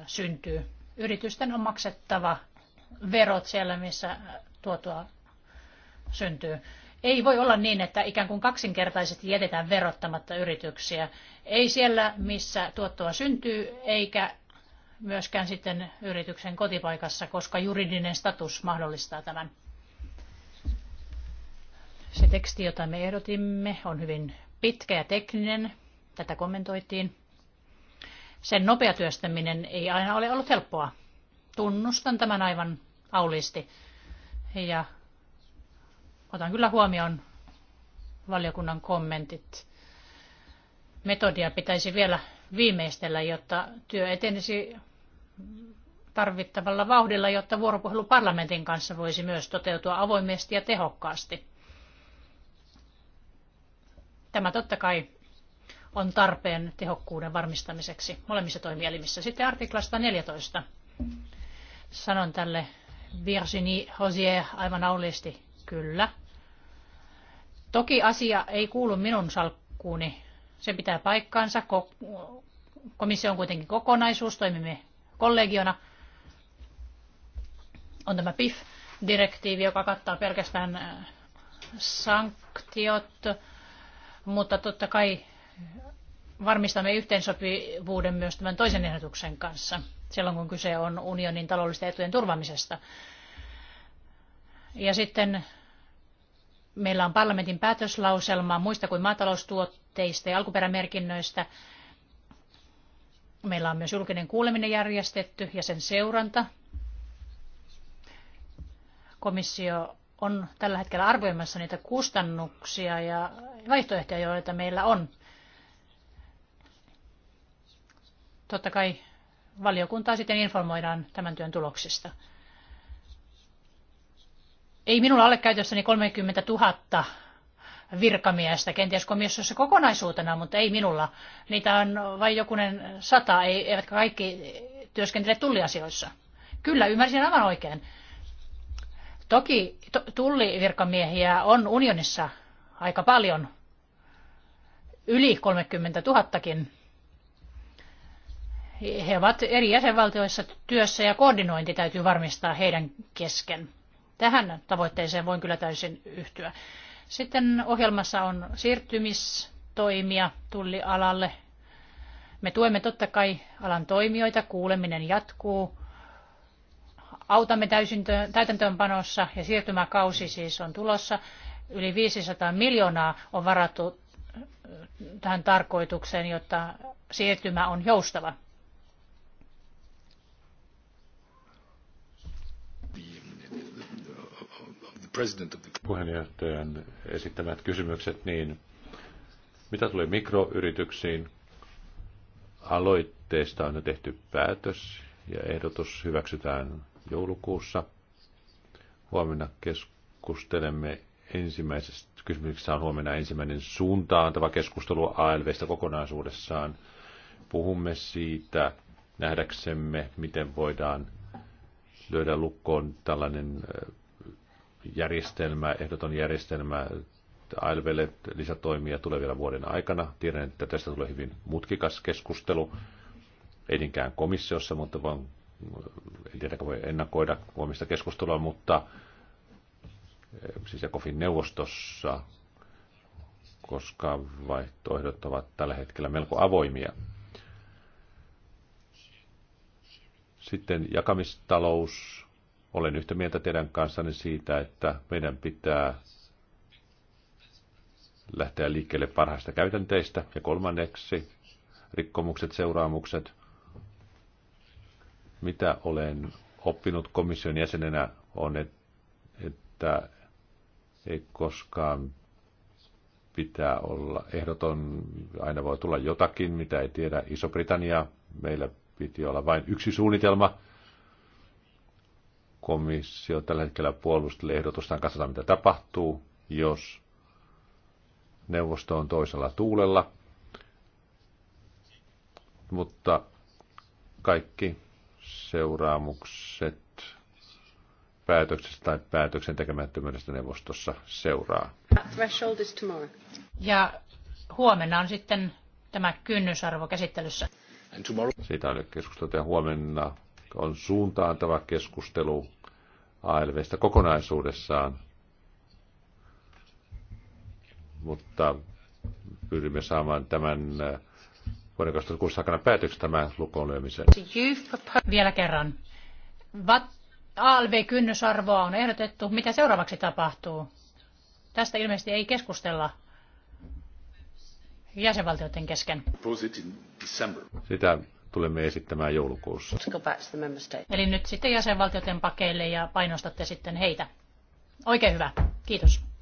syntyy. Yritysten on maksettava verot siellä, missä tuotua syntyy. Ei voi olla niin, että ikään kuin kaksinkertaisesti jätetään verottamatta yrityksiä. Ei siellä, missä tuottoa syntyy, eikä myöskään sitten yrityksen kotipaikassa, koska juridinen status mahdollistaa tämän. Se teksti, jota me ehdotimme, on hyvin pitkä ja tekninen. Tätä kommentoitiin sen nopea työstäminen ei aina ole ollut helppoa. Tunnustan tämän aivan aulisti. Ja otan kyllä huomioon valiokunnan kommentit. Metodia pitäisi vielä viimeistellä, jotta työ etenisi tarvittavalla vauhdilla, jotta vuoropuhelu parlamentin kanssa voisi myös toteutua avoimesti ja tehokkaasti. Tämä totta kai on tarpeen tehokkuuden varmistamiseksi molemmissa toimielimissä. Sitten artiklasta 14. Sanon tälle Virginie Hosier aivan auliisti kyllä. Toki asia ei kuulu minun salkkuuni. Se pitää paikkaansa. Komissio on kuitenkin kokonaisuus, toimimme kollegiona. On tämä PIF-direktiivi, joka kattaa pelkästään äh, sanktiot, mutta totta kai varmistamme yhteensopivuuden myös tämän toisen ehdotuksen kanssa, silloin kun kyse on unionin taloudellisten etujen turvaamisesta. Ja sitten meillä on parlamentin päätöslauselma muista kuin maataloustuotteista ja alkuperämerkinnöistä. Meillä on myös julkinen kuuleminen järjestetty ja sen seuranta. Komissio on tällä hetkellä arvioimassa niitä kustannuksia ja vaihtoehtoja, joita meillä on totta kai valiokuntaa sitten informoidaan tämän työn tuloksista. Ei minulla ole käytössäni 30 000 virkamiestä, kenties komissiossa kokonaisuutena, mutta ei minulla. Niitä on vain jokunen sata, eivätkä kaikki työskentele tulliasioissa. Kyllä, ymmärsin aivan oikein. Toki tullivirkamiehiä on unionissa aika paljon, yli 30 000kin he ovat eri jäsenvaltioissa työssä ja koordinointi täytyy varmistaa heidän kesken. Tähän tavoitteeseen voin kyllä täysin yhtyä. Sitten ohjelmassa on siirtymistoimia tullialalle. Me tuemme totta kai alan toimijoita, kuuleminen jatkuu. Autamme täytäntöönpanossa ja siirtymäkausi siis on tulossa. Yli 500 miljoonaa on varattu tähän tarkoitukseen, jotta siirtymä on joustava. president of the... puheenjohtajan esittämät kysymykset, niin mitä tulee mikroyrityksiin, aloitteesta on jo tehty päätös ja ehdotus hyväksytään joulukuussa. Huomenna keskustelemme ensimmäisestä kysymyksestä on huomenna ensimmäinen suuntaantava keskustelu ALVstä kokonaisuudessaan. Puhumme siitä nähdäksemme, miten voidaan löydä lukkoon tällainen järjestelmä, ehdoton järjestelmä ALVlle lisätoimia tulee vielä vuoden aikana. Tiedän, että tästä tulee hyvin mutkikas keskustelu, ei niinkään komissiossa, mutta vaan en tiedä, voi ennakoida huomista keskustelua, mutta eh, siis kofin neuvostossa, koska vaihtoehdot ovat tällä hetkellä melko avoimia. Sitten jakamistalous, olen yhtä mieltä teidän kanssanne siitä, että meidän pitää lähteä liikkeelle parhaista käytänteistä. Ja kolmanneksi, rikkomukset, seuraamukset. Mitä olen oppinut komission jäsenenä on, että ei koskaan pitää olla ehdoton, aina voi tulla jotakin, mitä ei tiedä. Iso-Britannia, meillä piti olla vain yksi suunnitelma, komissio tällä hetkellä puolusteli ehdotustaan. Katsotaan, mitä tapahtuu, jos neuvosto on toisella tuulella. Mutta kaikki seuraamukset päätöksestä tai päätöksen tekemättömyydestä neuvostossa seuraa. Ja huomenna on sitten tämä kynnysarvo käsittelyssä. Siitä on keskusteltu ja huomenna on suuntaantava keskustelu ALVstä kokonaisuudessaan. Mutta pyrimme saamaan tämän äh, vuoden 2006 aikana päätöksen tämän lukoon lyömisen. Vielä kerran. ALV-kynnysarvoa on ehdotettu. Mitä seuraavaksi tapahtuu? Tästä ilmeisesti ei keskustella jäsenvaltioiden kesken. Sitä tulemme esittämään joulukuussa. Eli nyt sitten jäsenvaltioiden pakeille ja painostatte sitten heitä. Oikein hyvä. Kiitos.